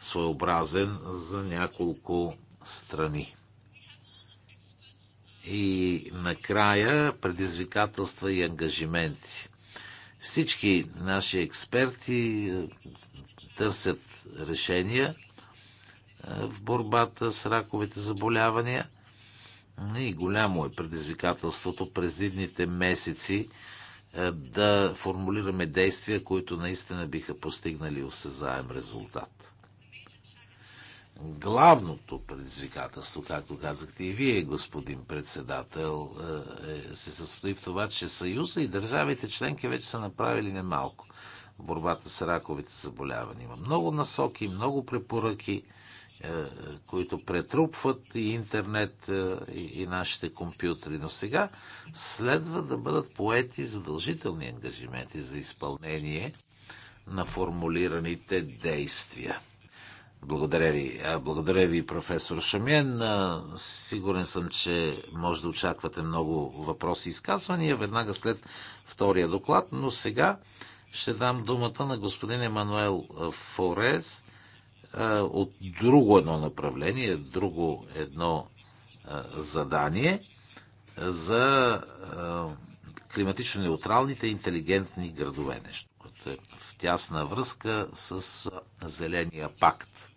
своеобразен за няколко страни. И накрая предизвикателства и ангажименти. Всички наши експерти е, търсят решения е, в борбата с раковите заболявания и голямо е предизвикателството през едните месеци е, да формулираме действия, които наистина биха постигнали осезаем резултат главното предизвикателство, както казахте и вие, господин председател, е, е, се състои в това, че Съюза и държавите членки вече са направили немалко в борбата с раковите заболявания. Има много насоки, много препоръки, е, които претрупват и интернет, и нашите компютри. Но сега следва да бъдат поети задължителни ангажименти за изпълнение на формулираните действия. Благодаря ви. Благодаря ви, професор Шамен. Сигурен съм, че може да очаквате много въпроси и изказвания веднага след втория доклад, но сега ще дам думата на господин Емануел Форес от друго едно направление, друго едно задание за климатично неутралните интелигентни градове. Нещо, което е в тясна връзка с Зеления пакт.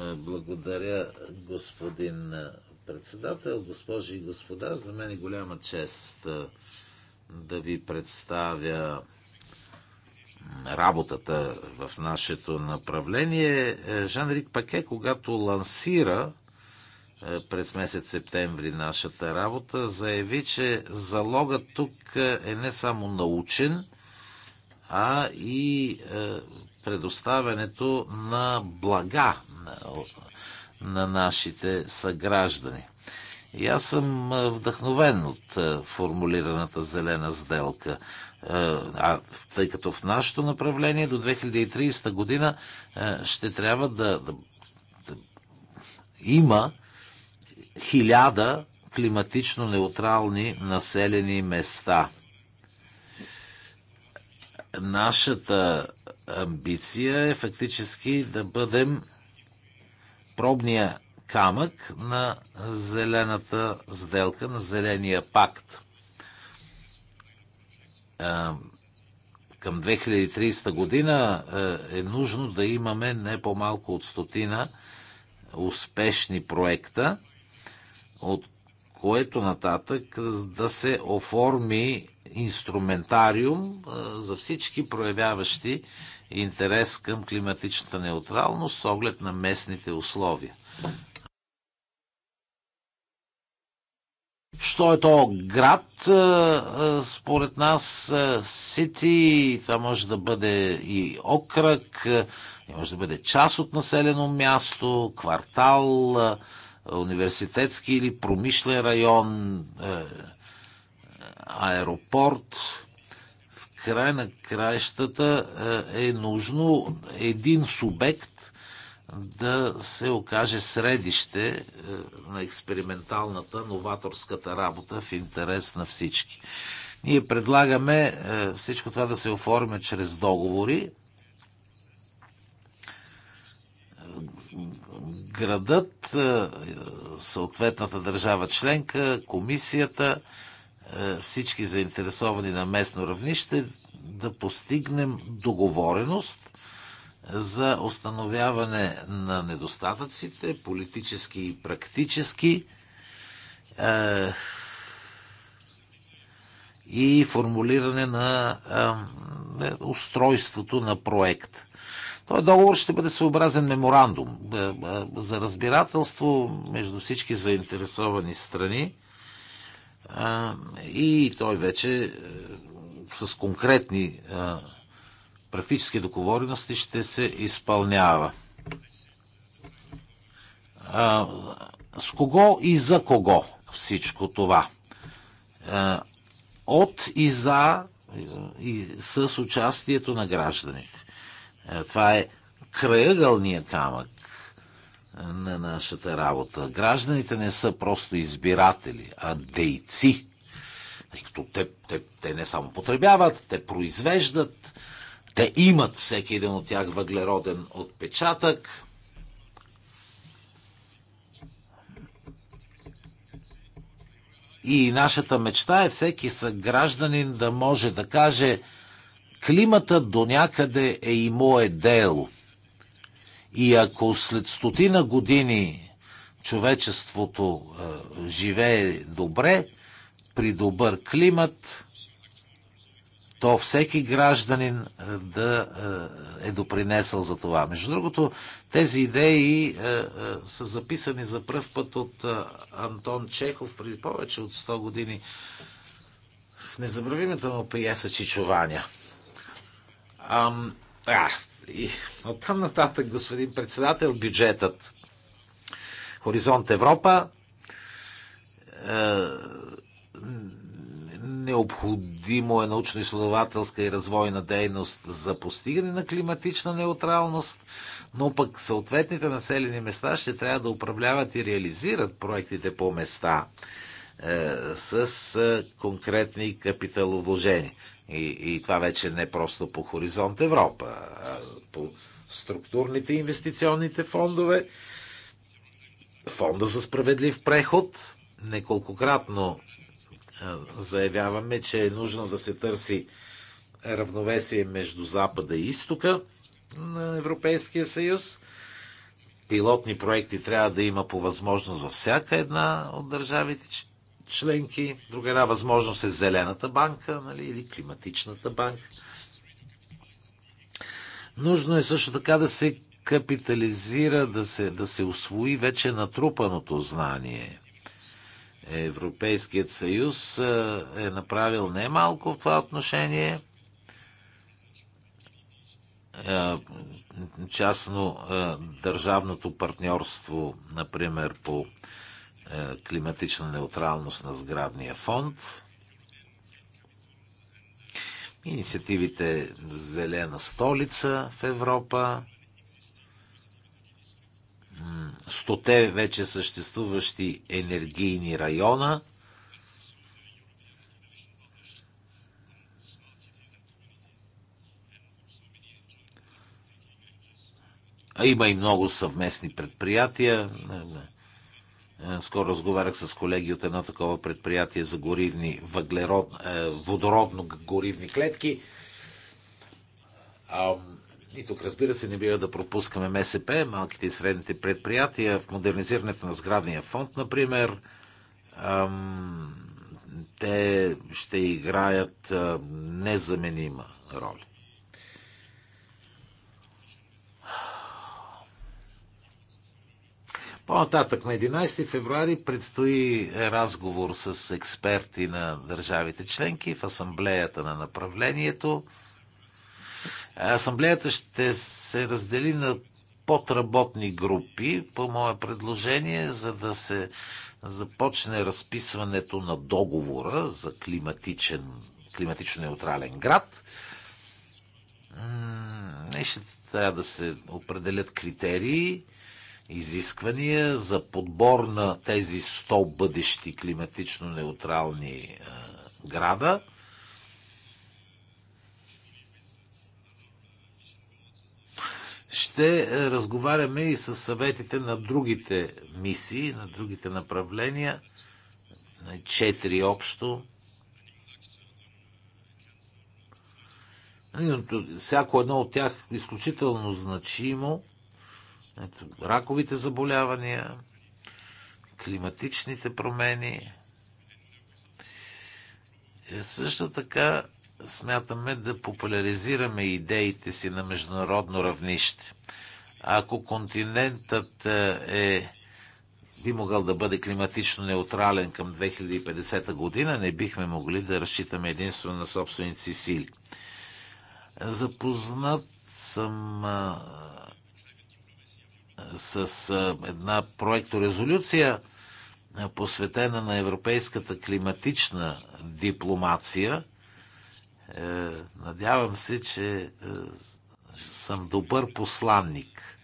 Е, благодаря, господин е, председател, госпожи и господа. За мен е голяма чест е, да ви представя работата в нашето направление. Жан-Рик Паке, когато лансира през месец септември нашата работа, заяви, че залогът тук е не само научен, а и предоставянето на блага на нашите съграждани. И аз съм вдъхновен от формулираната зелена сделка. А, тъй като в нашето направление до 2030 година ще трябва да, да, да има хиляда климатично неутрални населени места. Нашата амбиция е фактически да бъдем пробния камък на зелената сделка, на зеления пакт. Към 2030 година е нужно да имаме не по-малко от стотина успешни проекта, от което нататък да се оформи инструментариум за всички проявяващи интерес към климатичната неутралност с оглед на местните условия. Що е то град? Според нас сити, това може да бъде и окръг, може да бъде част от населено място, квартал, университетски или промишлен район, аеропорт край на краищата е, е нужно един субект да се окаже средище е, на експерименталната, новаторската работа в интерес на всички. Ние предлагаме е, всичко това да се оформя чрез договори. Градът, съответната държава членка, комисията, всички заинтересовани на местно равнище да постигнем договореност за установяване на недостатъците, политически и практически, е, и формулиране на е, е, устройството на проект. Той договор ще бъде съобразен меморандум за разбирателство между всички заинтересовани страни и той вече с конкретни практически договорености ще се изпълнява. С кого и за кого всичко това? От и за и с участието на гражданите. Това е краъгълния камък на нашата работа. Гражданите не са просто избиратели, а дейци тъй като те, те, те не само потребяват, те произвеждат, те имат всеки един от тях въглероден отпечатък. И нашата мечта е всеки съгражданин да може да каже климата до някъде е и мое дело. И ако след стотина години човечеството е, живее добре, при добър климат, то всеки гражданин е, да е, е допринесъл за това. Между другото, тези идеи е, са записани за пръв път от Антон Чехов преди повече от 100 години в незабравимата му пиеса Чичувания. Ам, а, и там нататък, господин председател, бюджетът. Хоризонт Европа Необходимо е научно-изследователска и развойна дейност за постигане на климатична неутралност, но пък съответните населени места ще трябва да управляват и реализират проектите по места е, с е, конкретни капиталовложения. И, и това вече не просто по Хоризонт Европа, а по структурните инвестиционните фондове, фонда за справедлив преход. Неколкократно е, заявяваме, че е нужно да се търси равновесие между Запада и Изтока на Европейския съюз. Пилотни проекти трябва да има по възможност във всяка една от държавите членки. Друга една възможност е Зелената банка нали, или Климатичната банка. Нужно е също така да се капитализира, да се, да се освои вече натрупаното знание – Европейският съюз е направил немалко в това отношение. Частно държавното партньорство, например, по климатична неутралност на сградния фонд. Инициативите Зелена столица в Европа, стоте вече съществуващи енергийни района. А има и много съвместни предприятия. Скоро разговарях с колеги от едно такова предприятие за горивни въглерод, е, водородно горивни клетки. И тук, разбира се, не бива да пропускаме МСП, малките и средните предприятия, в модернизирането на сградния фонд, например. Ам, те ще играят а, незаменима роля. По-нататък на 11 февруари предстои разговор с експерти на държавите членки в асамблеята на направлението. Асамблеята ще се раздели на подработни групи по мое предложение, за да се започне разписването на договора за климатичен, климатично неутрален град. И ще трябва да се определят критерии, изисквания за подбор на тези 100 бъдещи климатично неутрални града – ще е, разговаряме и с съветите на другите мисии, на другите направления, на четири общо. Всяко едно от тях е изключително значимо. Ето, раковите заболявания, климатичните промени. И е, също така смятаме да популяризираме идеите си на международно равнище. Ако континентът е, е би могъл да бъде климатично неутрален към 2050 година, не бихме могли да разчитаме единствено на собствените си сили. Запознат съм а, с а, една проекторезолюция, а, посветена на европейската климатична дипломация – е, надявам се, че е, съм добър посланник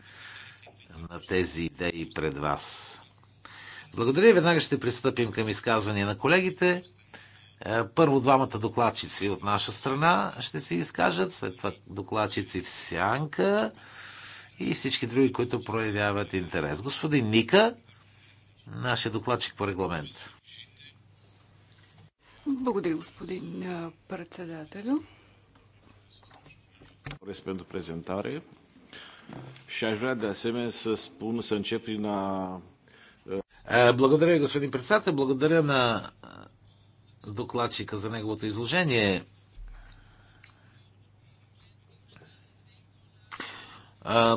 на тези идеи пред вас. Благодаря. и Веднага ще пристъпим към изказвания на колегите. Е, първо двамата докладчици от наша страна ще се изкажат, след това докладчици в сянка и всички други, които проявяват интерес. Господин Ника, нашия докладчик по регламент. Благодаря, господин председател. Респенду презентаре. Și aș vrea de asemenea să spun, să încep prin a... Благодаря, господин председател. Благодаря на докладчика за неговото изложение.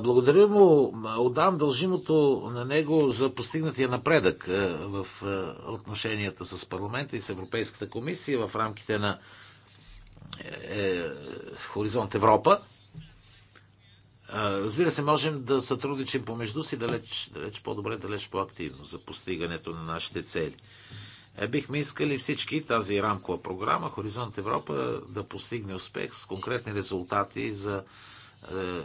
Благодаря му, отдам дължимото на него за постигнатия напредък в отношенията с парламента и с Европейската комисия в рамките на е, Хоризонт Европа. Разбира се, можем да сътрудничим помежду си далеч, далеч по-добре, далеч по-активно за постигането на нашите цели. Е, бихме искали всички тази рамкова програма Хоризонт Европа да постигне успех с конкретни резултати за е,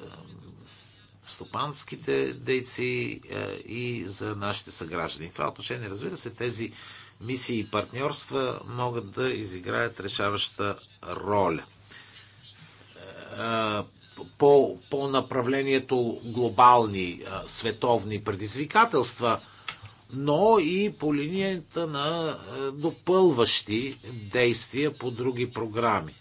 стопанските дейци е, и за нашите съграждани. В това отношение, разбира се, тези мисии и партньорства могат да изиграят решаваща роля. Е, по, по направлението глобални е, световни предизвикателства, но и по линията на допълващи действия по други програми.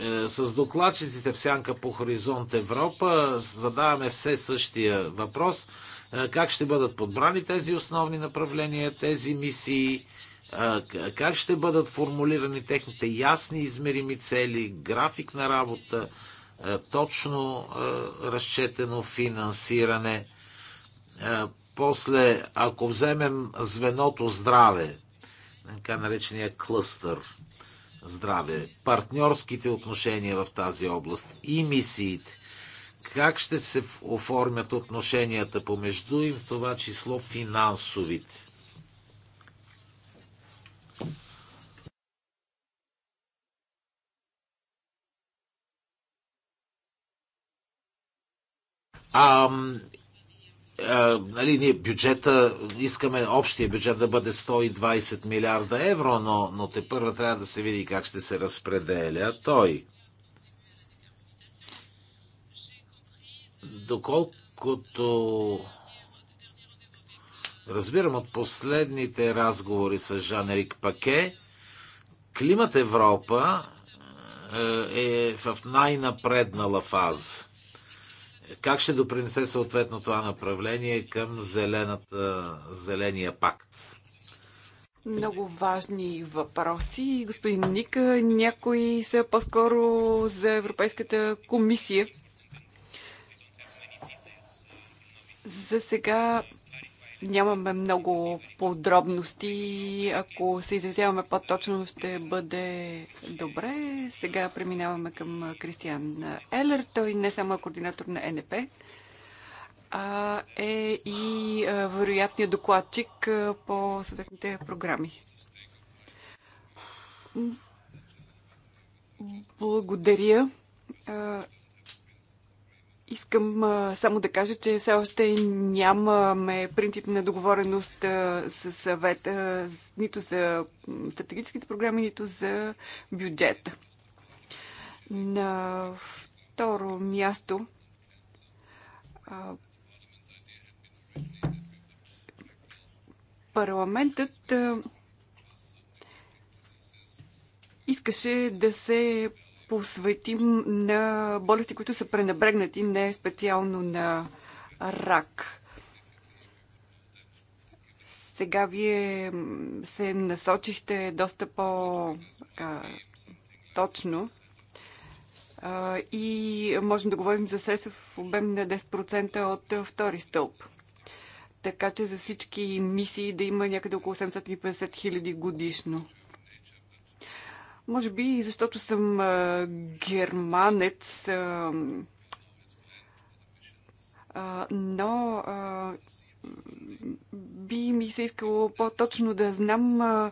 Е, с докладчиците в Сянка по Хоризонт Европа задаваме все същия въпрос. Е, как ще бъдат подбрани тези основни направления, тези мисии, е, как ще бъдат формулирани техните ясни измерими цели, график на работа, точно разчетено финансиране. После, ако вземем звеното здраве, така наречения клъстър, здраве, партньорските отношения в тази област и мисиите. Как ще се оформят отношенията помежду им, в това число финансовите? А, е, нали, ние бюджета, искаме общия бюджет да бъде 120 милиарда евро, но, но те първа трябва да се види как ще се разпределя той. Доколкото разбирам от последните разговори с Жан-Ерик Паке, климат Европа е, е в най-напреднала фаза как ще допринесе съответно това направление към зелената, зеления пакт? Много важни въпроси. Господин Ника, някои са по-скоро за Европейската комисия. За сега Нямаме много подробности. Ако се изразяваме по-точно, ще бъде добре. Сега преминаваме към Кристиан Елер. Той не само е координатор на НП, а е и вероятният докладчик по съответните програми. Благодаря. Искам а, само да кажа, че все още нямаме принцип на договореност а, с съвета нито за стратегическите програми, нито за бюджета. На второ място а, парламентът а, искаше да се посветим на болести, които са пренебрегнати, не специално на рак. Сега вие се насочихте доста по-точно и можем да говорим за средства в обем на 10% от втори стълб. Така че за всички мисии да има някъде около 750 хиляди годишно. Може би и защото съм а, германец, а, а, но а, би ми се искало по-точно да знам а,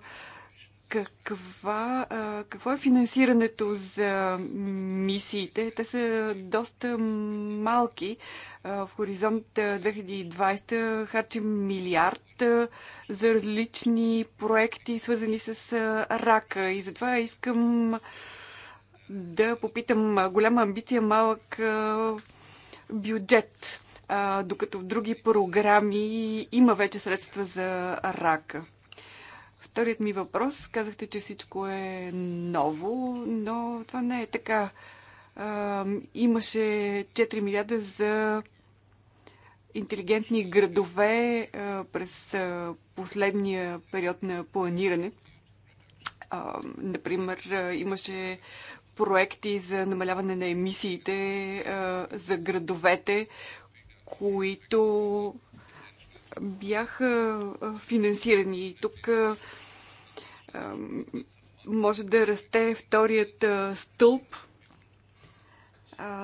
каква, а, какво е финансирането за мисиите? Те са доста малки. А, в хоризонт 2020 харчим милиард а, за различни проекти, свързани с а, рака. И затова искам да попитам голяма амбиция, малък а, бюджет. А, докато в други програми има вече средства за рака. Вторият ми въпрос, казахте, че всичко е ново, но това не е така. Имаше 4 милиарда за интелигентни градове през последния период на планиране. Например, имаше проекти за намаляване на емисиите за градовете, които бяха финансирани. И тук може да расте вторият стълб.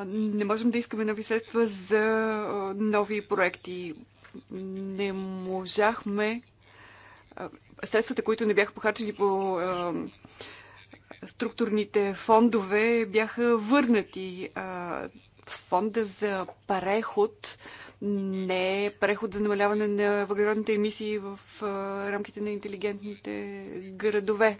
Не можем да искаме нови средства за нови проекти. Не можахме. Средствата, които не бяха похарчени по структурните фондове, бяха върнати. Фонда за преход не е преход за намаляване на въглеродните емисии в рамките на интелигентните градове.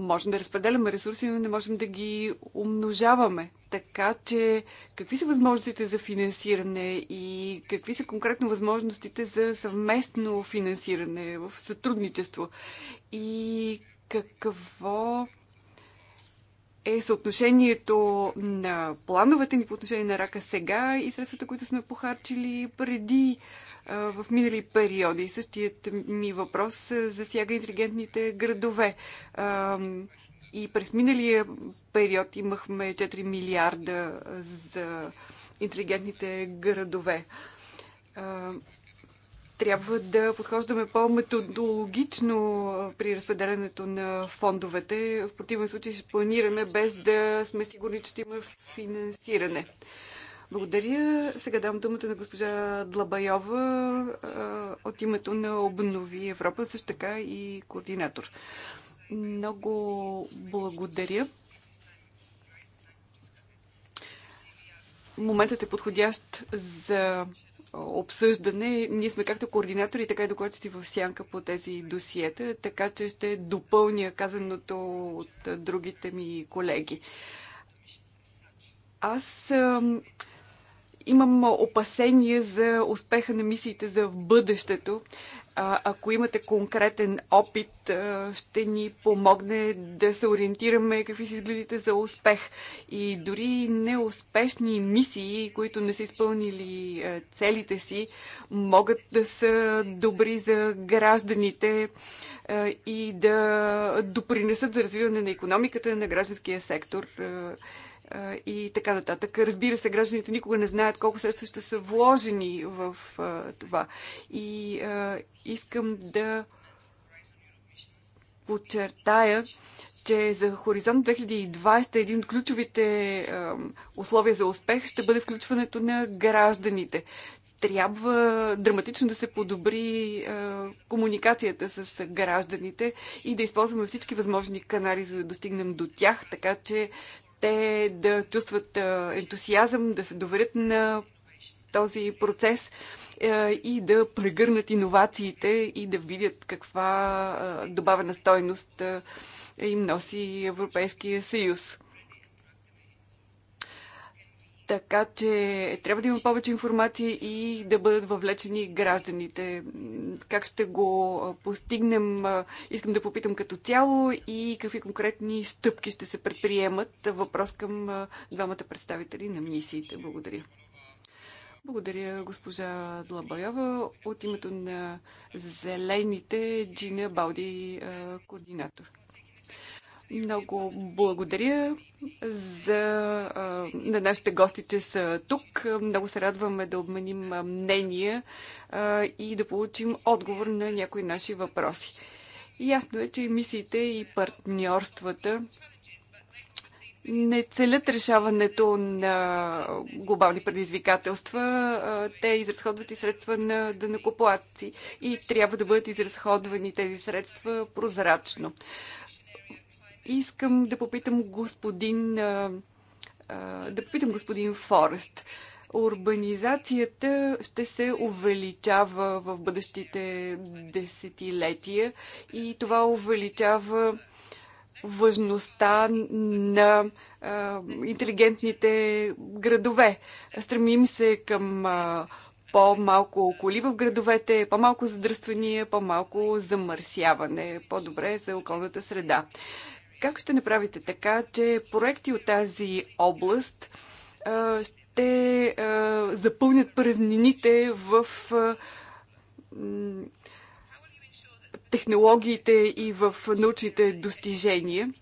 можем да разпределяме ресурси, но не можем да ги умножаваме. Така че какви са възможностите за финансиране и какви са конкретно възможностите за съвместно финансиране в сътрудничество? И какво е съотношението на плановете ни по отношение на рака сега и средствата, които сме похарчили преди в минали периоди. Същият ми въпрос засяга интелигентните градове. И през миналия период имахме 4 милиарда за интелигентните градове трябва да подхождаме по-методологично при разпределянето на фондовете. В противен случай ще планираме без да сме сигурни, че ще има финансиране. Благодаря. Сега дам думата на госпожа Длабайова от името на Обнови Европа, също така и координатор. Много благодаря. Моментът е подходящ за обсъждане. Ние сме както координатори, така и докладчици в сянка по тези досиета, така че ще допълня казаното от другите ми колеги. Аз имам опасения за успеха на мисиите за в бъдещето. А, ако имате конкретен опит, ще ни помогне да се ориентираме какви си изгледите за успех. И дори неуспешни мисии, които не са изпълнили целите си, могат да са добри за гражданите и да допринесат за развиване на економиката, на гражданския сектор и така нататък. Разбира се, гражданите никога не знаят колко средства ще са вложени в това. И искам да подчертая, че за Хоризонт 2020 един от ключовите е, условия за успех ще бъде включването на гражданите. Трябва драматично да се подобри е, комуникацията с гражданите и да използваме всички възможни канали, за да достигнем до тях, така че те да чувстват ентусиазъм, да се доверят на този процес и да прегърнат иновациите и да видят каква добавена стойност им носи Европейския съюз. Така че трябва да има повече информация и да бъдат въвлечени гражданите. Как ще го постигнем, искам да попитам като цяло и какви конкретни стъпки ще се предприемат. Въпрос към двамата представители на мисиите. Благодаря. Благодаря, госпожа Длабайова. От името на Зелените, Джина Бауди, координатор. Много благодаря за, на нашите гости, че са тук. Много се радваме да обменим мнения и да получим отговор на някои наши въпроси. Ясно е, че и мисиите и партньорствата не целят решаването на глобални предизвикателства. Те изразходват и средства на дънакоплатци и трябва да бъдат изразходвани тези средства прозрачно. Искам да попитам господин, да попитам господин Форест. Урбанизацията ще се увеличава в бъдещите десетилетия и това увеличава важността на а, интелигентните градове. Стремим се към а, по-малко коли в градовете, по-малко задръствания, по-малко замърсяване, по-добре за околната среда. Как ще направите така, че проекти от тази област ще запълнят празнините в технологиите и в научните достижения?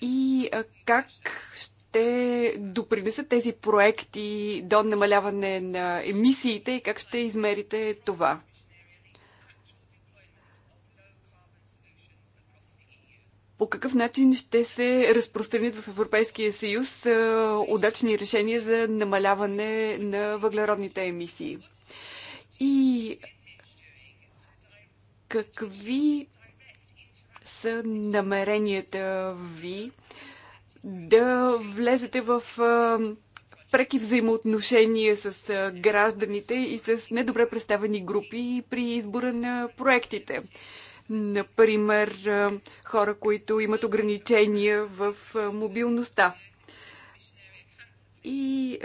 И как ще допринесат тези проекти до намаляване на емисиите и как ще измерите това? по какъв начин ще се разпространят в Европейския съюз е, удачни решения за намаляване на въглеродните емисии? И какви са намеренията ви да влезете в е, преки взаимоотношения с е, гражданите и с недобре представени групи при избора на проектите? Например, хора, които имат ограничения в мобилността. И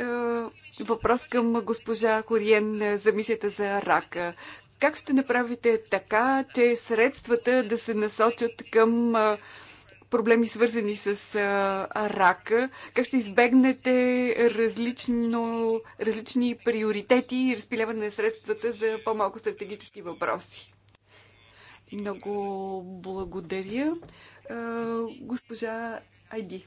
въпрос към госпожа Кориен за мисията за рака. Как ще направите така, че средствата да се насочат към проблеми, свързани с а, рака? Как ще избегнете различно, различни приоритети и разпиляване на средствата за по-малко стратегически въпроси? Много благодаря. Госпожа Айди.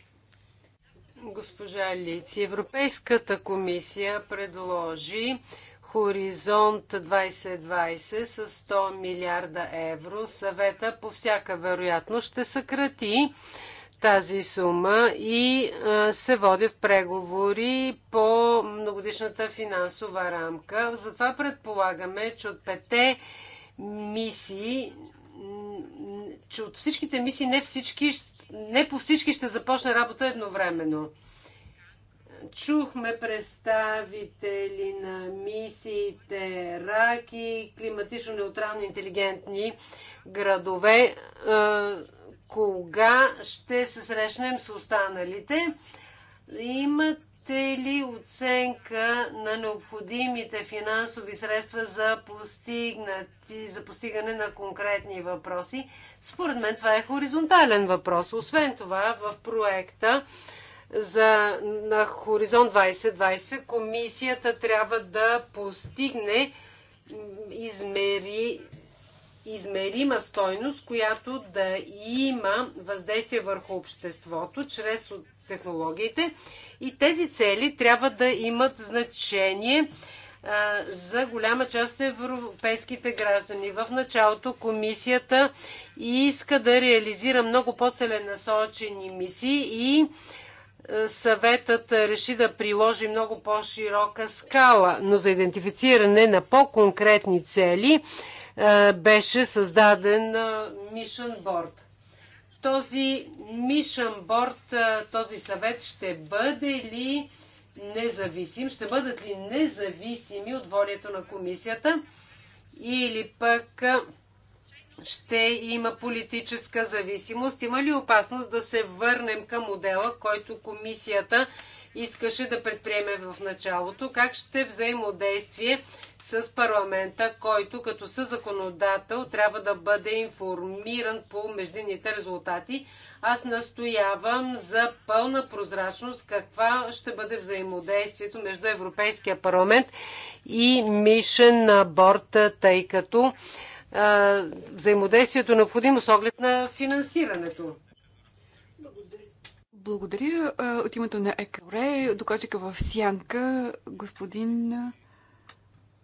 Госпожа Лици, Европейската комисия предложи Хоризонт 2020 с 100 милиарда евро. Съвета по всяка вероятност ще съкрати тази сума и се водят преговори по многодишната финансова рамка. Затова предполагаме, че от пете мисии, че от всичките мисии не, всички, не по всички ще започне работа едновременно. Чухме представители на мисиите Раки, климатично неутрални интелигентни градове. Е, кога ще се срещнем с останалите? Имат Правихте ли оценка на необходимите финансови средства за, за постигане на конкретни въпроси? Според мен това е хоризонтален въпрос. Освен това, в проекта за, на Хоризонт 2020 комисията трябва да постигне измери, измерима стойност, която да има въздействие върху обществото чрез технологиите. И тези цели трябва да имат значение за голяма част от европейските граждани. В началото комисията иска да реализира много по-целенасочени мисии и съветът реши да приложи много по-широка скала, но за идентифициране на по-конкретни цели – е, беше създаден е, Mission Board. Този Mission Board, е, този съвет ще бъде ли независим, ще бъдат ли независими от волята на комисията или пък ще има политическа зависимост. Има ли опасност да се върнем към модела, който комисията искаше да предприеме в началото? Как ще взаимодействие с парламента, който като законодател трябва да бъде информиран по междинните резултати. Аз настоявам за пълна прозрачност каква ще бъде взаимодействието между Европейския парламент и Мишен на борта, тъй като а, взаимодействието е необходимо с оглед на финансирането. Благодаря. От името на ЕКРЕ, докладчика в Сянка, господин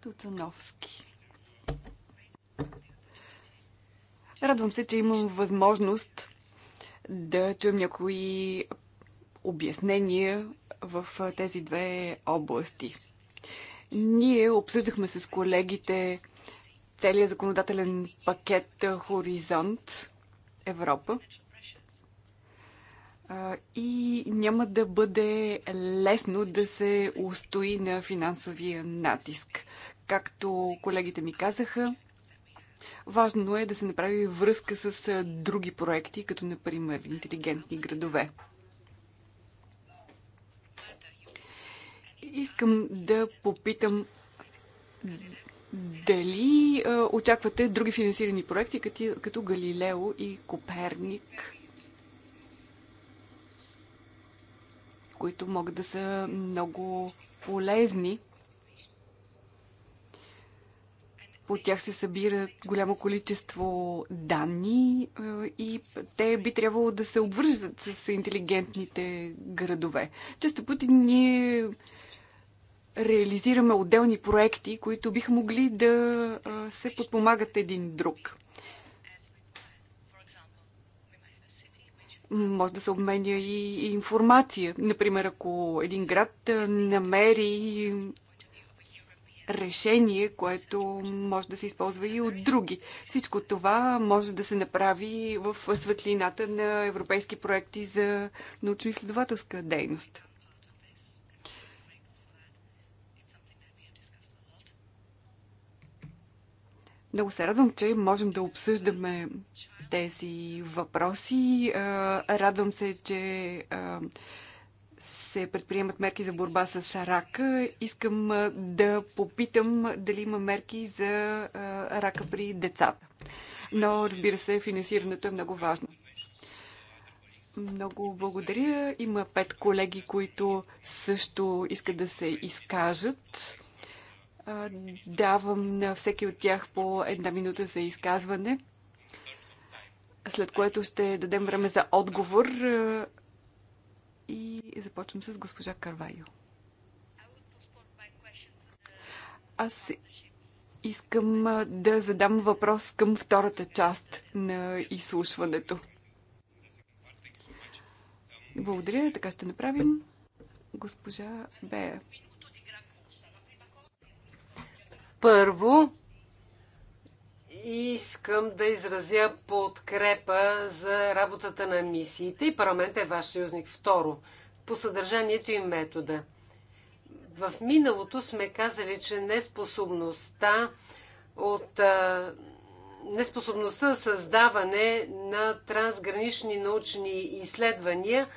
Туцановски. Радвам се, че имам възможност да чуем някои обяснения в тези две области. Ние обсъждахме с колегите целият законодателен пакет Хоризонт Европа. И няма да бъде лесно да се устои на финансовия натиск. Както колегите ми казаха, важно е да се направи връзка с други проекти, като например интелигентни градове. Искам да попитам дали очаквате други финансирани проекти, като Галилео и Коперник? които могат да са много полезни По тях се събира голямо количество данни е, и те би трябвало да се обвържат с интелигентните градове. Често пъти ние реализираме отделни проекти, които биха могли да е, се подпомагат един друг. може да се обменя и информация. Например, ако един град е, намери решение, което може да се използва и от други. Всичко това може да се направи в светлината на европейски проекти за научно-изследователска дейност. Много се радвам, че можем да обсъждаме тези въпроси. Радвам се, че се предприемат мерки за борба с рака. Искам да попитам дали има мерки за рака при децата. Но, разбира се, финансирането е много важно. Много благодаря. Има пет колеги, които също искат да се изкажат. Давам на всеки от тях по една минута за изказване, след което ще дадем време за отговор и започвам с госпожа Карвайо. Аз искам да задам въпрос към втората част на изслушването. Благодаря, така ще направим. Госпожа Бея. Първо, искам да изразя подкрепа за работата на мисиите и парламент е ваш съюзник. Второ, по съдържанието и метода. В миналото сме казали, че неспособността от неспособността създаване на трансгранични научни изследвания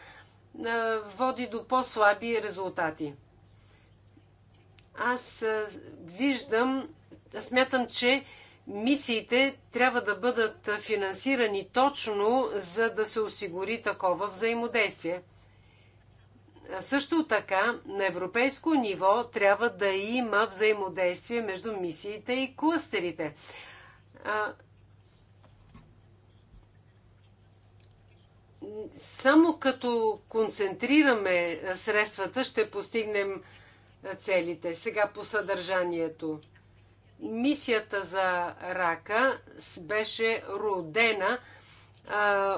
води до по-слаби резултати. Аз виждам, смятам, че мисиите трябва да бъдат финансирани точно, за да се осигури такова взаимодействие. Също така, на европейско ниво трябва да има взаимодействие между мисиите и клъстерите. Само като концентрираме средствата, ще постигнем целите. Сега по съдържанието. Мисията за рака беше родена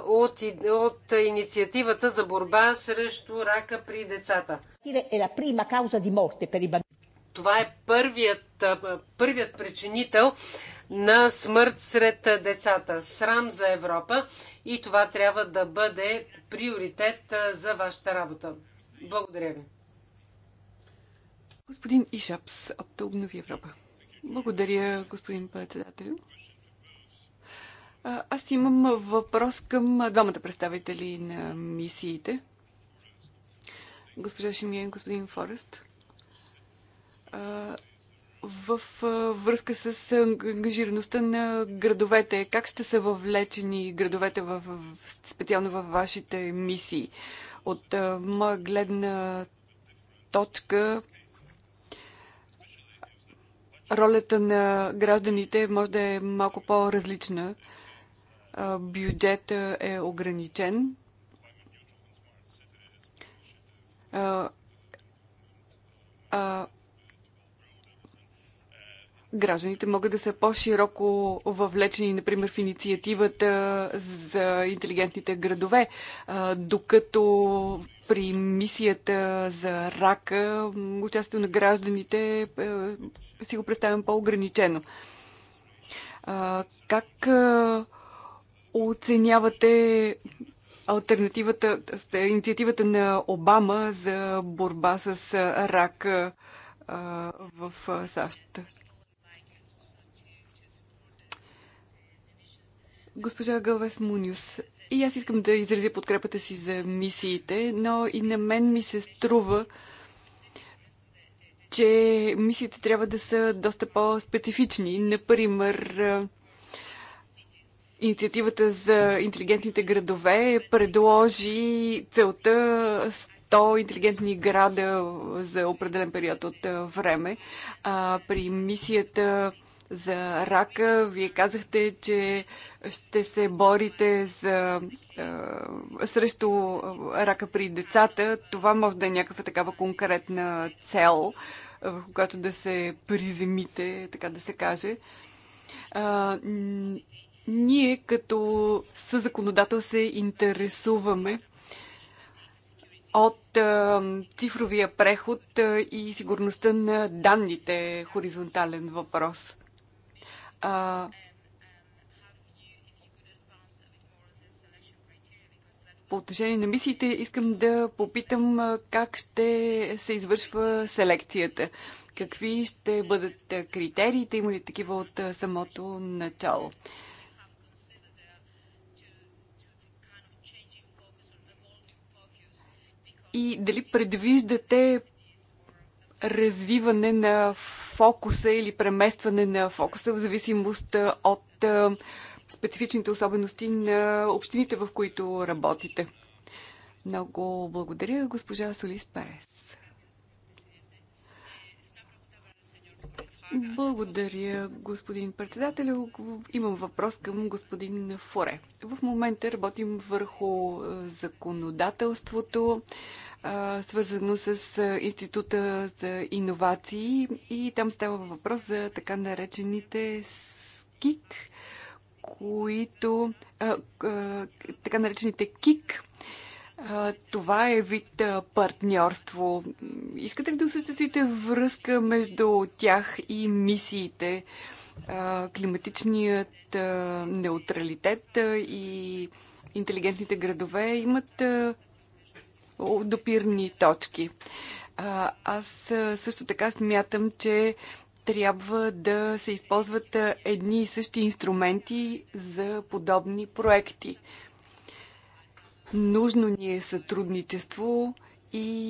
от, от инициативата за борба срещу рака при децата. Е, е това е първият, първият причинител на смърт сред децата. Срам за Европа и това трябва да бъде приоритет за вашата работа. Благодаря ви. Господин Ишапс от Обнови Европа. Благодаря, господин председател. Аз имам въпрос към двамата представители на мисиите. Госпожа Шимия и господин Форест. В връзка с ангажираността на градовете, как ще са въвлечени градовете в, специално във вашите мисии? От моя гледна точка ролята на гражданите може да е малко по-различна. Бюджетът е ограничен. А гражданите могат да са по-широко въвлечени, например, в инициативата за интелигентните градове, докато при мисията за рака участието на гражданите е, си го представям по-ограничено. Как оценявате альтернативата, е, инициативата на Обама за борба с рак в САЩ? госпожа Гълвес Муниус. И аз искам да изразя подкрепата си за мисиите, но и на мен ми се струва, че мисиите трябва да са доста по-специфични. Например, е, инициативата за интелигентните градове предложи целта 100 интелигентни града за определен период от е, време. А при мисията за рака. Вие казахте, че ще се борите за, а, срещу рака при децата. Това може да е някаква такава конкретна цел, върху която да се приземите, така да се каже. А, ние като съзаконодател се интересуваме от а, цифровия преход а, и сигурността на данните. Хоризонтален въпрос – по отношение на мисиите, искам да попитам как ще се извършва селекцията. Какви ще бъдат критериите? Има ли такива от самото начало? И дали предвиждате развиване на фокуса или преместване на фокуса в зависимост от специфичните особености на общините, в които работите. Много благодаря, госпожа Солис Перес. Благодаря, господин председател. Имам въпрос към господин Форе. В момента работим върху законодателството, свързано с Института за иновации и там става въпрос за така наречените СКИК, които а, а, така наречените КИК. А, това е вид партньорство. Искате ли да осъществите връзка между тях и мисиите? климатичният неутралитет и интелигентните градове имат допирни точки. Аз също така смятам, че трябва да се използват едни и същи инструменти за подобни проекти. Нужно ни е сътрудничество и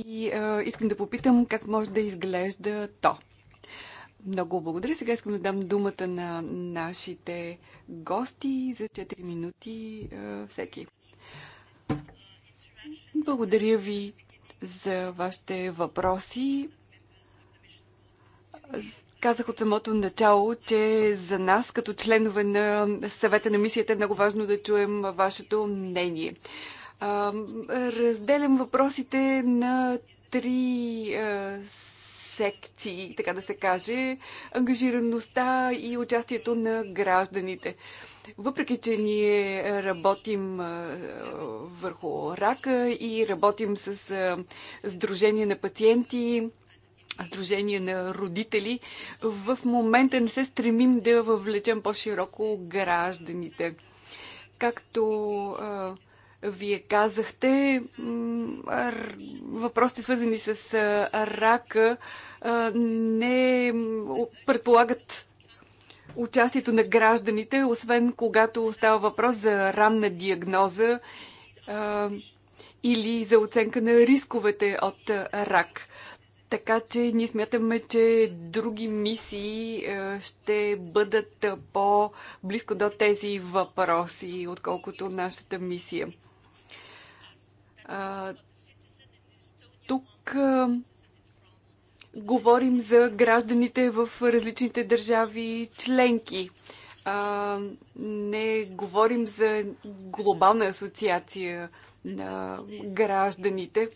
искам да попитам как може да изглежда то. Много благодаря. Сега искам да дам думата на нашите гости за 4 минути всеки. Благодаря ви за вашите въпроси. Казах от самото начало, че за нас, като членове на съвета на мисията, е много важно да чуем вашето мнение. Разделям въпросите на три секции, така да се каже, ангажираността и участието на гражданите. Въпреки, че ние работим върху рака и работим с Сдружение на пациенти, Сдружение на родители, в момента не се стремим да въвлечем по-широко гражданите. Както вие казахте, въпросите свързани с рака не предполагат участието на гражданите, освен когато става въпрос за ранна диагноза а, или за оценка на рисковете от рак. Така че ние смятаме, че други мисии ще бъдат по-близко до тези въпроси, отколкото нашата мисия. Тук Говорим за гражданите в различните държави членки. А, не говорим за глобална асоциация на гражданите.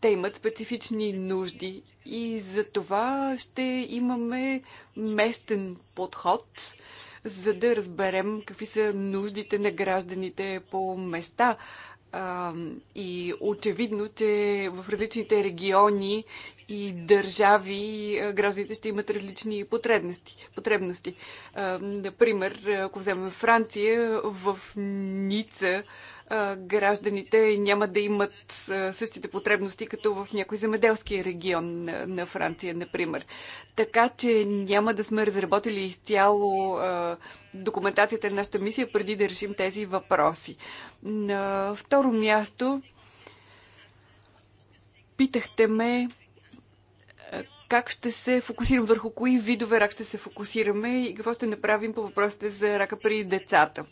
Те имат специфични нужди и за това ще имаме местен подход, за да разберем какви са нуждите на гражданите по места. И очевидно, че в различните региони и държави гражданите ще имат различни потребности. потребности. Например, ако вземем Франция, в Ница гражданите няма да имат същите потребности, като в някой земеделски регион на Франция, например. Така че няма да сме разработили изцяло документацията на нашата мисия, преди да решим тези въпроси. На второ място, питахте ме как ще се фокусирам, върху кои видове рак ще се фокусираме и какво ще направим по въпросите за рака при децата.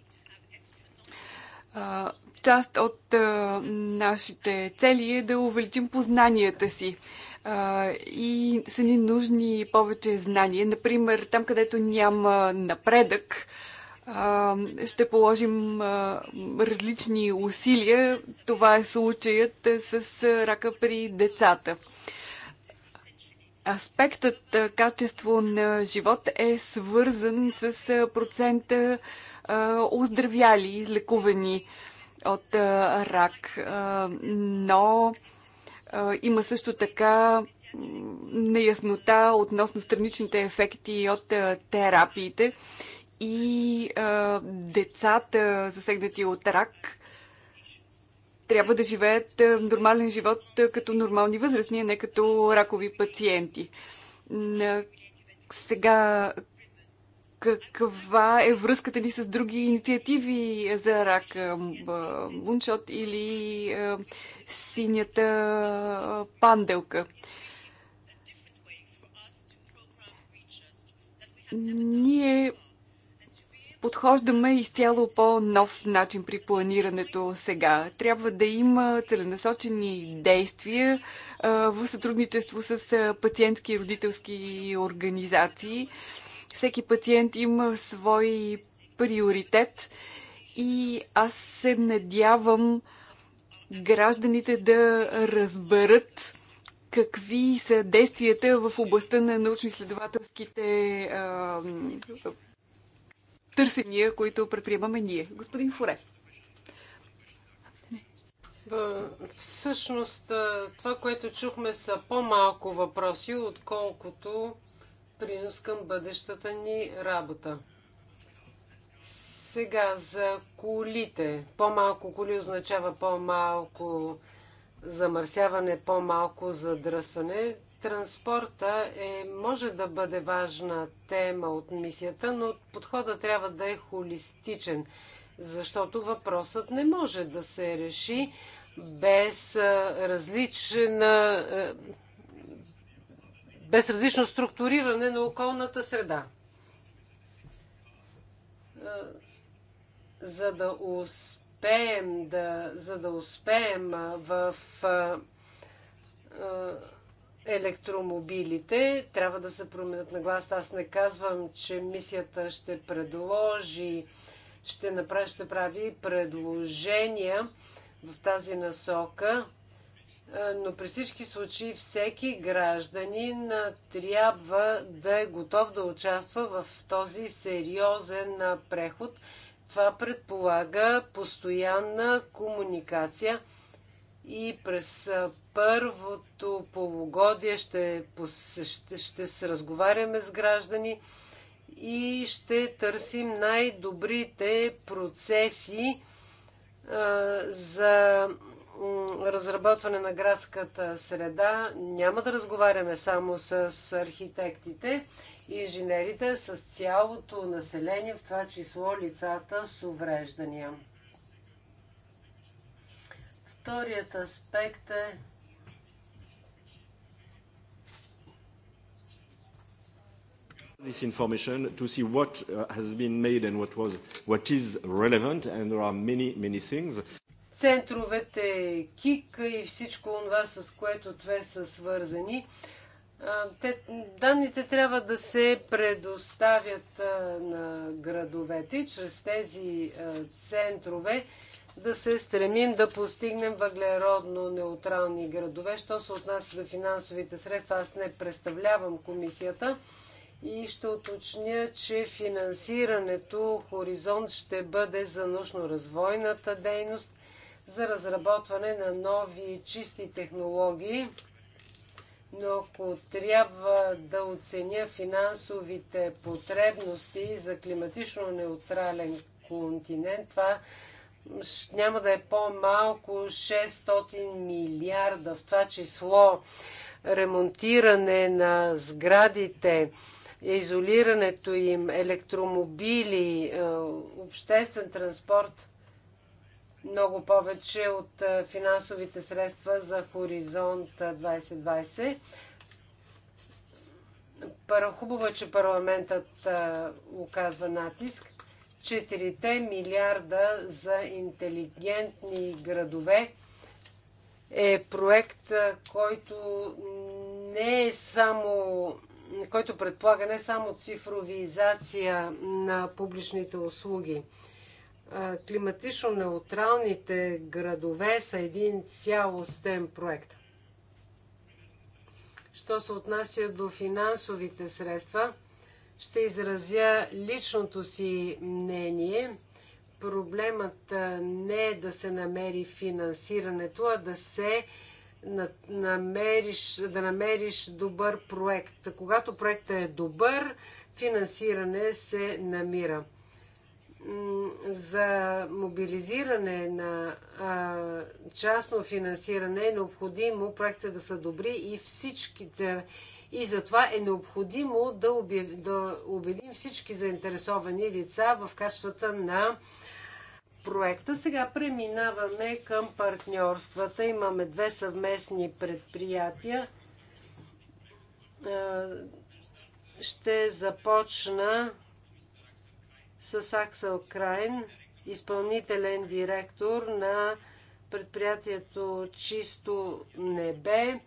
Част от нашите цели е да увеличим познанията си и са ни нужни повече знания. Например, там където няма напредък, ще положим различни усилия. Това е случаят с рака при децата аспектът качество на живот е свързан с процента оздравяли, излекувани от рак. Но има също така неяснота относно страничните ефекти от терапиите и децата, засегнати от рак, трябва да живеят е, нормален живот е, като нормални възрастни, а не като ракови пациенти. Е, сега, каква е връзката ни с други инициативи за рак? Муншот или синята панделка? Ние подхождаме изцяло по нов начин при планирането сега. Трябва да има целенасочени действия а, в сътрудничество с пациентски и родителски организации. Всеки пациент има свой приоритет и аз се надявам гражданите да разберат какви са действията в областта на научно-изследователските търсения, които предприемаме ние. Господин Фуре. Всъщност, това, което чухме, са по-малко въпроси, отколкото принос към бъдещата ни работа. Сега за колите. По-малко коли означава по-малко замърсяване, по-малко задръсване. Транспорта е, може да бъде важна тема от мисията, но подхода трябва да е холистичен, защото въпросът не може да се реши без различна без различно структуриране на околната среда. За да успеем да, за да успеем в електромобилите. Трябва да се променят на глас. Аз не казвам, че мисията ще предложи, ще, направи, ще прави предложения в тази насока, но при всички случаи всеки гражданин трябва да е готов да участва в този сериозен преход. Това предполага постоянна комуникация и през първото полугодие ще, ще, ще се разговаряме с граждани и ще търсим най-добрите процеси а, за разработване на градската среда. Няма да разговаряме само с архитектите и инженерите, с цялото население, в това число лицата с увреждания. Вторият аспект е this information to see what uh, has been made and what, was, what is relevant, and there are many, many things. Центровете КИК и всичко това, с което две са свързани. Те, данните трябва да се предоставят на градовете чрез тези центрове да се стремим да постигнем въглеродно неутрални градове. Що се отнася до финансовите средства, аз не представлявам комисията. И ще уточня, че финансирането Хоризонт ще бъде за научно-развойната дейност, за разработване на нови чисти технологии. Но ако трябва да оценя финансовите потребности за климатично неутрален континент, това няма да е по-малко 600 милиарда, в това число ремонтиране на сградите, изолирането им, електромобили, е, обществен транспорт, много повече от е, финансовите средства за Хоризонт 2020. Хубаво е, че парламентът е, оказва натиск. 4 милиарда за интелигентни градове е проект, който не е само който предполага не само цифровизация на публичните услуги. Климатично неутралните градове са един цялостен проект. Що се отнася до финансовите средства, ще изразя личното си мнение. Проблемът не е да се намери финансирането, а да се на, намериш, да намериш добър проект. Когато проектът е добър, финансиране се намира. За мобилизиране на а, частно финансиране е необходимо проектите да са добри и всичките. И затова е необходимо да, обяв, да убедим всички заинтересовани лица в качествата на проекта. Сега преминаваме към партньорствата. Имаме две съвместни предприятия. Ще започна с Аксел Крайн, изпълнителен директор на предприятието Чисто небе,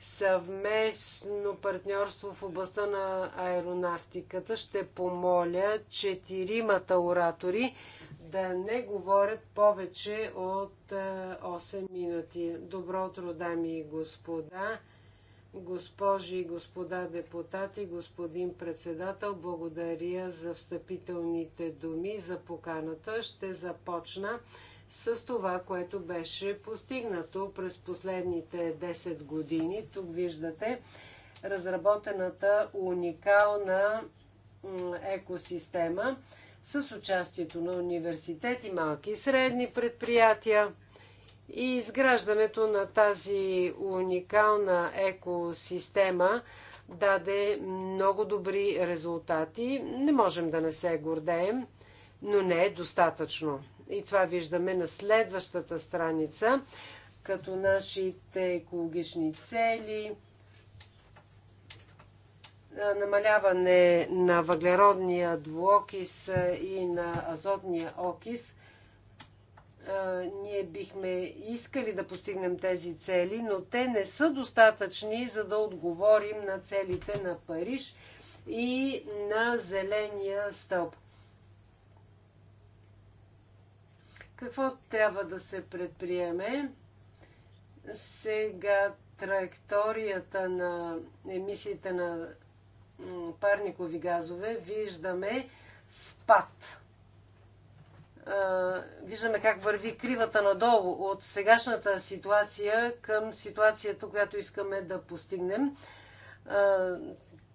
съвместно партньорство в областта на аеронавтиката. Ще помоля четиримата оратори да не говорят повече от 8 е, минути. Добро утро, дами и господа, госпожи и господа депутати, господин председател, благодаря за встъпителните думи, за поканата. Ще започна с това, което беше постигнато през последните 10 години. Тук виждате разработената уникална екосистема с участието на университети, малки и средни предприятия и изграждането на тази уникална екосистема даде много добри резултати. Не можем да не се гордеем, но не е достатъчно. И това виждаме на следващата страница, като нашите екологични цели – намаляване на въглеродния двуокис и на азотния окис. Ние бихме искали да постигнем тези цели, но те не са достатъчни, за да отговорим на целите на Париж и на зеления стълб. Какво трябва да се предприеме? Сега траекторията на емисиите на парникови газове, виждаме спад. Виждаме как върви кривата надолу от сегашната ситуация към ситуацията, която искаме да постигнем.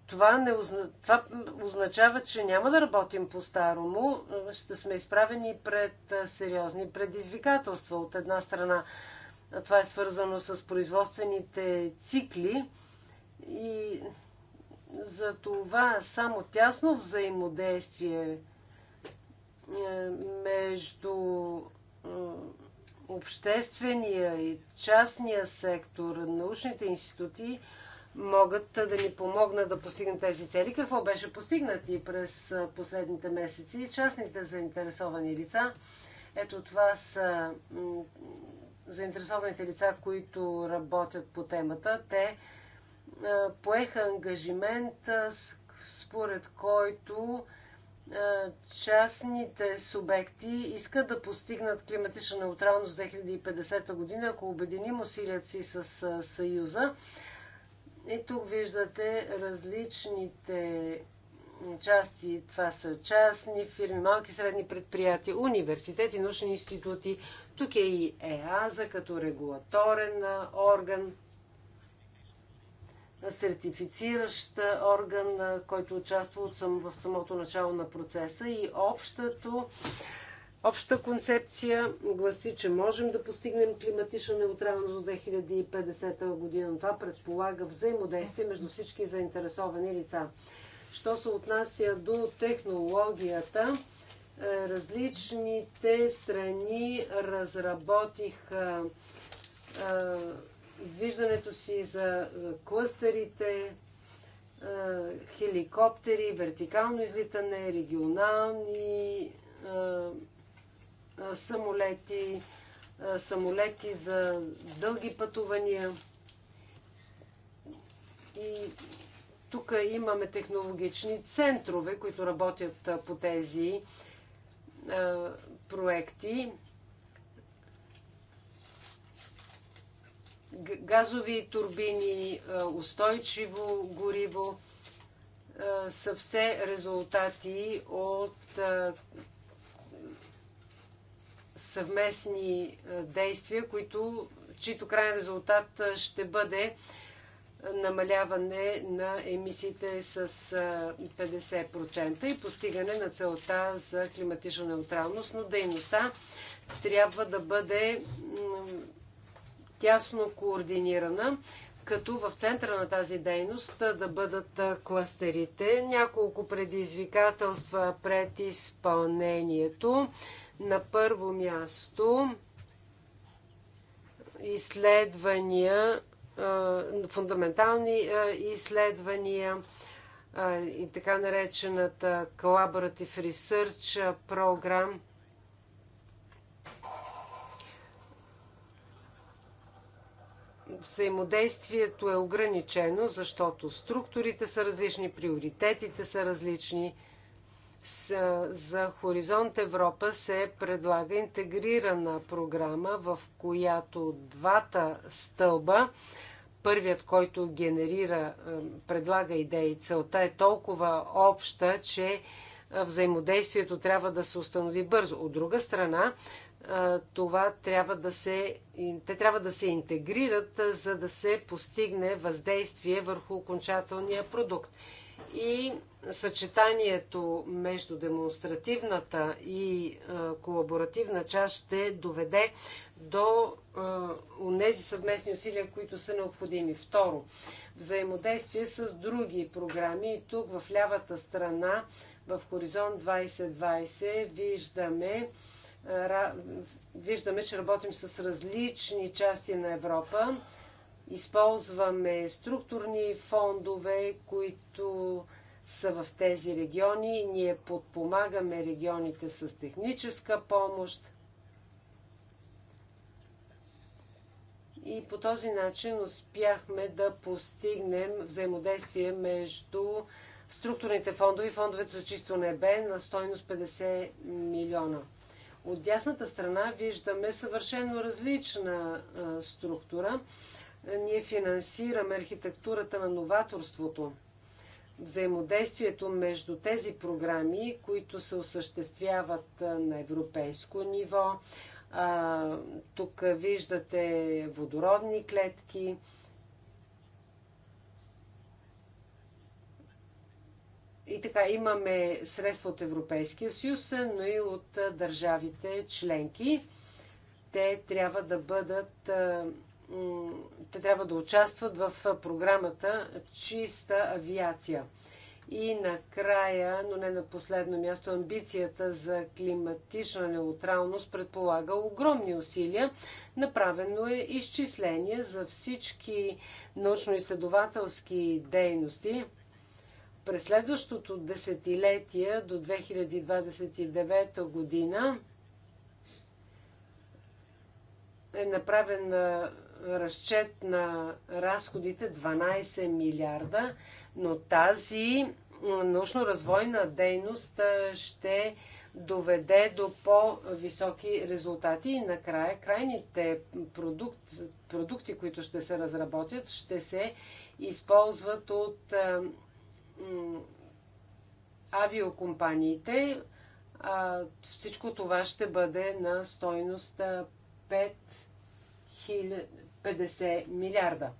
Това, не, това означава, че няма да работим по-старому. Ще сме изправени пред сериозни предизвикателства. От една страна, това е свързано с производствените цикли и за това само тясно взаимодействие е, между обществения и частния сектор, научните институти могат да ни помогнат да постигнат тези цели. Какво беше постигнати през последните месеци и частните заинтересовани лица? Ето това са заинтересованите лица, които работят по темата. Те е, поеха ангажимент, е, според който е, частните субекти искат да постигнат климатична неутралност 2050 година, ако обединим усилията си с Съюза. И тук виждате различните части. Това са частни фирми, малки и средни предприятия, университети, научни институти. Тук е и ЕАЗа като регулаторен орган сертифициращ орган, който участва в самото начало на процеса и общото Обща концепция гласи, че можем да постигнем климатична неутралност до 2050 година. Това предполага взаимодействие между всички заинтересовани лица. Що се отнася до технологията, е, различните страни разработиха е, виждането си за е, клъстерите, е, хеликоптери, вертикално излитане, регионални е, самолети, самолети за дълги пътувания. И тук имаме технологични центрове, които работят по тези проекти. газови турбини, устойчиво гориво са все резултати от съвместни действия, които, чието крайен резултат ще бъде намаляване на емисиите с 50% и постигане на целта за климатична неутралност, но дейността трябва да бъде тясно координирана, като в центъра на тази дейност да бъдат кластерите. Няколко предизвикателства пред изпълнението. На първо място изследвания, фундаментални изследвания и така наречената Collaborative Research Program – взаимодействието е ограничено, защото структурите са различни, приоритетите са различни. За Хоризонт Европа се предлага интегрирана програма, в която двата стълба, първият, който генерира, е, предлага идеи, целта е толкова обща, че е, взаимодействието трябва да се установи бързо. От друга страна, това трябва да се, те трябва да се интегрират, за да се постигне въздействие върху окончателния продукт. И съчетанието между демонстративната и колаборативна част ще доведе до тези съвместни усилия, които са необходими. Второ, взаимодействие с други програми. И тук в лявата страна, в Хоризонт 2020, виждаме Виждаме, че работим с различни части на Европа. Използваме структурни фондове, които са в тези региони. Ние подпомагаме регионите с техническа помощ. И по този начин успяхме да постигнем взаимодействие между структурните фондове и фондовете за чисто небе на стойност 50 милиона. От дясната страна виждаме съвършено различна а, структура. Ние финансираме архитектурата на новаторството. Взаимодействието между тези програми, които се осъществяват на европейско ниво. А, тук виждате водородни клетки, И така, имаме средства от Европейския съюз, но и от държавите членки. Те трябва да бъдат те трябва да участват в програмата Чиста авиация. И накрая, но не на последно място, амбицията за климатична неутралност предполага огромни усилия. Направено е изчисление за всички научно-изследователски дейности – през следващото десетилетие до 2029 година е направен разчет на разходите 12 милиарда, но тази научно-развойна дейност ще доведе до по-високи резултати и накрая крайните продукт, продукти, които ще се разработят, ще се използват от авиокомпаниите, а, всичко това ще бъде на стойност 50 милиарда.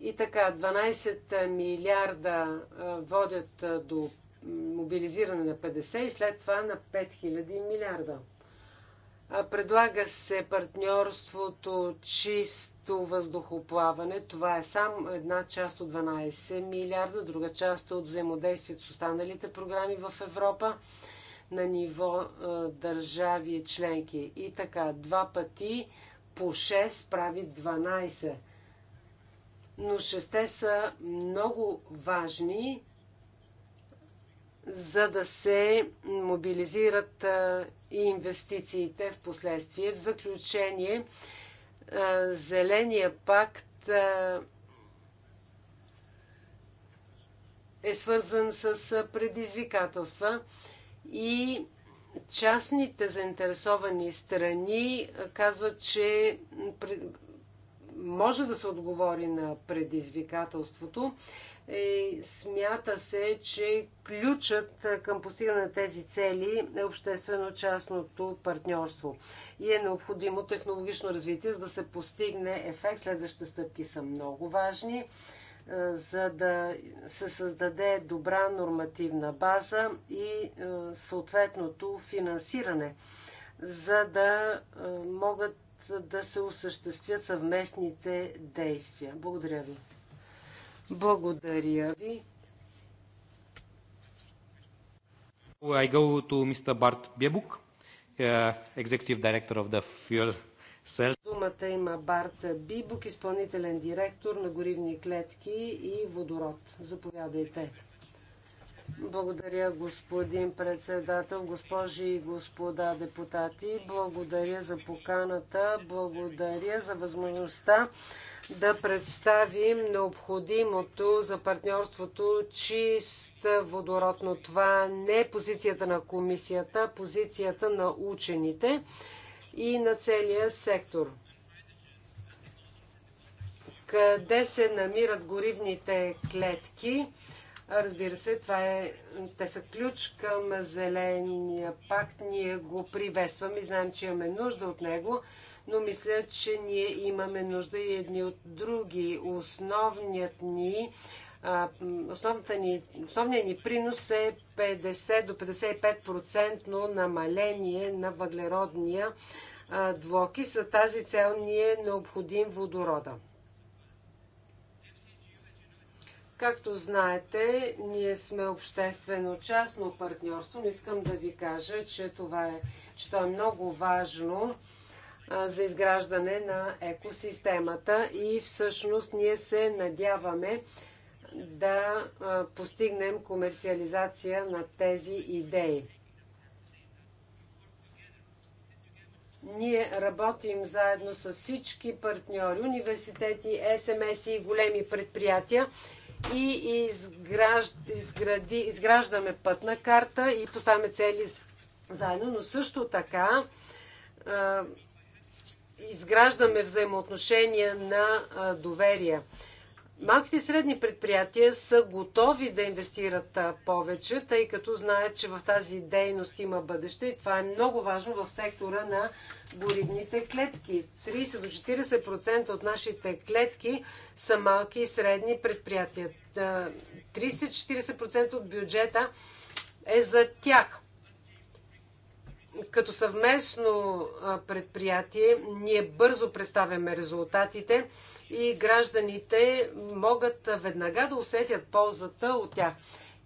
И така, 12 милиарда водят до мобилизиране на 50 и след това на 5000 милиарда. Предлага се партньорството чист като въздухоплаване. Това е само една част от 12 милиарда, друга част от взаимодействието с останалите програми в Европа на ниво е, държави членки. И така, два пъти по 6 прави 12. Но 6 са много важни, за да се мобилизират е, и инвестициите в последствие. В заключение, Зеления пакт е свързан с предизвикателства и частните заинтересовани страни казват, че може да се отговори на предизвикателството и е, смята се, че ключът към постигане на тези цели е обществено-частното партньорство и е необходимо технологично развитие, за да се постигне ефект. Следващите стъпки са много важни, за да се създаде добра нормативна база и съответното финансиране, за да могат да се осъществят съвместните действия. Благодаря ви. Благодаря ви. I go to Mr. Bart Biebuk, uh, Executive Director of the Fuel Cell. Думата има Барт Бибук, изпълнителен директор на горивни клетки и водород. Заповядайте. Благодаря, господин председател, госпожи и господа депутати. Благодаря за поканата, благодаря за възможността да представим необходимото за партньорството чист водород, но това не е позицията на комисията, а позицията на учените и на целия сектор. Къде се намират горивните клетки? Разбира се, това е, те са ключ към зеления пакт. Ние го приветстваме и знаем, че имаме нужда от него но мисля, че ние имаме нужда и едни от други. Основният ни основната ни, основният ни принос е 50 до 55% намаление на въглеродния двоки. За тази цел ни е необходим водорода. Както знаете, ние сме обществено-частно партньорство. Но искам да ви кажа, че това е, че това е много важно за изграждане на екосистемата и всъщност ние се надяваме да постигнем комерциализация на тези идеи. Ние работим заедно с всички партньори, университети, СМС и големи предприятия и изгражд, изгради, изграждаме пътна карта и поставяме цели заедно, но също така изграждаме взаимоотношения на доверие. Малките и средни предприятия са готови да инвестират повече, тъй като знаят, че в тази дейност има бъдеще и това е много важно в сектора на горивните клетки. 30 до 40% от нашите клетки са малки и средни предприятия. 30-40% от бюджета е за тях като съвместно предприятие ние бързо представяме резултатите и гражданите могат веднага да усетят ползата от тях.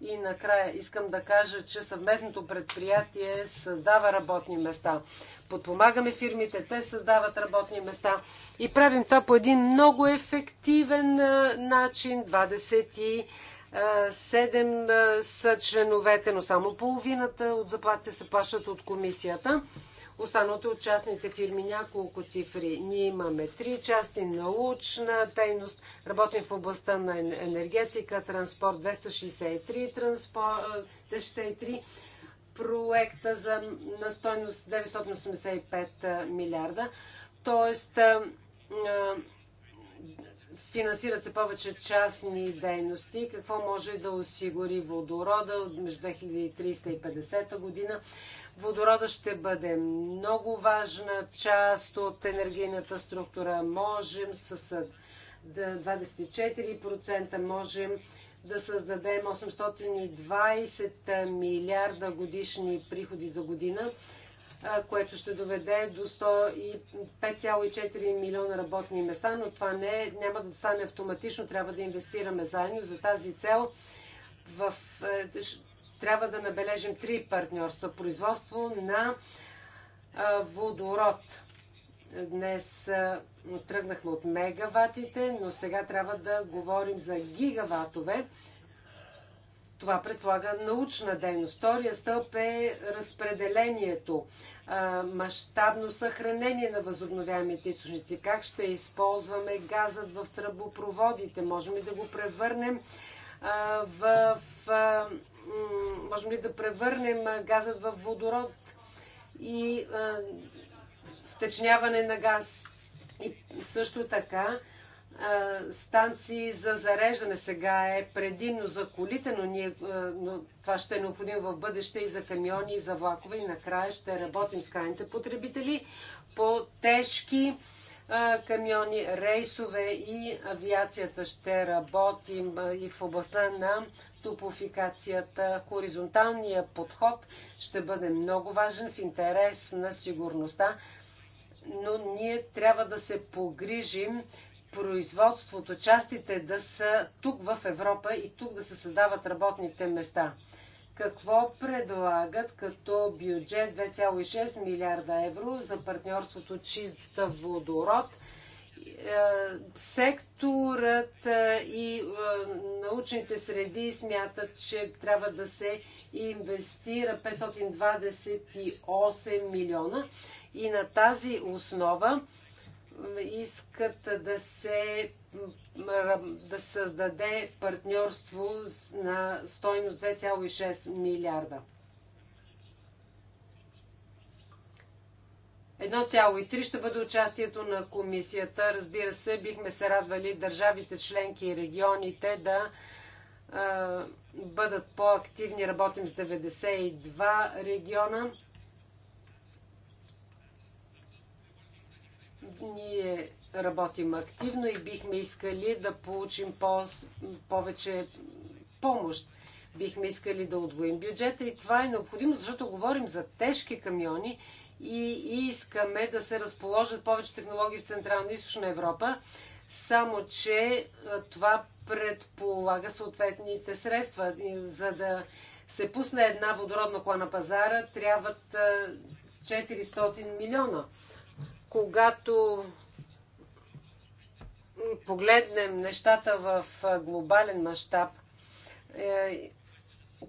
И накрая искам да кажа, че съвместното предприятие създава работни места. Подпомагаме фирмите, те създават работни места и правим това по един много ефективен начин. 20 Седем са членовете, но само половината от заплатите се плащат от комисията. Останалото от частните фирми няколко цифри. Ние имаме три части научна дейност. Работим в областта на енергетика, транспорт 263, транспорт 263 проекта за, на стойност 985 милиарда. Тоест, финансират се повече частни дейности. Какво може да осигури водорода между 2030 и 2050 година? Водорода ще бъде много важна част от енергийната структура. Можем с 24% можем да създадем 820 милиарда годишни приходи за година което ще доведе до 5,4 милиона работни места, но това не, е, няма да стане автоматично, трябва да инвестираме заедно. За тази цел в, трябва да набележим три партньорства. Производство на водород. Днес тръгнахме от мегаватите, но сега трябва да говорим за гигаватове. Това предполага научна дейност. Втория стълб е разпределението, мащабно съхранение на възобновяемите източници. Как ще използваме газът в тръбопроводите? Можем ли да го превърнем в... Можем ли да превърнем газът в водород и втечняване на газ? И също така станции за зареждане. Сега е предимно за колите, но, ние, но това ще е необходимо в бъдеще и за камиони, и за влакове. И накрая ще работим с крайните потребители по тежки камиони, рейсове и авиацията. Ще работим и в областта на топофикацията. Хоризонталният подход ще бъде много важен в интерес на сигурността, но ние трябва да се погрижим производството, частите да са тук в Европа и тук да се създават работните места. Какво предлагат като бюджет 2,6 милиарда евро за партньорството чиста водород? Е, секторът е, и е, научните среди смятат, че трябва да се инвестира 528 милиона и на тази основа искат да се да създаде партньорство на стойност 2,6 милиарда. 1,3 ще бъде участието на комисията. Разбира се, бихме се радвали държавите членки и регионите да бъдат по-активни. Работим с 92 региона. Ние работим активно и бихме искали да получим по- повече помощ. Бихме искали да удвоим бюджета и това е необходимо, защото говорим за тежки камиони и искаме да се разположат повече технологии в Централна и Източна Европа, само че е, това предполага съответните средства. За да се пусне една водородна кола на пазара, трябват 400 е, милиона когато погледнем нещата в глобален мащаб, е,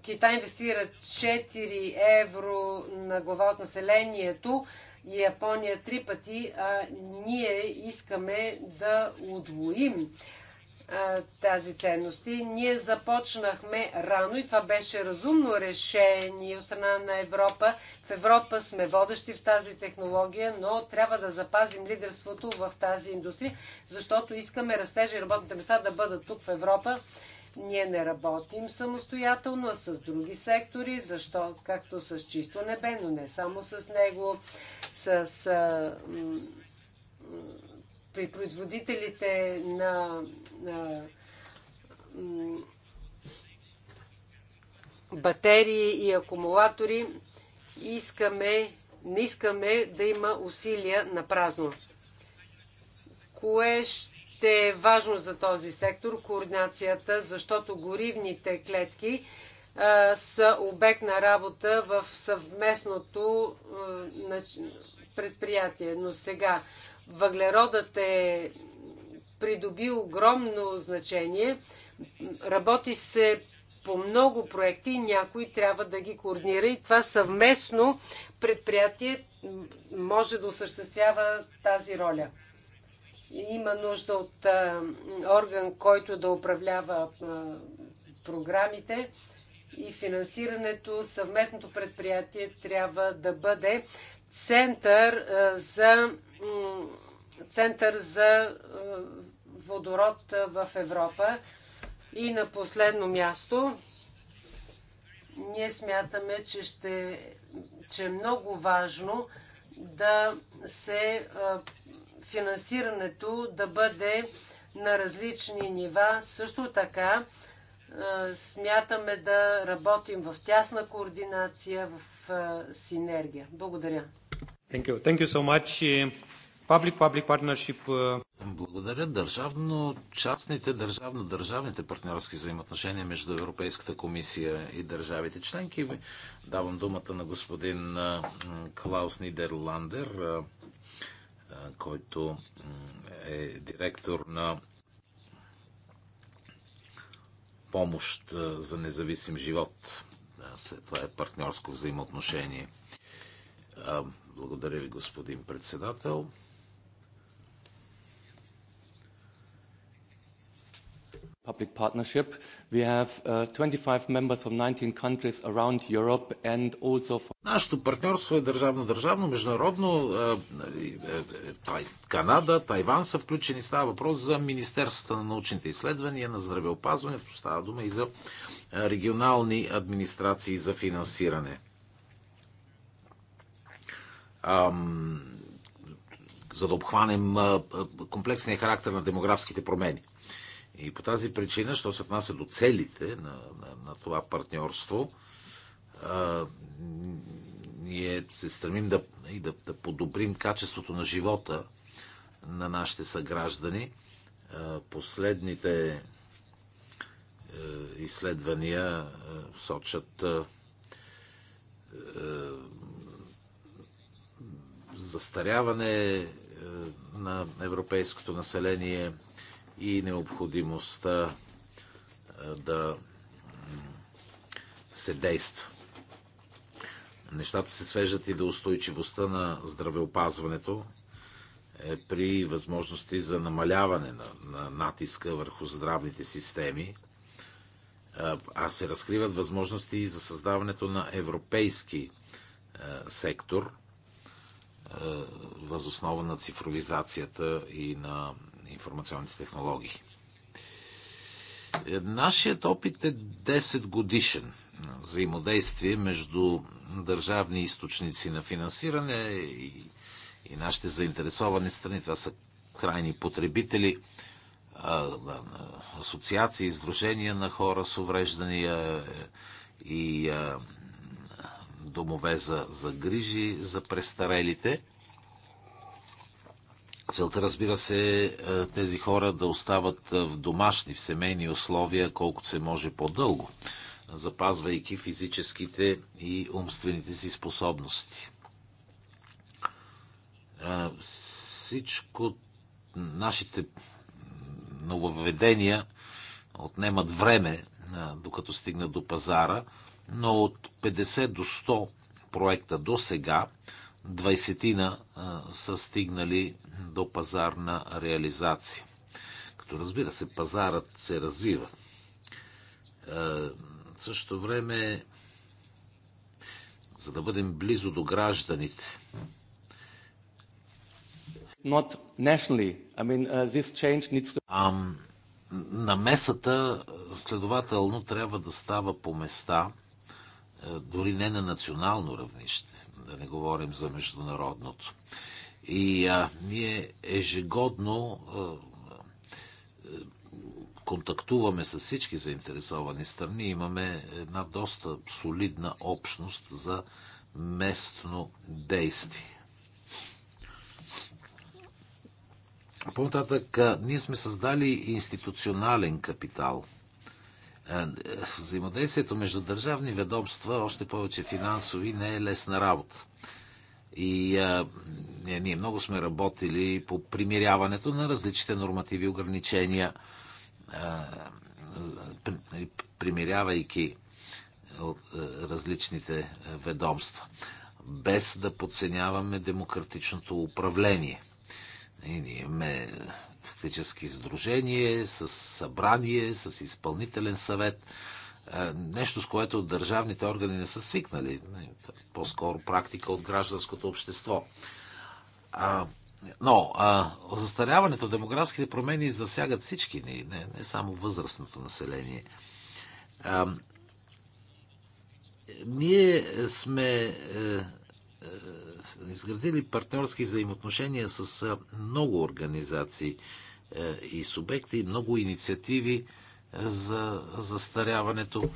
Китай инвестира 4 евро на глава от населението, и Япония три пъти, а ние искаме да удвоим тази ценност. И ние започнахме рано и това беше разумно решение от страна на Европа. В Европа сме водещи в тази технология, но трябва да запазим лидерството в тази индустрия, защото искаме растежи и работните места да бъдат тук в Европа. Ние не работим самостоятелно, а с други сектори, защо, както с чисто небе, но не само с него, с при производителите на, на батерии и акумулатори искаме, не искаме да има усилия на празно. Кое ще е важно за този сектор? Координацията, защото горивните клетки а, са обект на работа в съвместното а, предприятие. Но сега Въглеродът е придобил огромно значение. Работи се по много проекти, някой трябва да ги координира и това съвместно предприятие може да осъществява тази роля. Има нужда от а, орган, който да управлява а, програмите и финансирането. Съвместното предприятие трябва да бъде център а, за център за водород в Европа. И на последно място, ние смятаме, че, ще, че е много важно да се финансирането да бъде на различни нива. Също така смятаме да работим в тясна координация, в синергия. Благодаря. Thank you. Thank you so much. Public-public partnership. Е, благодаря. Държавно-частните, държавно-държавните партньорски взаимоотношения между Европейската комисия и държавите членки. Давам думата на господин е, Клаус Нидерландер, е, който е директор на помощ за независим живот. Това е партньорско взаимоотношение. Благодаря ви, господин председател. public partnership. We have uh, 25 members from 19 countries around Europe and also from... Нашето партньорство е държавно-държавно, международно. Е, е, е, Канада, Тайван са включени. Става въпрос за Министерствата на научните изследвания, на здравеопазването. Става дума и за регионални администрации за финансиране. Ам, за да обхванем комплексния характер на демографските промени. И по тази причина, що се отнася до целите на, на, на това партньорство, а, ние се стремим да, и да, да подобрим качеството на живота на нашите съграждани. А, последните е, изследвания е, сочат е, застаряване на европейското население, и необходимостта е, да се действа. Нещата се свеждат и до устойчивостта на здравеопазването е, при възможности за намаляване на, на натиска върху здравните системи, е, а се разкриват възможности и за създаването на европейски сектор възоснова на цифровизацията и на информационните технологии. Е, нашият опит е 10 годишен е, взаимодействие между държавни източници на финансиране и, и нашите заинтересовани страни. Това са крайни потребители, е, асоциации, издружения на хора с увреждания и домове за, за грижи за престарелите. Целта, разбира се, е, е тези хора да остават е, в домашни, в семейни условия, колкото се може по-дълго, запазвайки физическите и умствените си способности. Е, всичко нашите нововведения отнемат време, докато стигнат до пазара, но от 50 до 100 проекта до сега, 20 на са стигнали до пазарна реализация. Като разбира се, пазарът се развива. Е, в същото време, за да бъдем близо до гражданите, Not nationally. I mean, uh, this change needs to... Um, намесата, следователно, трябва да става по места, е, дори не на национално равнище, да не говорим за международното. И а, ние ежегодно контактуваме с всички заинтересовани страни, имаме една доста солидна общност за местно действие. По-нататък, ние сме създали институционален капитал. Взаимодействието между държавни ведомства, още повече финансови, не е лесна работа. И а, е, ние много сме работили по примиряването на различните нормативи ограничения, а, при, нали, примирявайки от различните ведомства, без да подценяваме демократичното управление. И ние имаме фактически сдружение, с събрание, с изпълнителен съвет, е, нещо, с което държавните органи не са свикнали. Е, е по-скоро практика от гражданското общество. Но а, застаряването, демографските промени засягат всички ни, не, не само възрастното население. А, ние сме е, е, изградили партньорски взаимоотношения с е, много организации е, и субекти, много инициативи, за застаряването.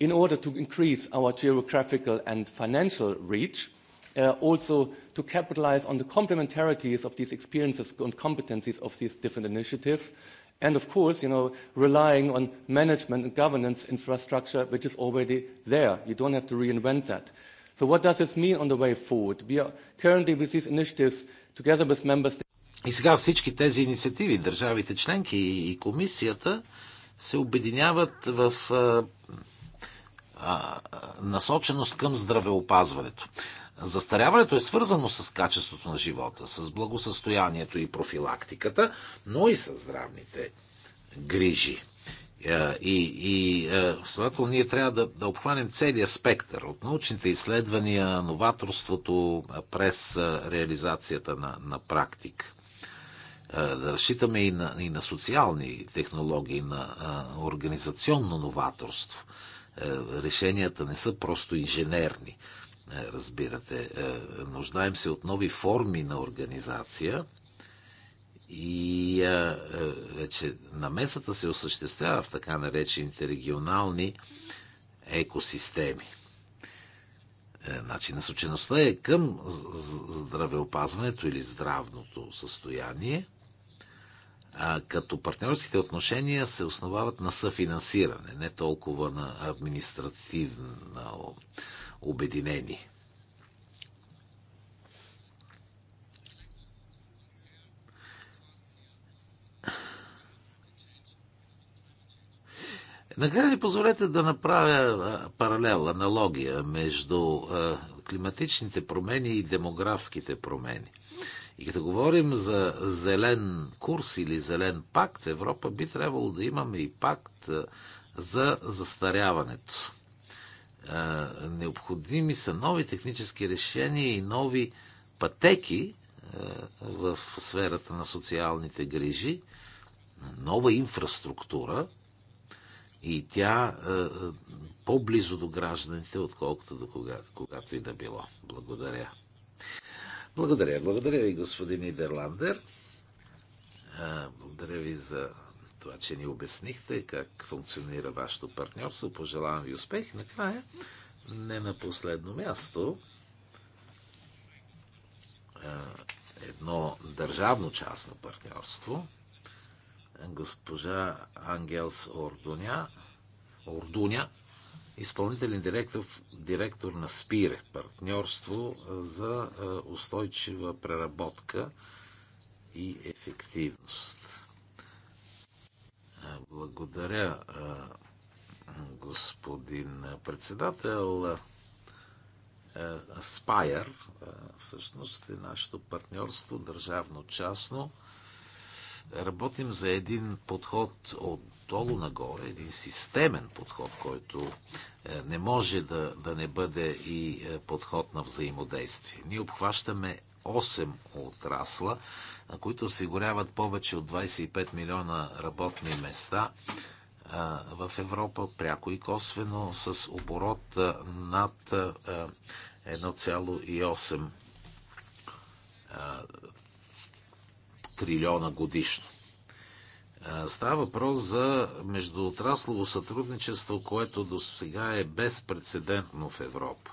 In order to increase our geographical and financial reach, uh, also to capitalize on the complementarities of these experiences and competencies of these different initiatives, and of course, you know, relying on management and governance infrastructure which is already there. You don't have to reinvent that. So what does this mean on the way forward? We are currently with these initiatives together with member states. И сега всички тези инициативи, държавите членки и комисията се обединяват в насоченост към здравеопазването. Застаряването е свързано с качеството на живота, с благосъстоянието и профилактиката, но и с здравните грижи. Е, и, и е, следователно ние трябва да, да обхванем целият спектър от научните изследвания, новаторството през реализацията на, на практика да разчитаме и на, и на социални технологии, на организационно новаторство. Решенията не са просто инженерни, разбирате. Нуждаем се от нови форми на организация и вече намесата се осъществява в така наречените регионални екосистеми. Е, значи насочеността е към здравеопазването или здравното състояние, а, като партньорските отношения се основават на съфинансиране, не толкова на административно обединение. Накрая ни позволете да направя паралел, аналогия между климатичните промени и демографските промени – и като говорим за зелен курс или зелен пакт в Европа, би трябвало да имаме и пакт за застаряването. Необходими са нови технически решения и нови пътеки в сферата на социалните грижи, нова инфраструктура и тя по-близо до гражданите, отколкото до кога, когато и да било. Благодаря. Благодаря. Благодаря ви, господин Нидерландер. Благодаря ви за това, че ни обяснихте как функционира вашето партньорство. Пожелавам ви успех. Накрая, не на последно място, едно държавно-частно партньорство. Госпожа Ангелс Ордуня, Ордуня изпълнителен директор, директор на СПИРЕ, партньорство за е, устойчива преработка и ефективност. Е, благодаря, е, господин председател. Спайер, всъщност е нашето партньорство, държавно-частно. Работим за един подход от отдолу нагоре, един системен подход, който е, не може да, да не бъде и е, подход на взаимодействие. Ние обхващаме 8 отрасла, които осигуряват повече от 25 милиона работни места е, в Европа, пряко и косвено, с оборот над 1,8 трилиона годишно. Става въпрос за междуотраслово сътрудничество, което до сега е безпредседентно в Европа.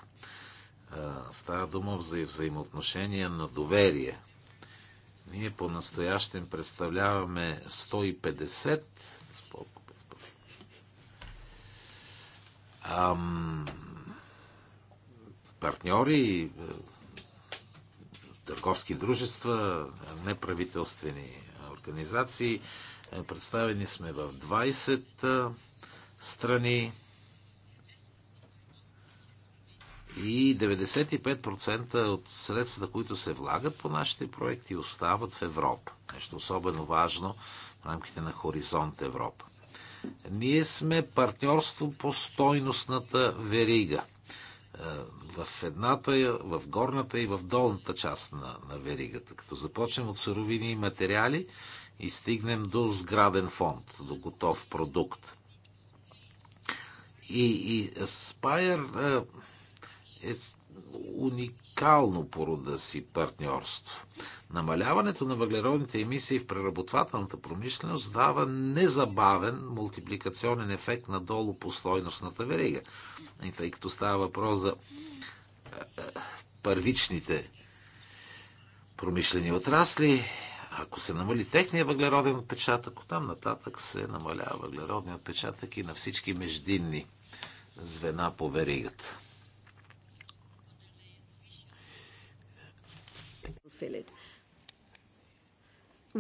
Става дума за взаимоотношения на доверие. Ние по настоящен представляваме 150 ам, партньори, е, търговски дружества, неправителствени организации. Е, представени сме в 20 страни и 95% от средствата, които се влагат по нашите проекти, остават в Европа. Нещо особено важно в рамките на Хоризонт Европа. Ние сме партньорство по стойностната верига. Е, в едната, в горната и в долната част на, на веригата. Като започнем от суровини и материали и стигнем до сграден фонд, до готов продукт. И, и Спайер е, е уникално по рода си партньорство. Намаляването на въглеродните емисии в преработвателната промишленост дава незабавен мултипликационен ефект надолу по слойностната верига. И тъй като става въпрос за е, е, първичните промишлени отрасли, ако се намали техния въглероден отпечатък, оттам нататък се намалява въглеродния отпечатък и на всички междинни звена по веригата.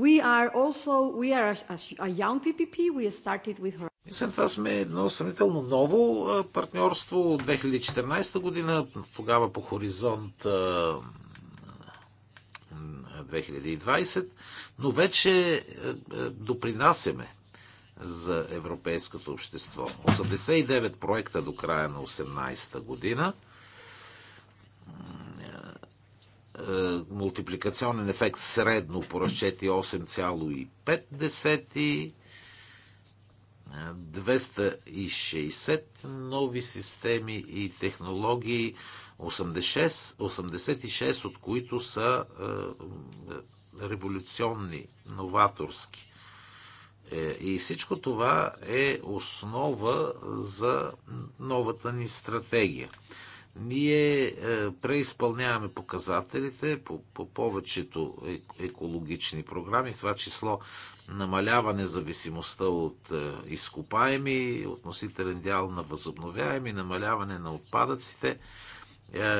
We are also, we are a young PPP, we started with her. Мисля, това сме едно съмнително ново партньорство от 2014 година, тогава по хоризонт 2020, но вече е, е, допринасяме за европейското общество. 89 проекта до края на 18-та година. Е, мултипликационен ефект средно по разчети 8,5 260 нови системи и технологии, 86, 86 от които са е, революционни, новаторски. Е, и всичко това е основа за новата ни стратегия. Ние е, преизпълняваме показателите по, по повечето е, екологични програми, в това число намаляване зависимостта от е, изкопаеми, относителен дял на възобновяеми, намаляване на отпадъците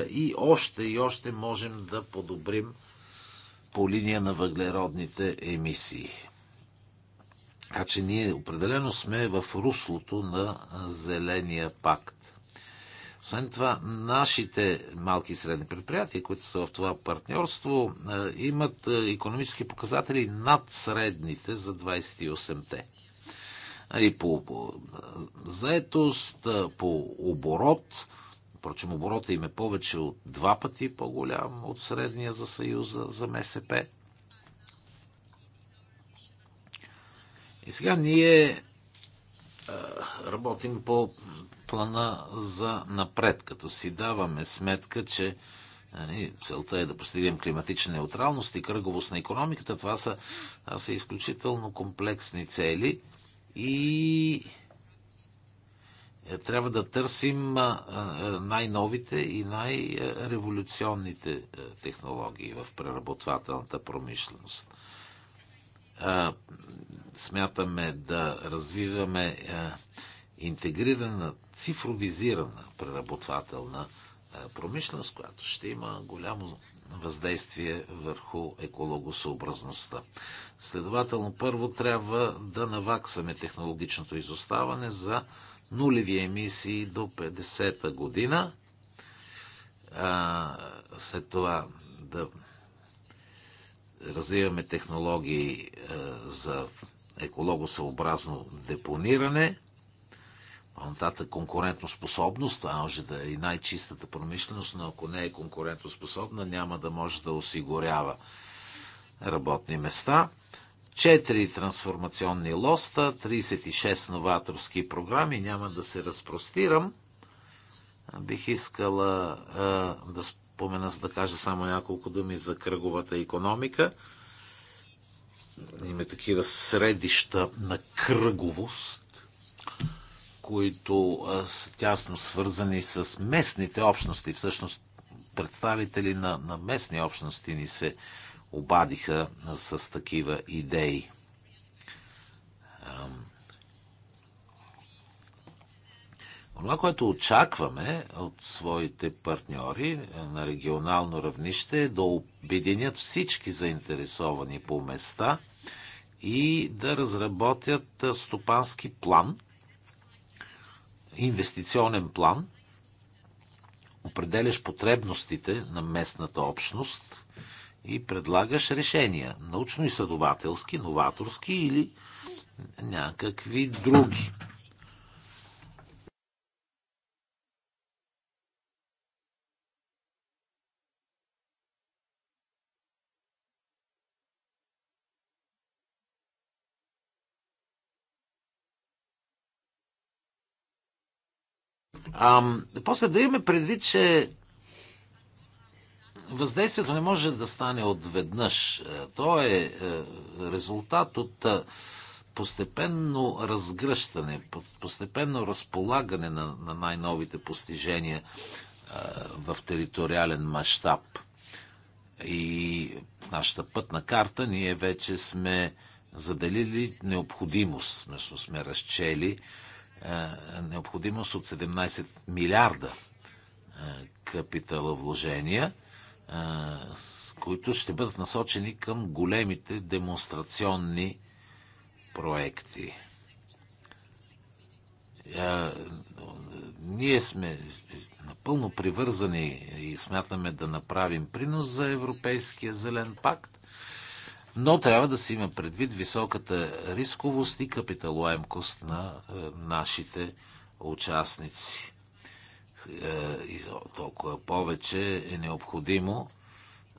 и още и още можем да подобрим по линия на въглеродните емисии. Така значи, че ние определено сме в руслото на Зеления пакт. Освен това, нашите малки и средни предприятия, които са в това партньорство, е, имат економически показатели над средните за 28-те. И по, е, заетост, е, по оборот, впрочем оборота им е повече от два пъти по-голям от средния за Съюза за МСП. И сега ние работим по плана за напред, като си даваме сметка, че целта е да постигнем климатична неутралност и кръговост на економиката. Това са, това са изключително комплексни цели и е, трябва да търсим най-новите и най-революционните е, технологии в преработвателната промишленост. Смятаме да развиваме е, интегрирана, цифровизирана преработвателна е, промишленост, която ще има голямо въздействие върху екологосъобразността. Следователно, първо трябва да наваксаме технологичното изоставане за нулеви емисии до 50-та година. А, след това да развиваме технологии а, е, за екологосъобразно депониране нататък конкурентоспособност, а може да е и най-чистата промишленост, но ако не е конкурентоспособна, няма да може да осигурява работни места. 4 трансформационни лоста, 36 новаторски програми, няма да се разпростирам. Бих искала а, да спомена, за да кажа само няколко думи за кръговата економика. Има такива средища на кръговост, които са тясно свързани с местните общности. Всъщност представители на, на местни общности ни се обадиха с такива идеи. Това, което очакваме от своите партньори на регионално равнище е да обединят всички заинтересовани по места и да разработят стопански план – инвестиционен план, определяш потребностите на местната общност и предлагаш решения, научно-изследователски, новаторски или някакви други. А, после да имаме предвид, че въздействието не може да стане отведнъж. Е, то е, е резултат от е, постепенно разгръщане, постепенно разполагане на, на най-новите постижения в териториален мащаб. И в нашата пътна карта ние вече сме заделили необходимост, сме разчели е, необходимост от 17 милиарда е, капиталовложения, е, с които ще бъдат насочени към големите демонстрационни проекти. Ние сме напълно привързани и смятаме да направим принос за Европейския зелен пакт но трябва да си има предвид високата рисковост и капиталоемкост на е, нашите участници. Е, и толкова повече е необходимо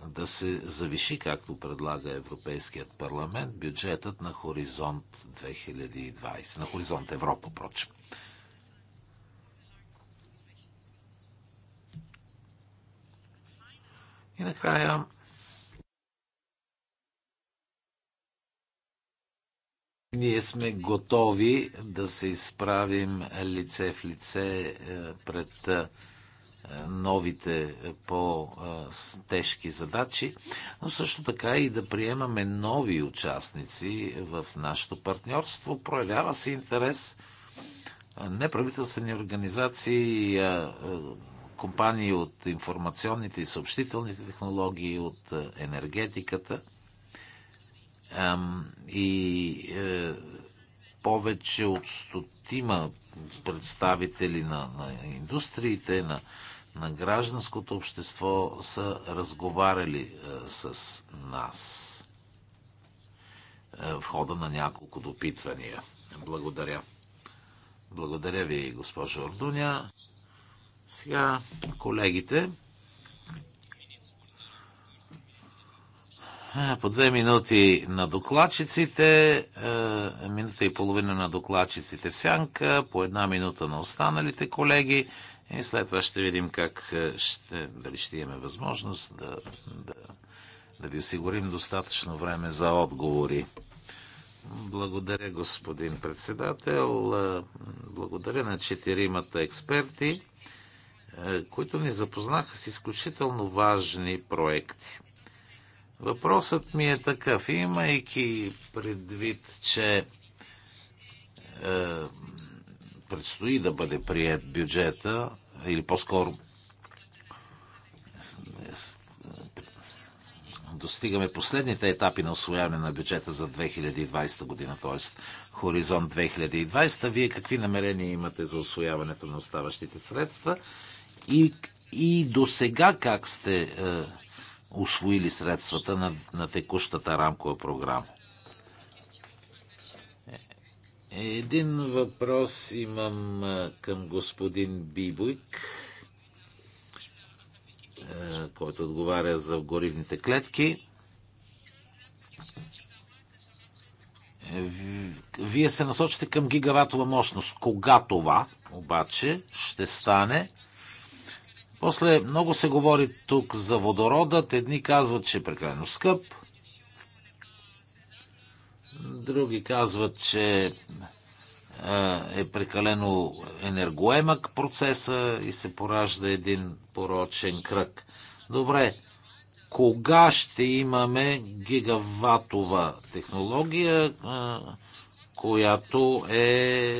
да се завиши, както предлага Европейският парламент, бюджетът на Хоризонт 2020, на Хоризонт Европа, прочим. И накрая Ние сме готови да се изправим лице в лице е, пред е, новите е, по-тежки задачи, но също така и да приемаме нови участници в нашето партньорство. Проявява се интерес неправителствени организации, компании от информационните и съобщителните технологии, от енергетиката – и е, повече от стотима представители на, на индустриите, на, на гражданското общество са разговаряли е, с нас е, в хода на няколко допитвания. Благодаря. Благодаря ви, госпожо Ордуня. Сега колегите. По две минути на докладчиците, е, минута и половина на докладчиците в сянка, по една минута на останалите колеги и след това ще видим как е, ще, дали ще имаме възможност да, да, да ви осигурим достатъчно време за отговори. Благодаря, господин председател. Е, благодаря на четиримата експерти, които ни запознаха с изключително важни проекти. Въпросът ми е такъв. Имайки предвид, че е, предстои да бъде прият бюджета, или по-скоро достигаме последните етапи на освояване на бюджета за 2020 година, т.е. хоризонт 2020. Вие какви намерения имате за освояването на оставащите средства и, и до сега как сте е, освоили средствата на, на текущата рамкова програма. Е, един въпрос имам към господин Бибуйк, който отговаря за горивните клетки. Е, вие се насочите към гигаватова мощност. Кога това обаче ще стане? После много се говори тук за водородът. Едни казват, че е прекалено скъп. Други казват, че е, е прекалено енергоемък процеса и се поражда един порочен кръг. Добре, кога ще имаме гигаватова технология, е, която е, е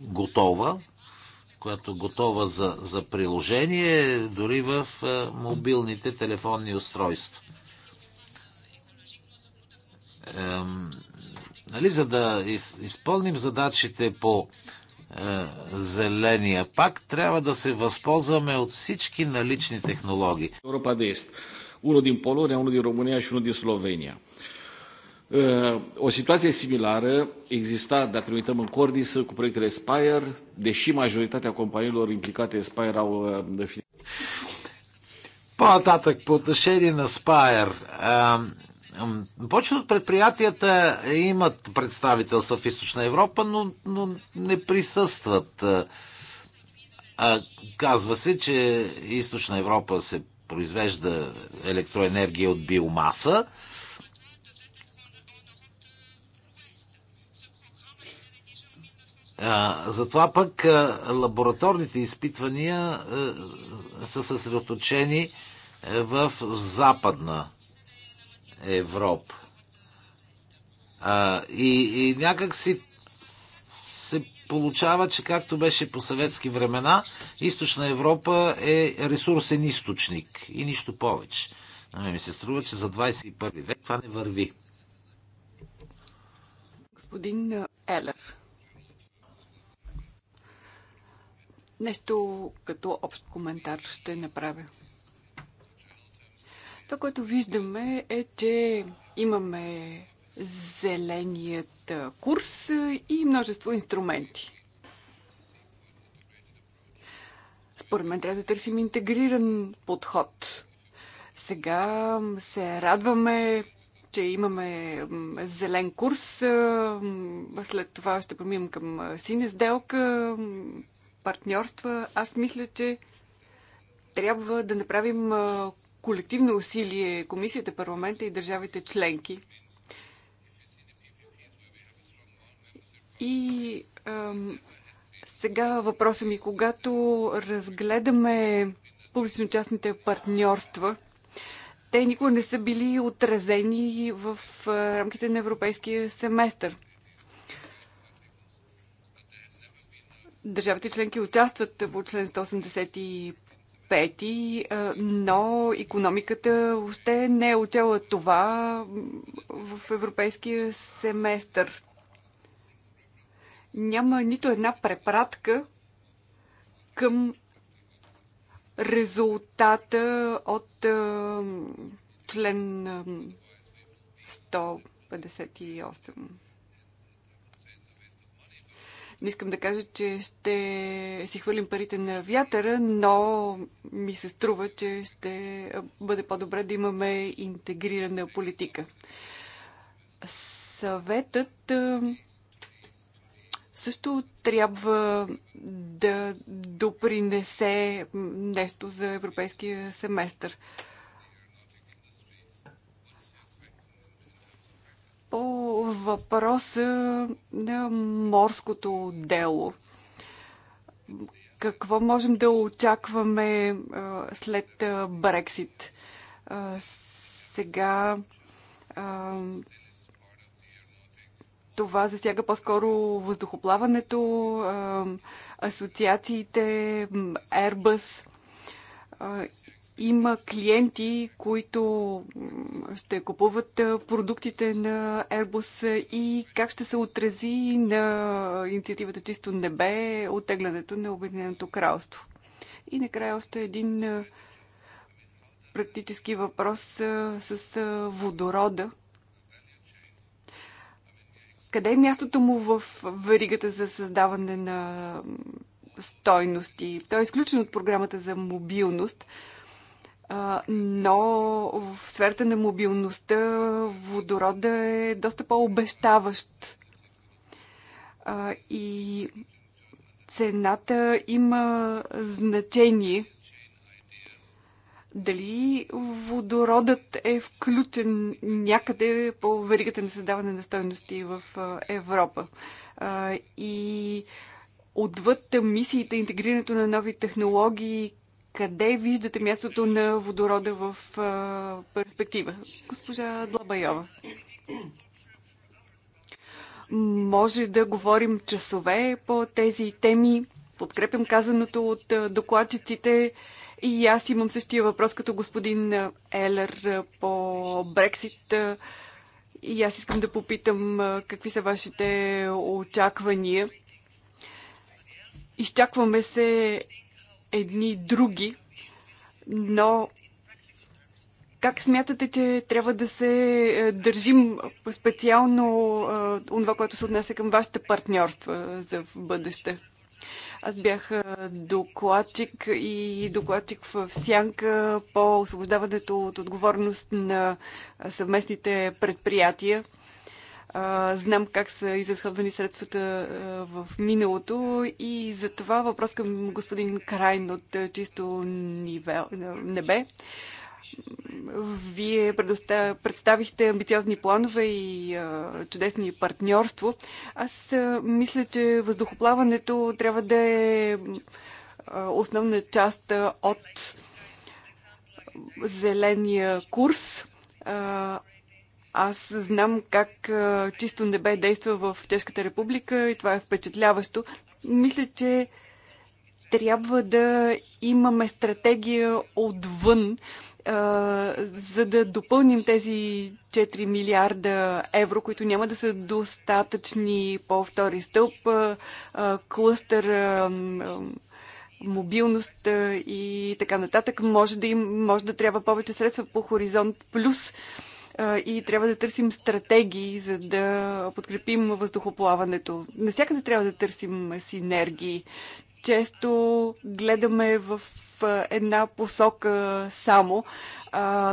готова която е готова за, за приложение, дори в мобилните телефонни устройства. Ем, нали, за да из, изпълним задачите по е, зеления пакт, трябва да се възползваме от всички налични технологии. Европа Дест. Уродим Полония, Polonia, Румъния и România și O situație similară exista, dacă ne uităm în Cordis, cu proiectele Spire, deși majoritatea companiilor implicate în Spire au... Е, По-нататък, по отношение на Спайер, повечето от предприятията имат представителства в Източна Европа, но, но не присъстват. Е, а, казва се, че Източна Европа се произвежда електроенергия от биомаса, Затова пък лабораторните изпитвания са съсредоточени е, в Западна Европа. И, и някак си се получава, че както беше по съветски времена, източна Европа е ресурсен източник и нищо повече. Но ми се струва, че за 21 век това не върви. Господин Елер. Нещо като общ коментар ще направя. Това, което виждаме е, че имаме зеленият курс и множество инструменти. Според мен трябва да търсим интегриран подход. Сега се радваме, че имаме зелен курс. След това ще преминем към синя сделка, партньорства, аз мисля, че трябва да направим колективно усилие Комисията, парламента и държавите членки. И ам, сега въпросът ми, когато разгледаме публично-частните партньорства, те никога не са били отразени в рамките на европейския семестър. Държавите членки участват в член 185, но економиката още не е отчела това в европейския семестър. Няма нито една препратка към резултата от член 158. Не искам да кажа, че ще си хвърлим парите на вятъра, но ми се струва, че ще бъде по-добре да имаме интегрирана политика. Съветът също трябва да допринесе нещо за европейския семестър. по въпроса на морското дело. Какво можем да очакваме след Брексит? Сега това засяга по-скоро въздухоплаването, асоциациите, Airbus – има клиенти, които ще купуват продуктите на Airbus и как ще се отрази на инициативата Чисто небе оттеглянето на Обединеното кралство. И накрая още един практически въпрос с водорода. Къде е мястото му в веригата за създаване на стойности? Той е изключен от програмата за мобилност но в сферата на мобилността водорода е доста по-обещаващ. И цената има значение. Дали водородът е включен някъде по веригата на създаване на стойности в Европа? И отвъд мисиите, интегрирането на нови технологии къде виждате мястото на водорода в перспектива? Госпожа Длабайова. Може да говорим часове по тези теми. Подкрепям казаното от докладчиците. И аз имам същия въпрос като господин Елер по Брексит. И аз искам да попитам какви са вашите очаквания. Изчакваме се едни други, но как смятате, че трябва да се е, държим специално това, е, което се отнесе към вашите партньорства е, за в бъдеще? Аз бях докладчик и докладчик в Сянка по освобождаването от отговорност на съвместните предприятия. А, знам как са изразходвани средствата а, в миналото и за това въпрос към господин Крайн от чисто нивел, небе. Вие представихте амбициозни планове и а, чудесни партньорство. Аз а, мисля, че въздухоплаването трябва да е а, основна част от зеления курс. А, аз знам как чисто небе действа в Чешката република и това е впечатляващо. Мисля, че трябва да имаме стратегия отвън, за да допълним тези 4 милиарда евро, които няма да са достатъчни по втори стълб, клъстър, мобилност и така нататък. Може да, им, може да трябва повече средства по хоризонт плюс и трябва да търсим стратегии, за да подкрепим въздухоплаването. Насякъде трябва да търсим синергии. Често гледаме в една посока само.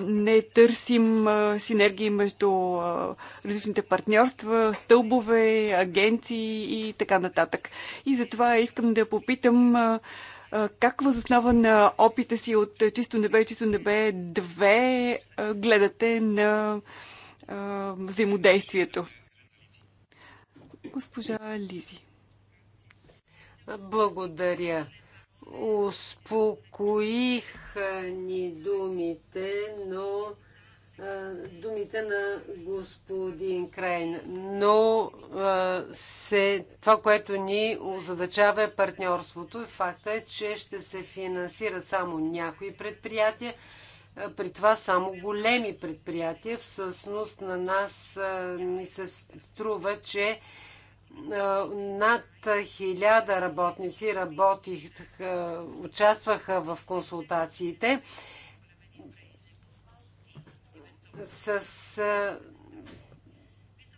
Не търсим синергии между различните партньорства, стълбове, агенции и така нататък. И затова искам да попитам как възоснова на опита си от Чисто небе и Чисто небе 2 гледате на взаимодействието? Госпожа Лизи. Благодаря. Успокоиха ни думите, но думите на господин Крайн, но се, това, което ни озадачава е партньорството. Факта е, че ще се финансират само някои предприятия, при това само големи предприятия. Всъщност на нас ни се струва, че над хиляда работници работих, участваха в консултациите с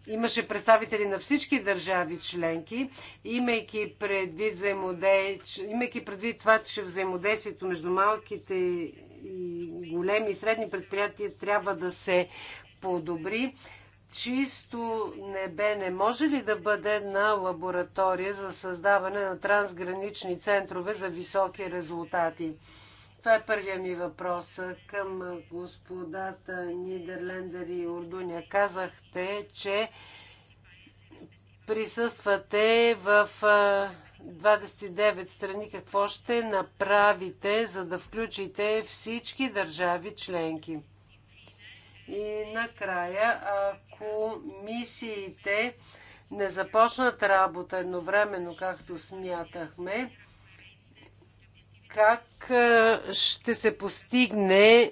имаше представители на всички държави членки, имайки предвид, взаимоде... имайки предвид това, че взаимодействието между малките и големи и средни предприятия трябва да се подобри. Чисто небе не може ли да бъде на лаборатория за създаване на трансгранични центрове за високи резултати? Това е първия ми въпрос към господата Нидерлендер и Ордуня. Казахте, че присъствате в 29 страни. Какво ще направите, за да включите всички държави членки? И накрая, ако мисиите не започнат работа едновременно, както смятахме, как ще се постигне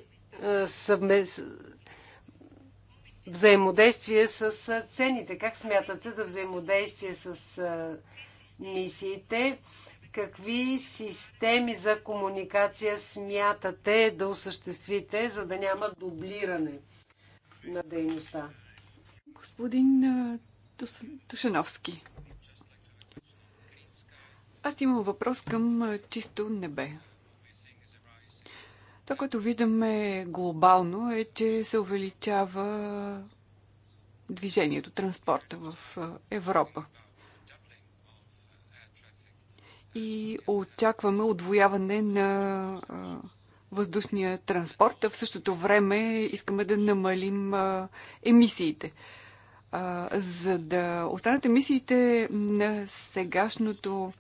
взаимодействие с цените? Как смятате да взаимодействие с мисиите? Какви системи за комуникация смятате да осъществите, за да няма дублиране на дейността? Господин Тушановски. Аз имам въпрос към чисто небе. Това, което виждаме глобално е, че се увеличава движението, транспорта в Европа. И очакваме отвояване на въздушния транспорт, а в същото време искаме да намалим емисиите. За да останат емисиите на сегашното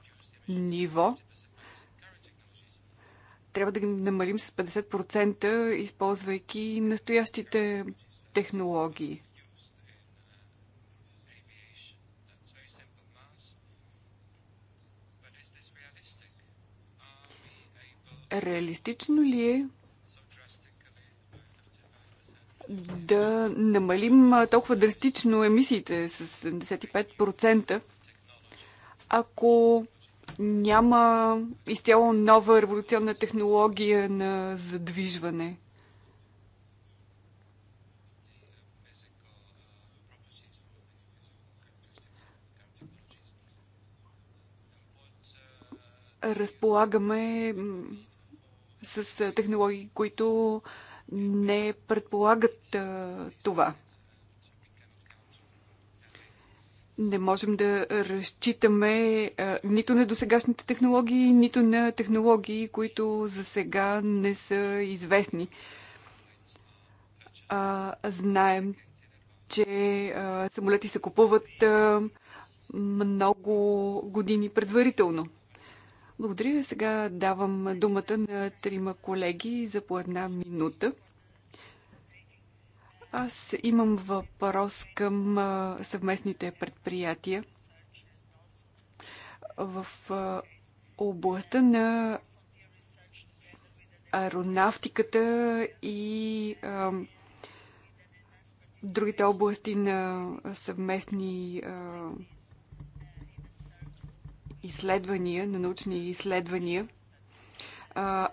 ниво. Трябва да ги намалим с 50%, използвайки настоящите технологии. реалистично ли е да намалим толкова драстично емисиите с 75%, ако няма изцяло нова революционна технология на задвижване. разполагаме с технологии, които не предполагат това. не можем да разчитаме а, нито на досегашните технологии, нито на технологии, които за сега не са известни. А, знаем, че а, самолети се купуват а, много години предварително. Благодаря. Сега давам думата на трима колеги за по една минута. Аз имам въпрос към съвместните предприятия. В областта на аеронавтиката и а, другите области на съвместни а, изследвания, на научни изследвания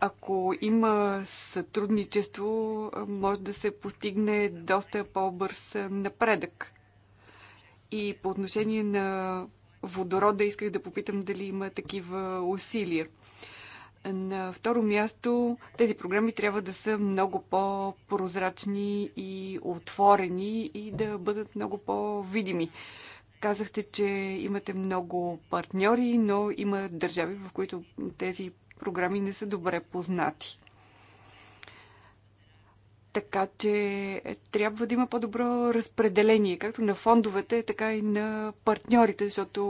ако има сътрудничество, може да се постигне доста по-бърз напредък. И по отношение на водорода исках да попитам дали има такива усилия. На второ място, тези програми трябва да са много по-прозрачни и отворени и да бъдат много по-видими. Казахте, че имате много партньори, но има държави, в които тези програми не са добре познати. Така че е, трябва да има по-добро разпределение, както на фондовете, така и на партньорите, защото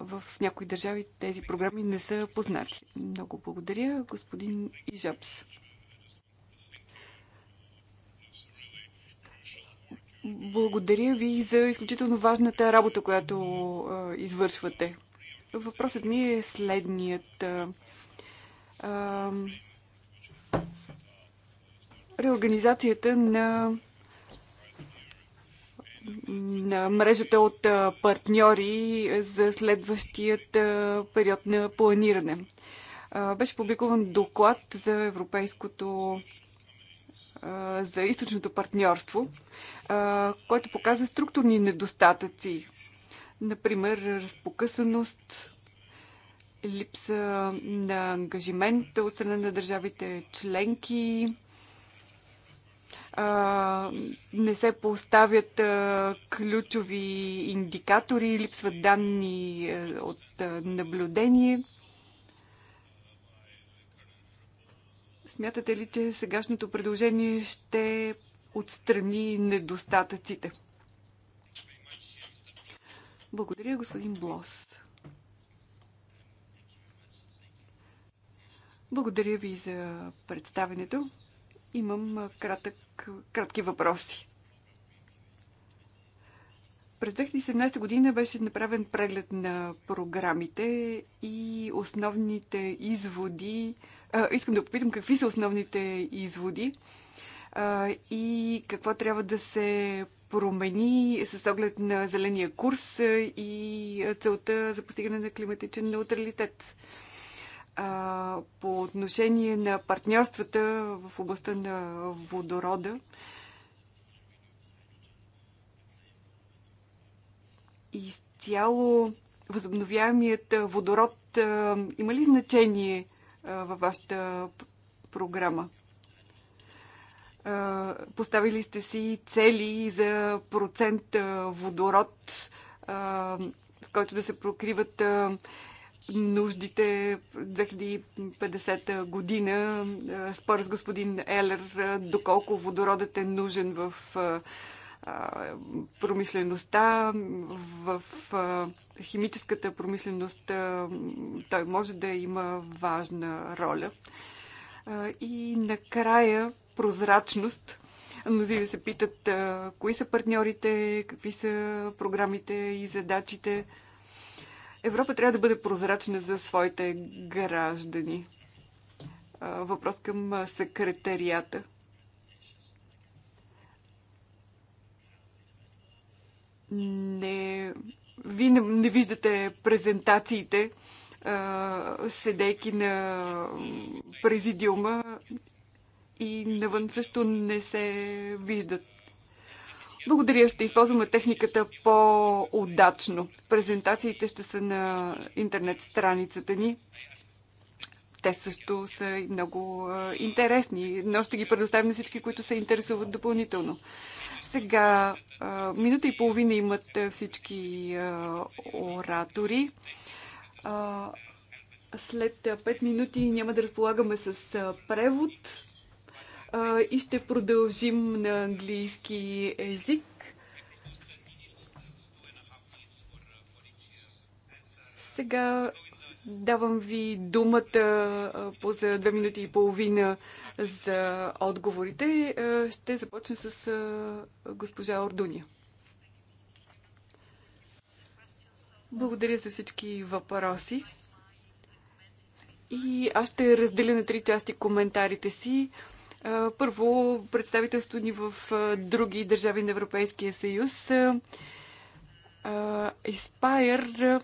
в някои държави тези програми не са познати. Много благодаря, господин Ижапс. Благодаря ви за изключително важната работа, която извършвате. Въпросът ми е следният. реорганизацията на, на мрежата от партньори за следващият период на планиране. беше публикуван доклад за европейското за източното партньорство, който показва структурни недостатъци Например, разпокъсаност, липса на ангажимент от страна на държавите членки, не се поставят ключови индикатори, липсват данни от наблюдение. Смятате ли, че сегашното предложение ще отстрани недостатъците? Благодаря, господин Блос. Благодаря ви за представенето. Имам кратък, кратки въпроси. През 2017 година беше направен преглед на програмите и основните изводи. А, искам да попитам какви са основните изводи а, и какво трябва да се промени с оглед на зеления курс и целта за постигане на климатичен неутралитет. По отношение на партньорствата в областта на водорода, изцяло възобновяемият водород има ли значение във вашата програма? Поставили сте си цели за процент водород, в който да се прокриват нуждите 2050 година. Спор с господин Елер, доколко водородът е нужен в промишлеността, в химическата промишленост той може да има важна роля. И накрая прозрачност. Мнози да се питат а, кои са партньорите, какви са програмите и задачите. Европа трябва да бъде прозрачна за своите граждани. А, въпрос към секретарията. Не, вие не, не виждате презентациите, а, седейки на президиума и навън също не се виждат. Благодаря, ще използваме техниката по-удачно. Презентациите ще са на интернет страницата ни. Те също са и много интересни, но ще ги предоставим на всички, които се интересуват допълнително. Сега минута и половина имат всички оратори. След 5 минути няма да разполагаме с превод и ще продължим на английски език. Сега давам ви думата по за две минути и половина за отговорите. Ще започна с госпожа Ордуния. Благодаря за всички въпроси. И аз ще разделя на три части коментарите си. Първо, представителство ни в други държави на Европейския съюз. Испайер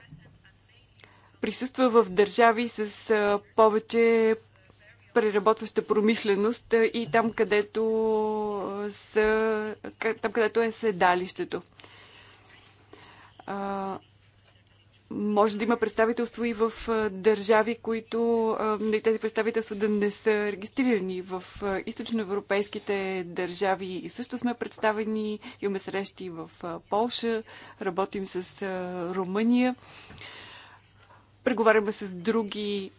присъства в държави с повече преработваща промишленост и там, където, са, там, където е седалището може да има представителство и в държави, които тези представителства да не са регистрирани. В източноевропейските държави и също сме представени. Имаме срещи в Полша, работим с Румъния, преговаряме с други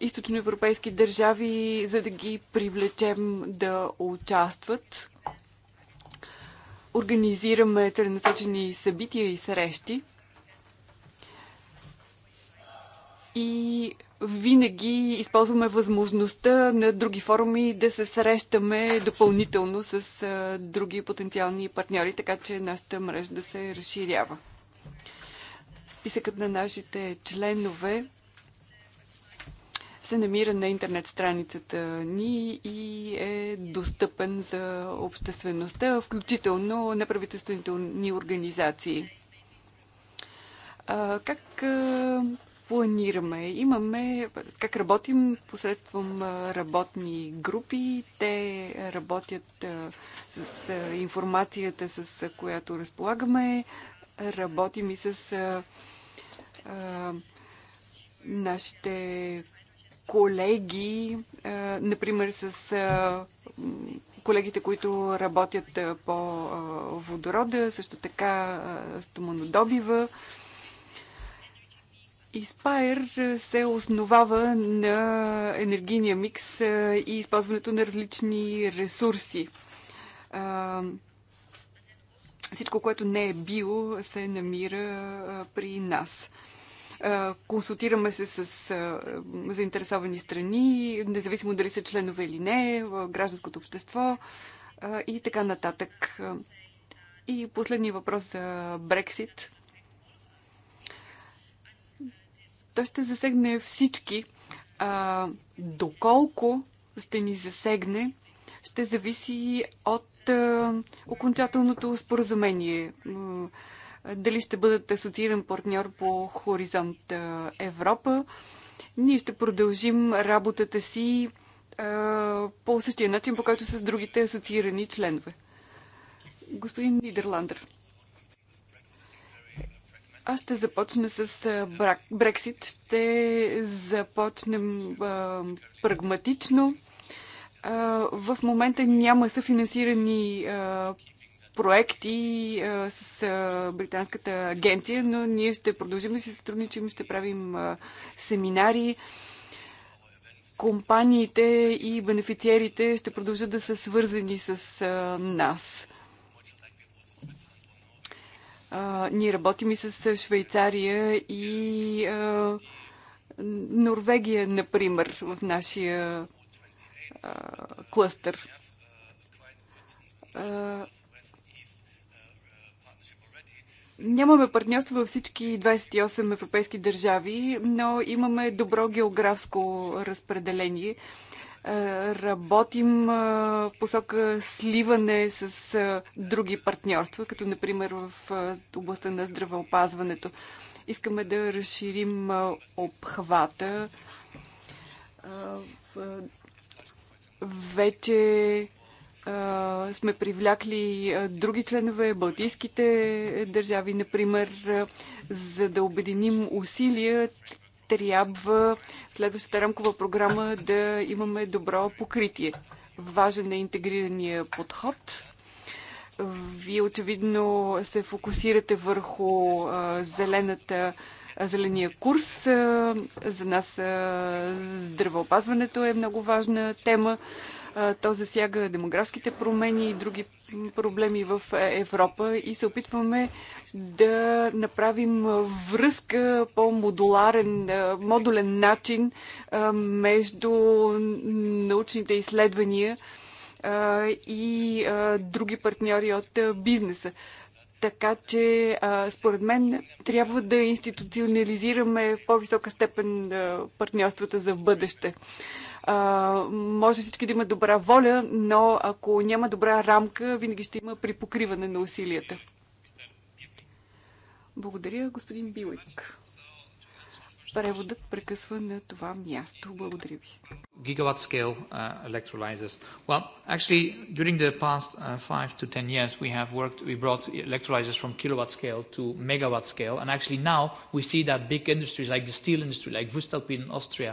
източноевропейски държави, за да ги привлечем да участват. Организираме целенасочени събития и срещи. и винаги използваме възможността на други форуми да се срещаме допълнително с други потенциални партньори, така че нашата мрежа да се разширява. Списъкът на нашите членове се намира на интернет страницата ни и е достъпен за обществеността, включително неправителствените ни организации. Как планираме. Имаме как работим посредством работни групи. Те работят с информацията, с която разполагаме. Работим и с нашите колеги, например с колегите, които работят по водорода, също така стоманодобива. Испайер се основава на енергийния микс е, и използването на различни ресурси. Е, всичко, което не е био, се намира е, при нас. Консултираме се с заинтересовани страни, независимо дали са членове или не, гражданското общество и така нататък. И последния въпрос за Брексит Той ще засегне всички. А, доколко ще ни засегне, ще зависи от а, окончателното споразумение. Дали ще бъдат асоцииран партньор по Хоризонт Европа. Ние ще продължим работата си а, по същия начин, по който с другите асоциирани членове. Господин Нидерландър. Аз ще започна с Брексит. Ще започнем а, прагматично. А, в момента няма съфинансирани а, проекти а, с а, Британската агенция, но ние ще продължим да си сътрудничим, ще правим а, семинари. Компаниите и бенефициерите ще продължат да са свързани с а, нас а, ние работим и с Швейцария и а, Норвегия, например, в нашия а, клъстър. А, Нямаме партньорство във всички 28 европейски държави, но имаме добро географско разпределение. Е, работим е, в посока сливане с е, други партньорства, като например в областта на здравеопазването. Искаме да разширим обхвата. Вече сме привлякли други членове, балтийските държави, например, за да обединим усилия трябва следващата рамкова програма да имаме добро покритие. Важен е интегрирания подход. Вие очевидно се фокусирате върху зелената зеления курс. За нас здравеопазването е много важна тема. То засяга демографските промени и други проблеми в е, Европа и се опитваме да направим връзка по модуларен, модулен начин между научните изследвания и други партньори от бизнеса. Така че, а, според мен, трябва да институционализираме в по-висока степен а, партньорствата за бъдеще. А, може всички да имат добра воля, но ако няма добра рамка, винаги ще има припокриване на усилията. Благодаря, господин Билик преводът прекъсва на това място. Благодаря ви. Gigawatt scale uh, electrolyzers. Well, actually, during the past uh, five to ten years, we have worked, we brought electrolyzers from kilowatt scale to megawatt scale. And actually now we see that big industries like the steel industry, like Voestalpine in Austria,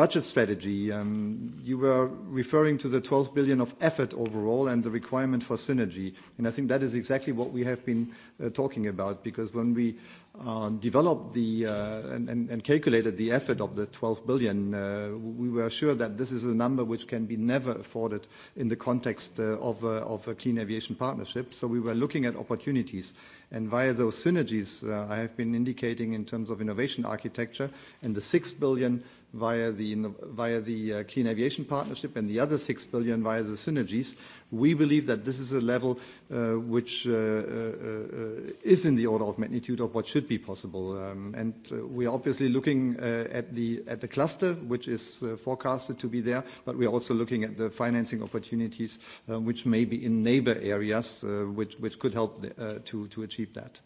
budget strategy, um, you were referring to the 12 billion of effort overall and the requirement for synergy. And I think that is exactly what we have been uh, talking about, because when we uh, developed the uh, and, and, and calculated the effort of the 12 billion, uh, we were sure that this is a number which can be never afforded in the context uh, of, uh, of a clean aviation partnership. So we were looking at opportunities. And via those synergies, uh, I have been indicating in terms of innovation architecture and the 6 billion – via the Clean Aviation Partnership and the other 6 billion via the synergies, we believe that this is a level which is in the order of magnitude of what should be possible. And are obviously looking at the cluster, which is forecasted to be there, but we're also looking at the financing opportunities, which may be in neighbor areas, which could help to achieve that.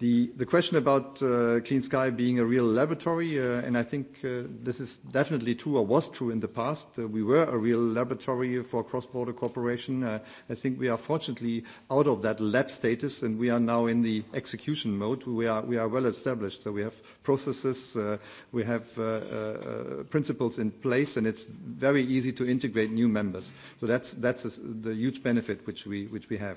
The, the question about uh, Clean Sky being a real laboratory, uh, and I think uh, this is definitely true or was true in the past. Uh, we were a real laboratory for cross-border cooperation. Uh, I think we are fortunately out of that lab status, and we are now in the execution mode. We are, we are well established. So we have processes, uh, we have uh, uh, principles in place, and it's very easy to integrate new members. So that's, that's a, the huge benefit which we, which we have.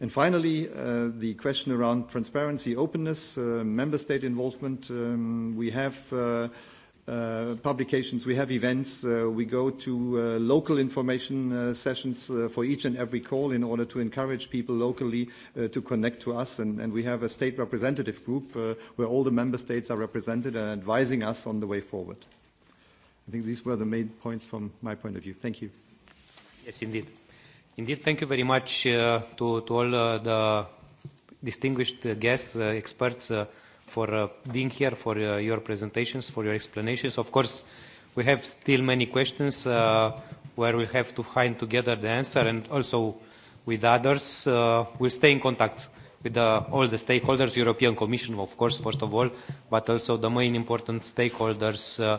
And finally, uh, the question around transparency, openness, uh, member state involvement. Um, we have uh, uh, publications, we have events, uh, we go to uh, local information uh, sessions uh, for each and every call in order to encourage people locally uh, to connect to us. And, and we have a state representative group uh, where all the member states are represented and advising us on the way forward. I think these were the main points from my point of view. Thank you. Yes, indeed. Indeed, thank you very much uh, to, to all uh, the distinguished uh, guests, uh, experts, uh, for uh, being here, for uh, your presentations, for your explanations. Of course, we have still many questions uh, where we have to find together the answer and also with others. Uh, we'll stay in contact with uh, all the stakeholders, European Commission, of course, first of all, but also the main important stakeholders uh,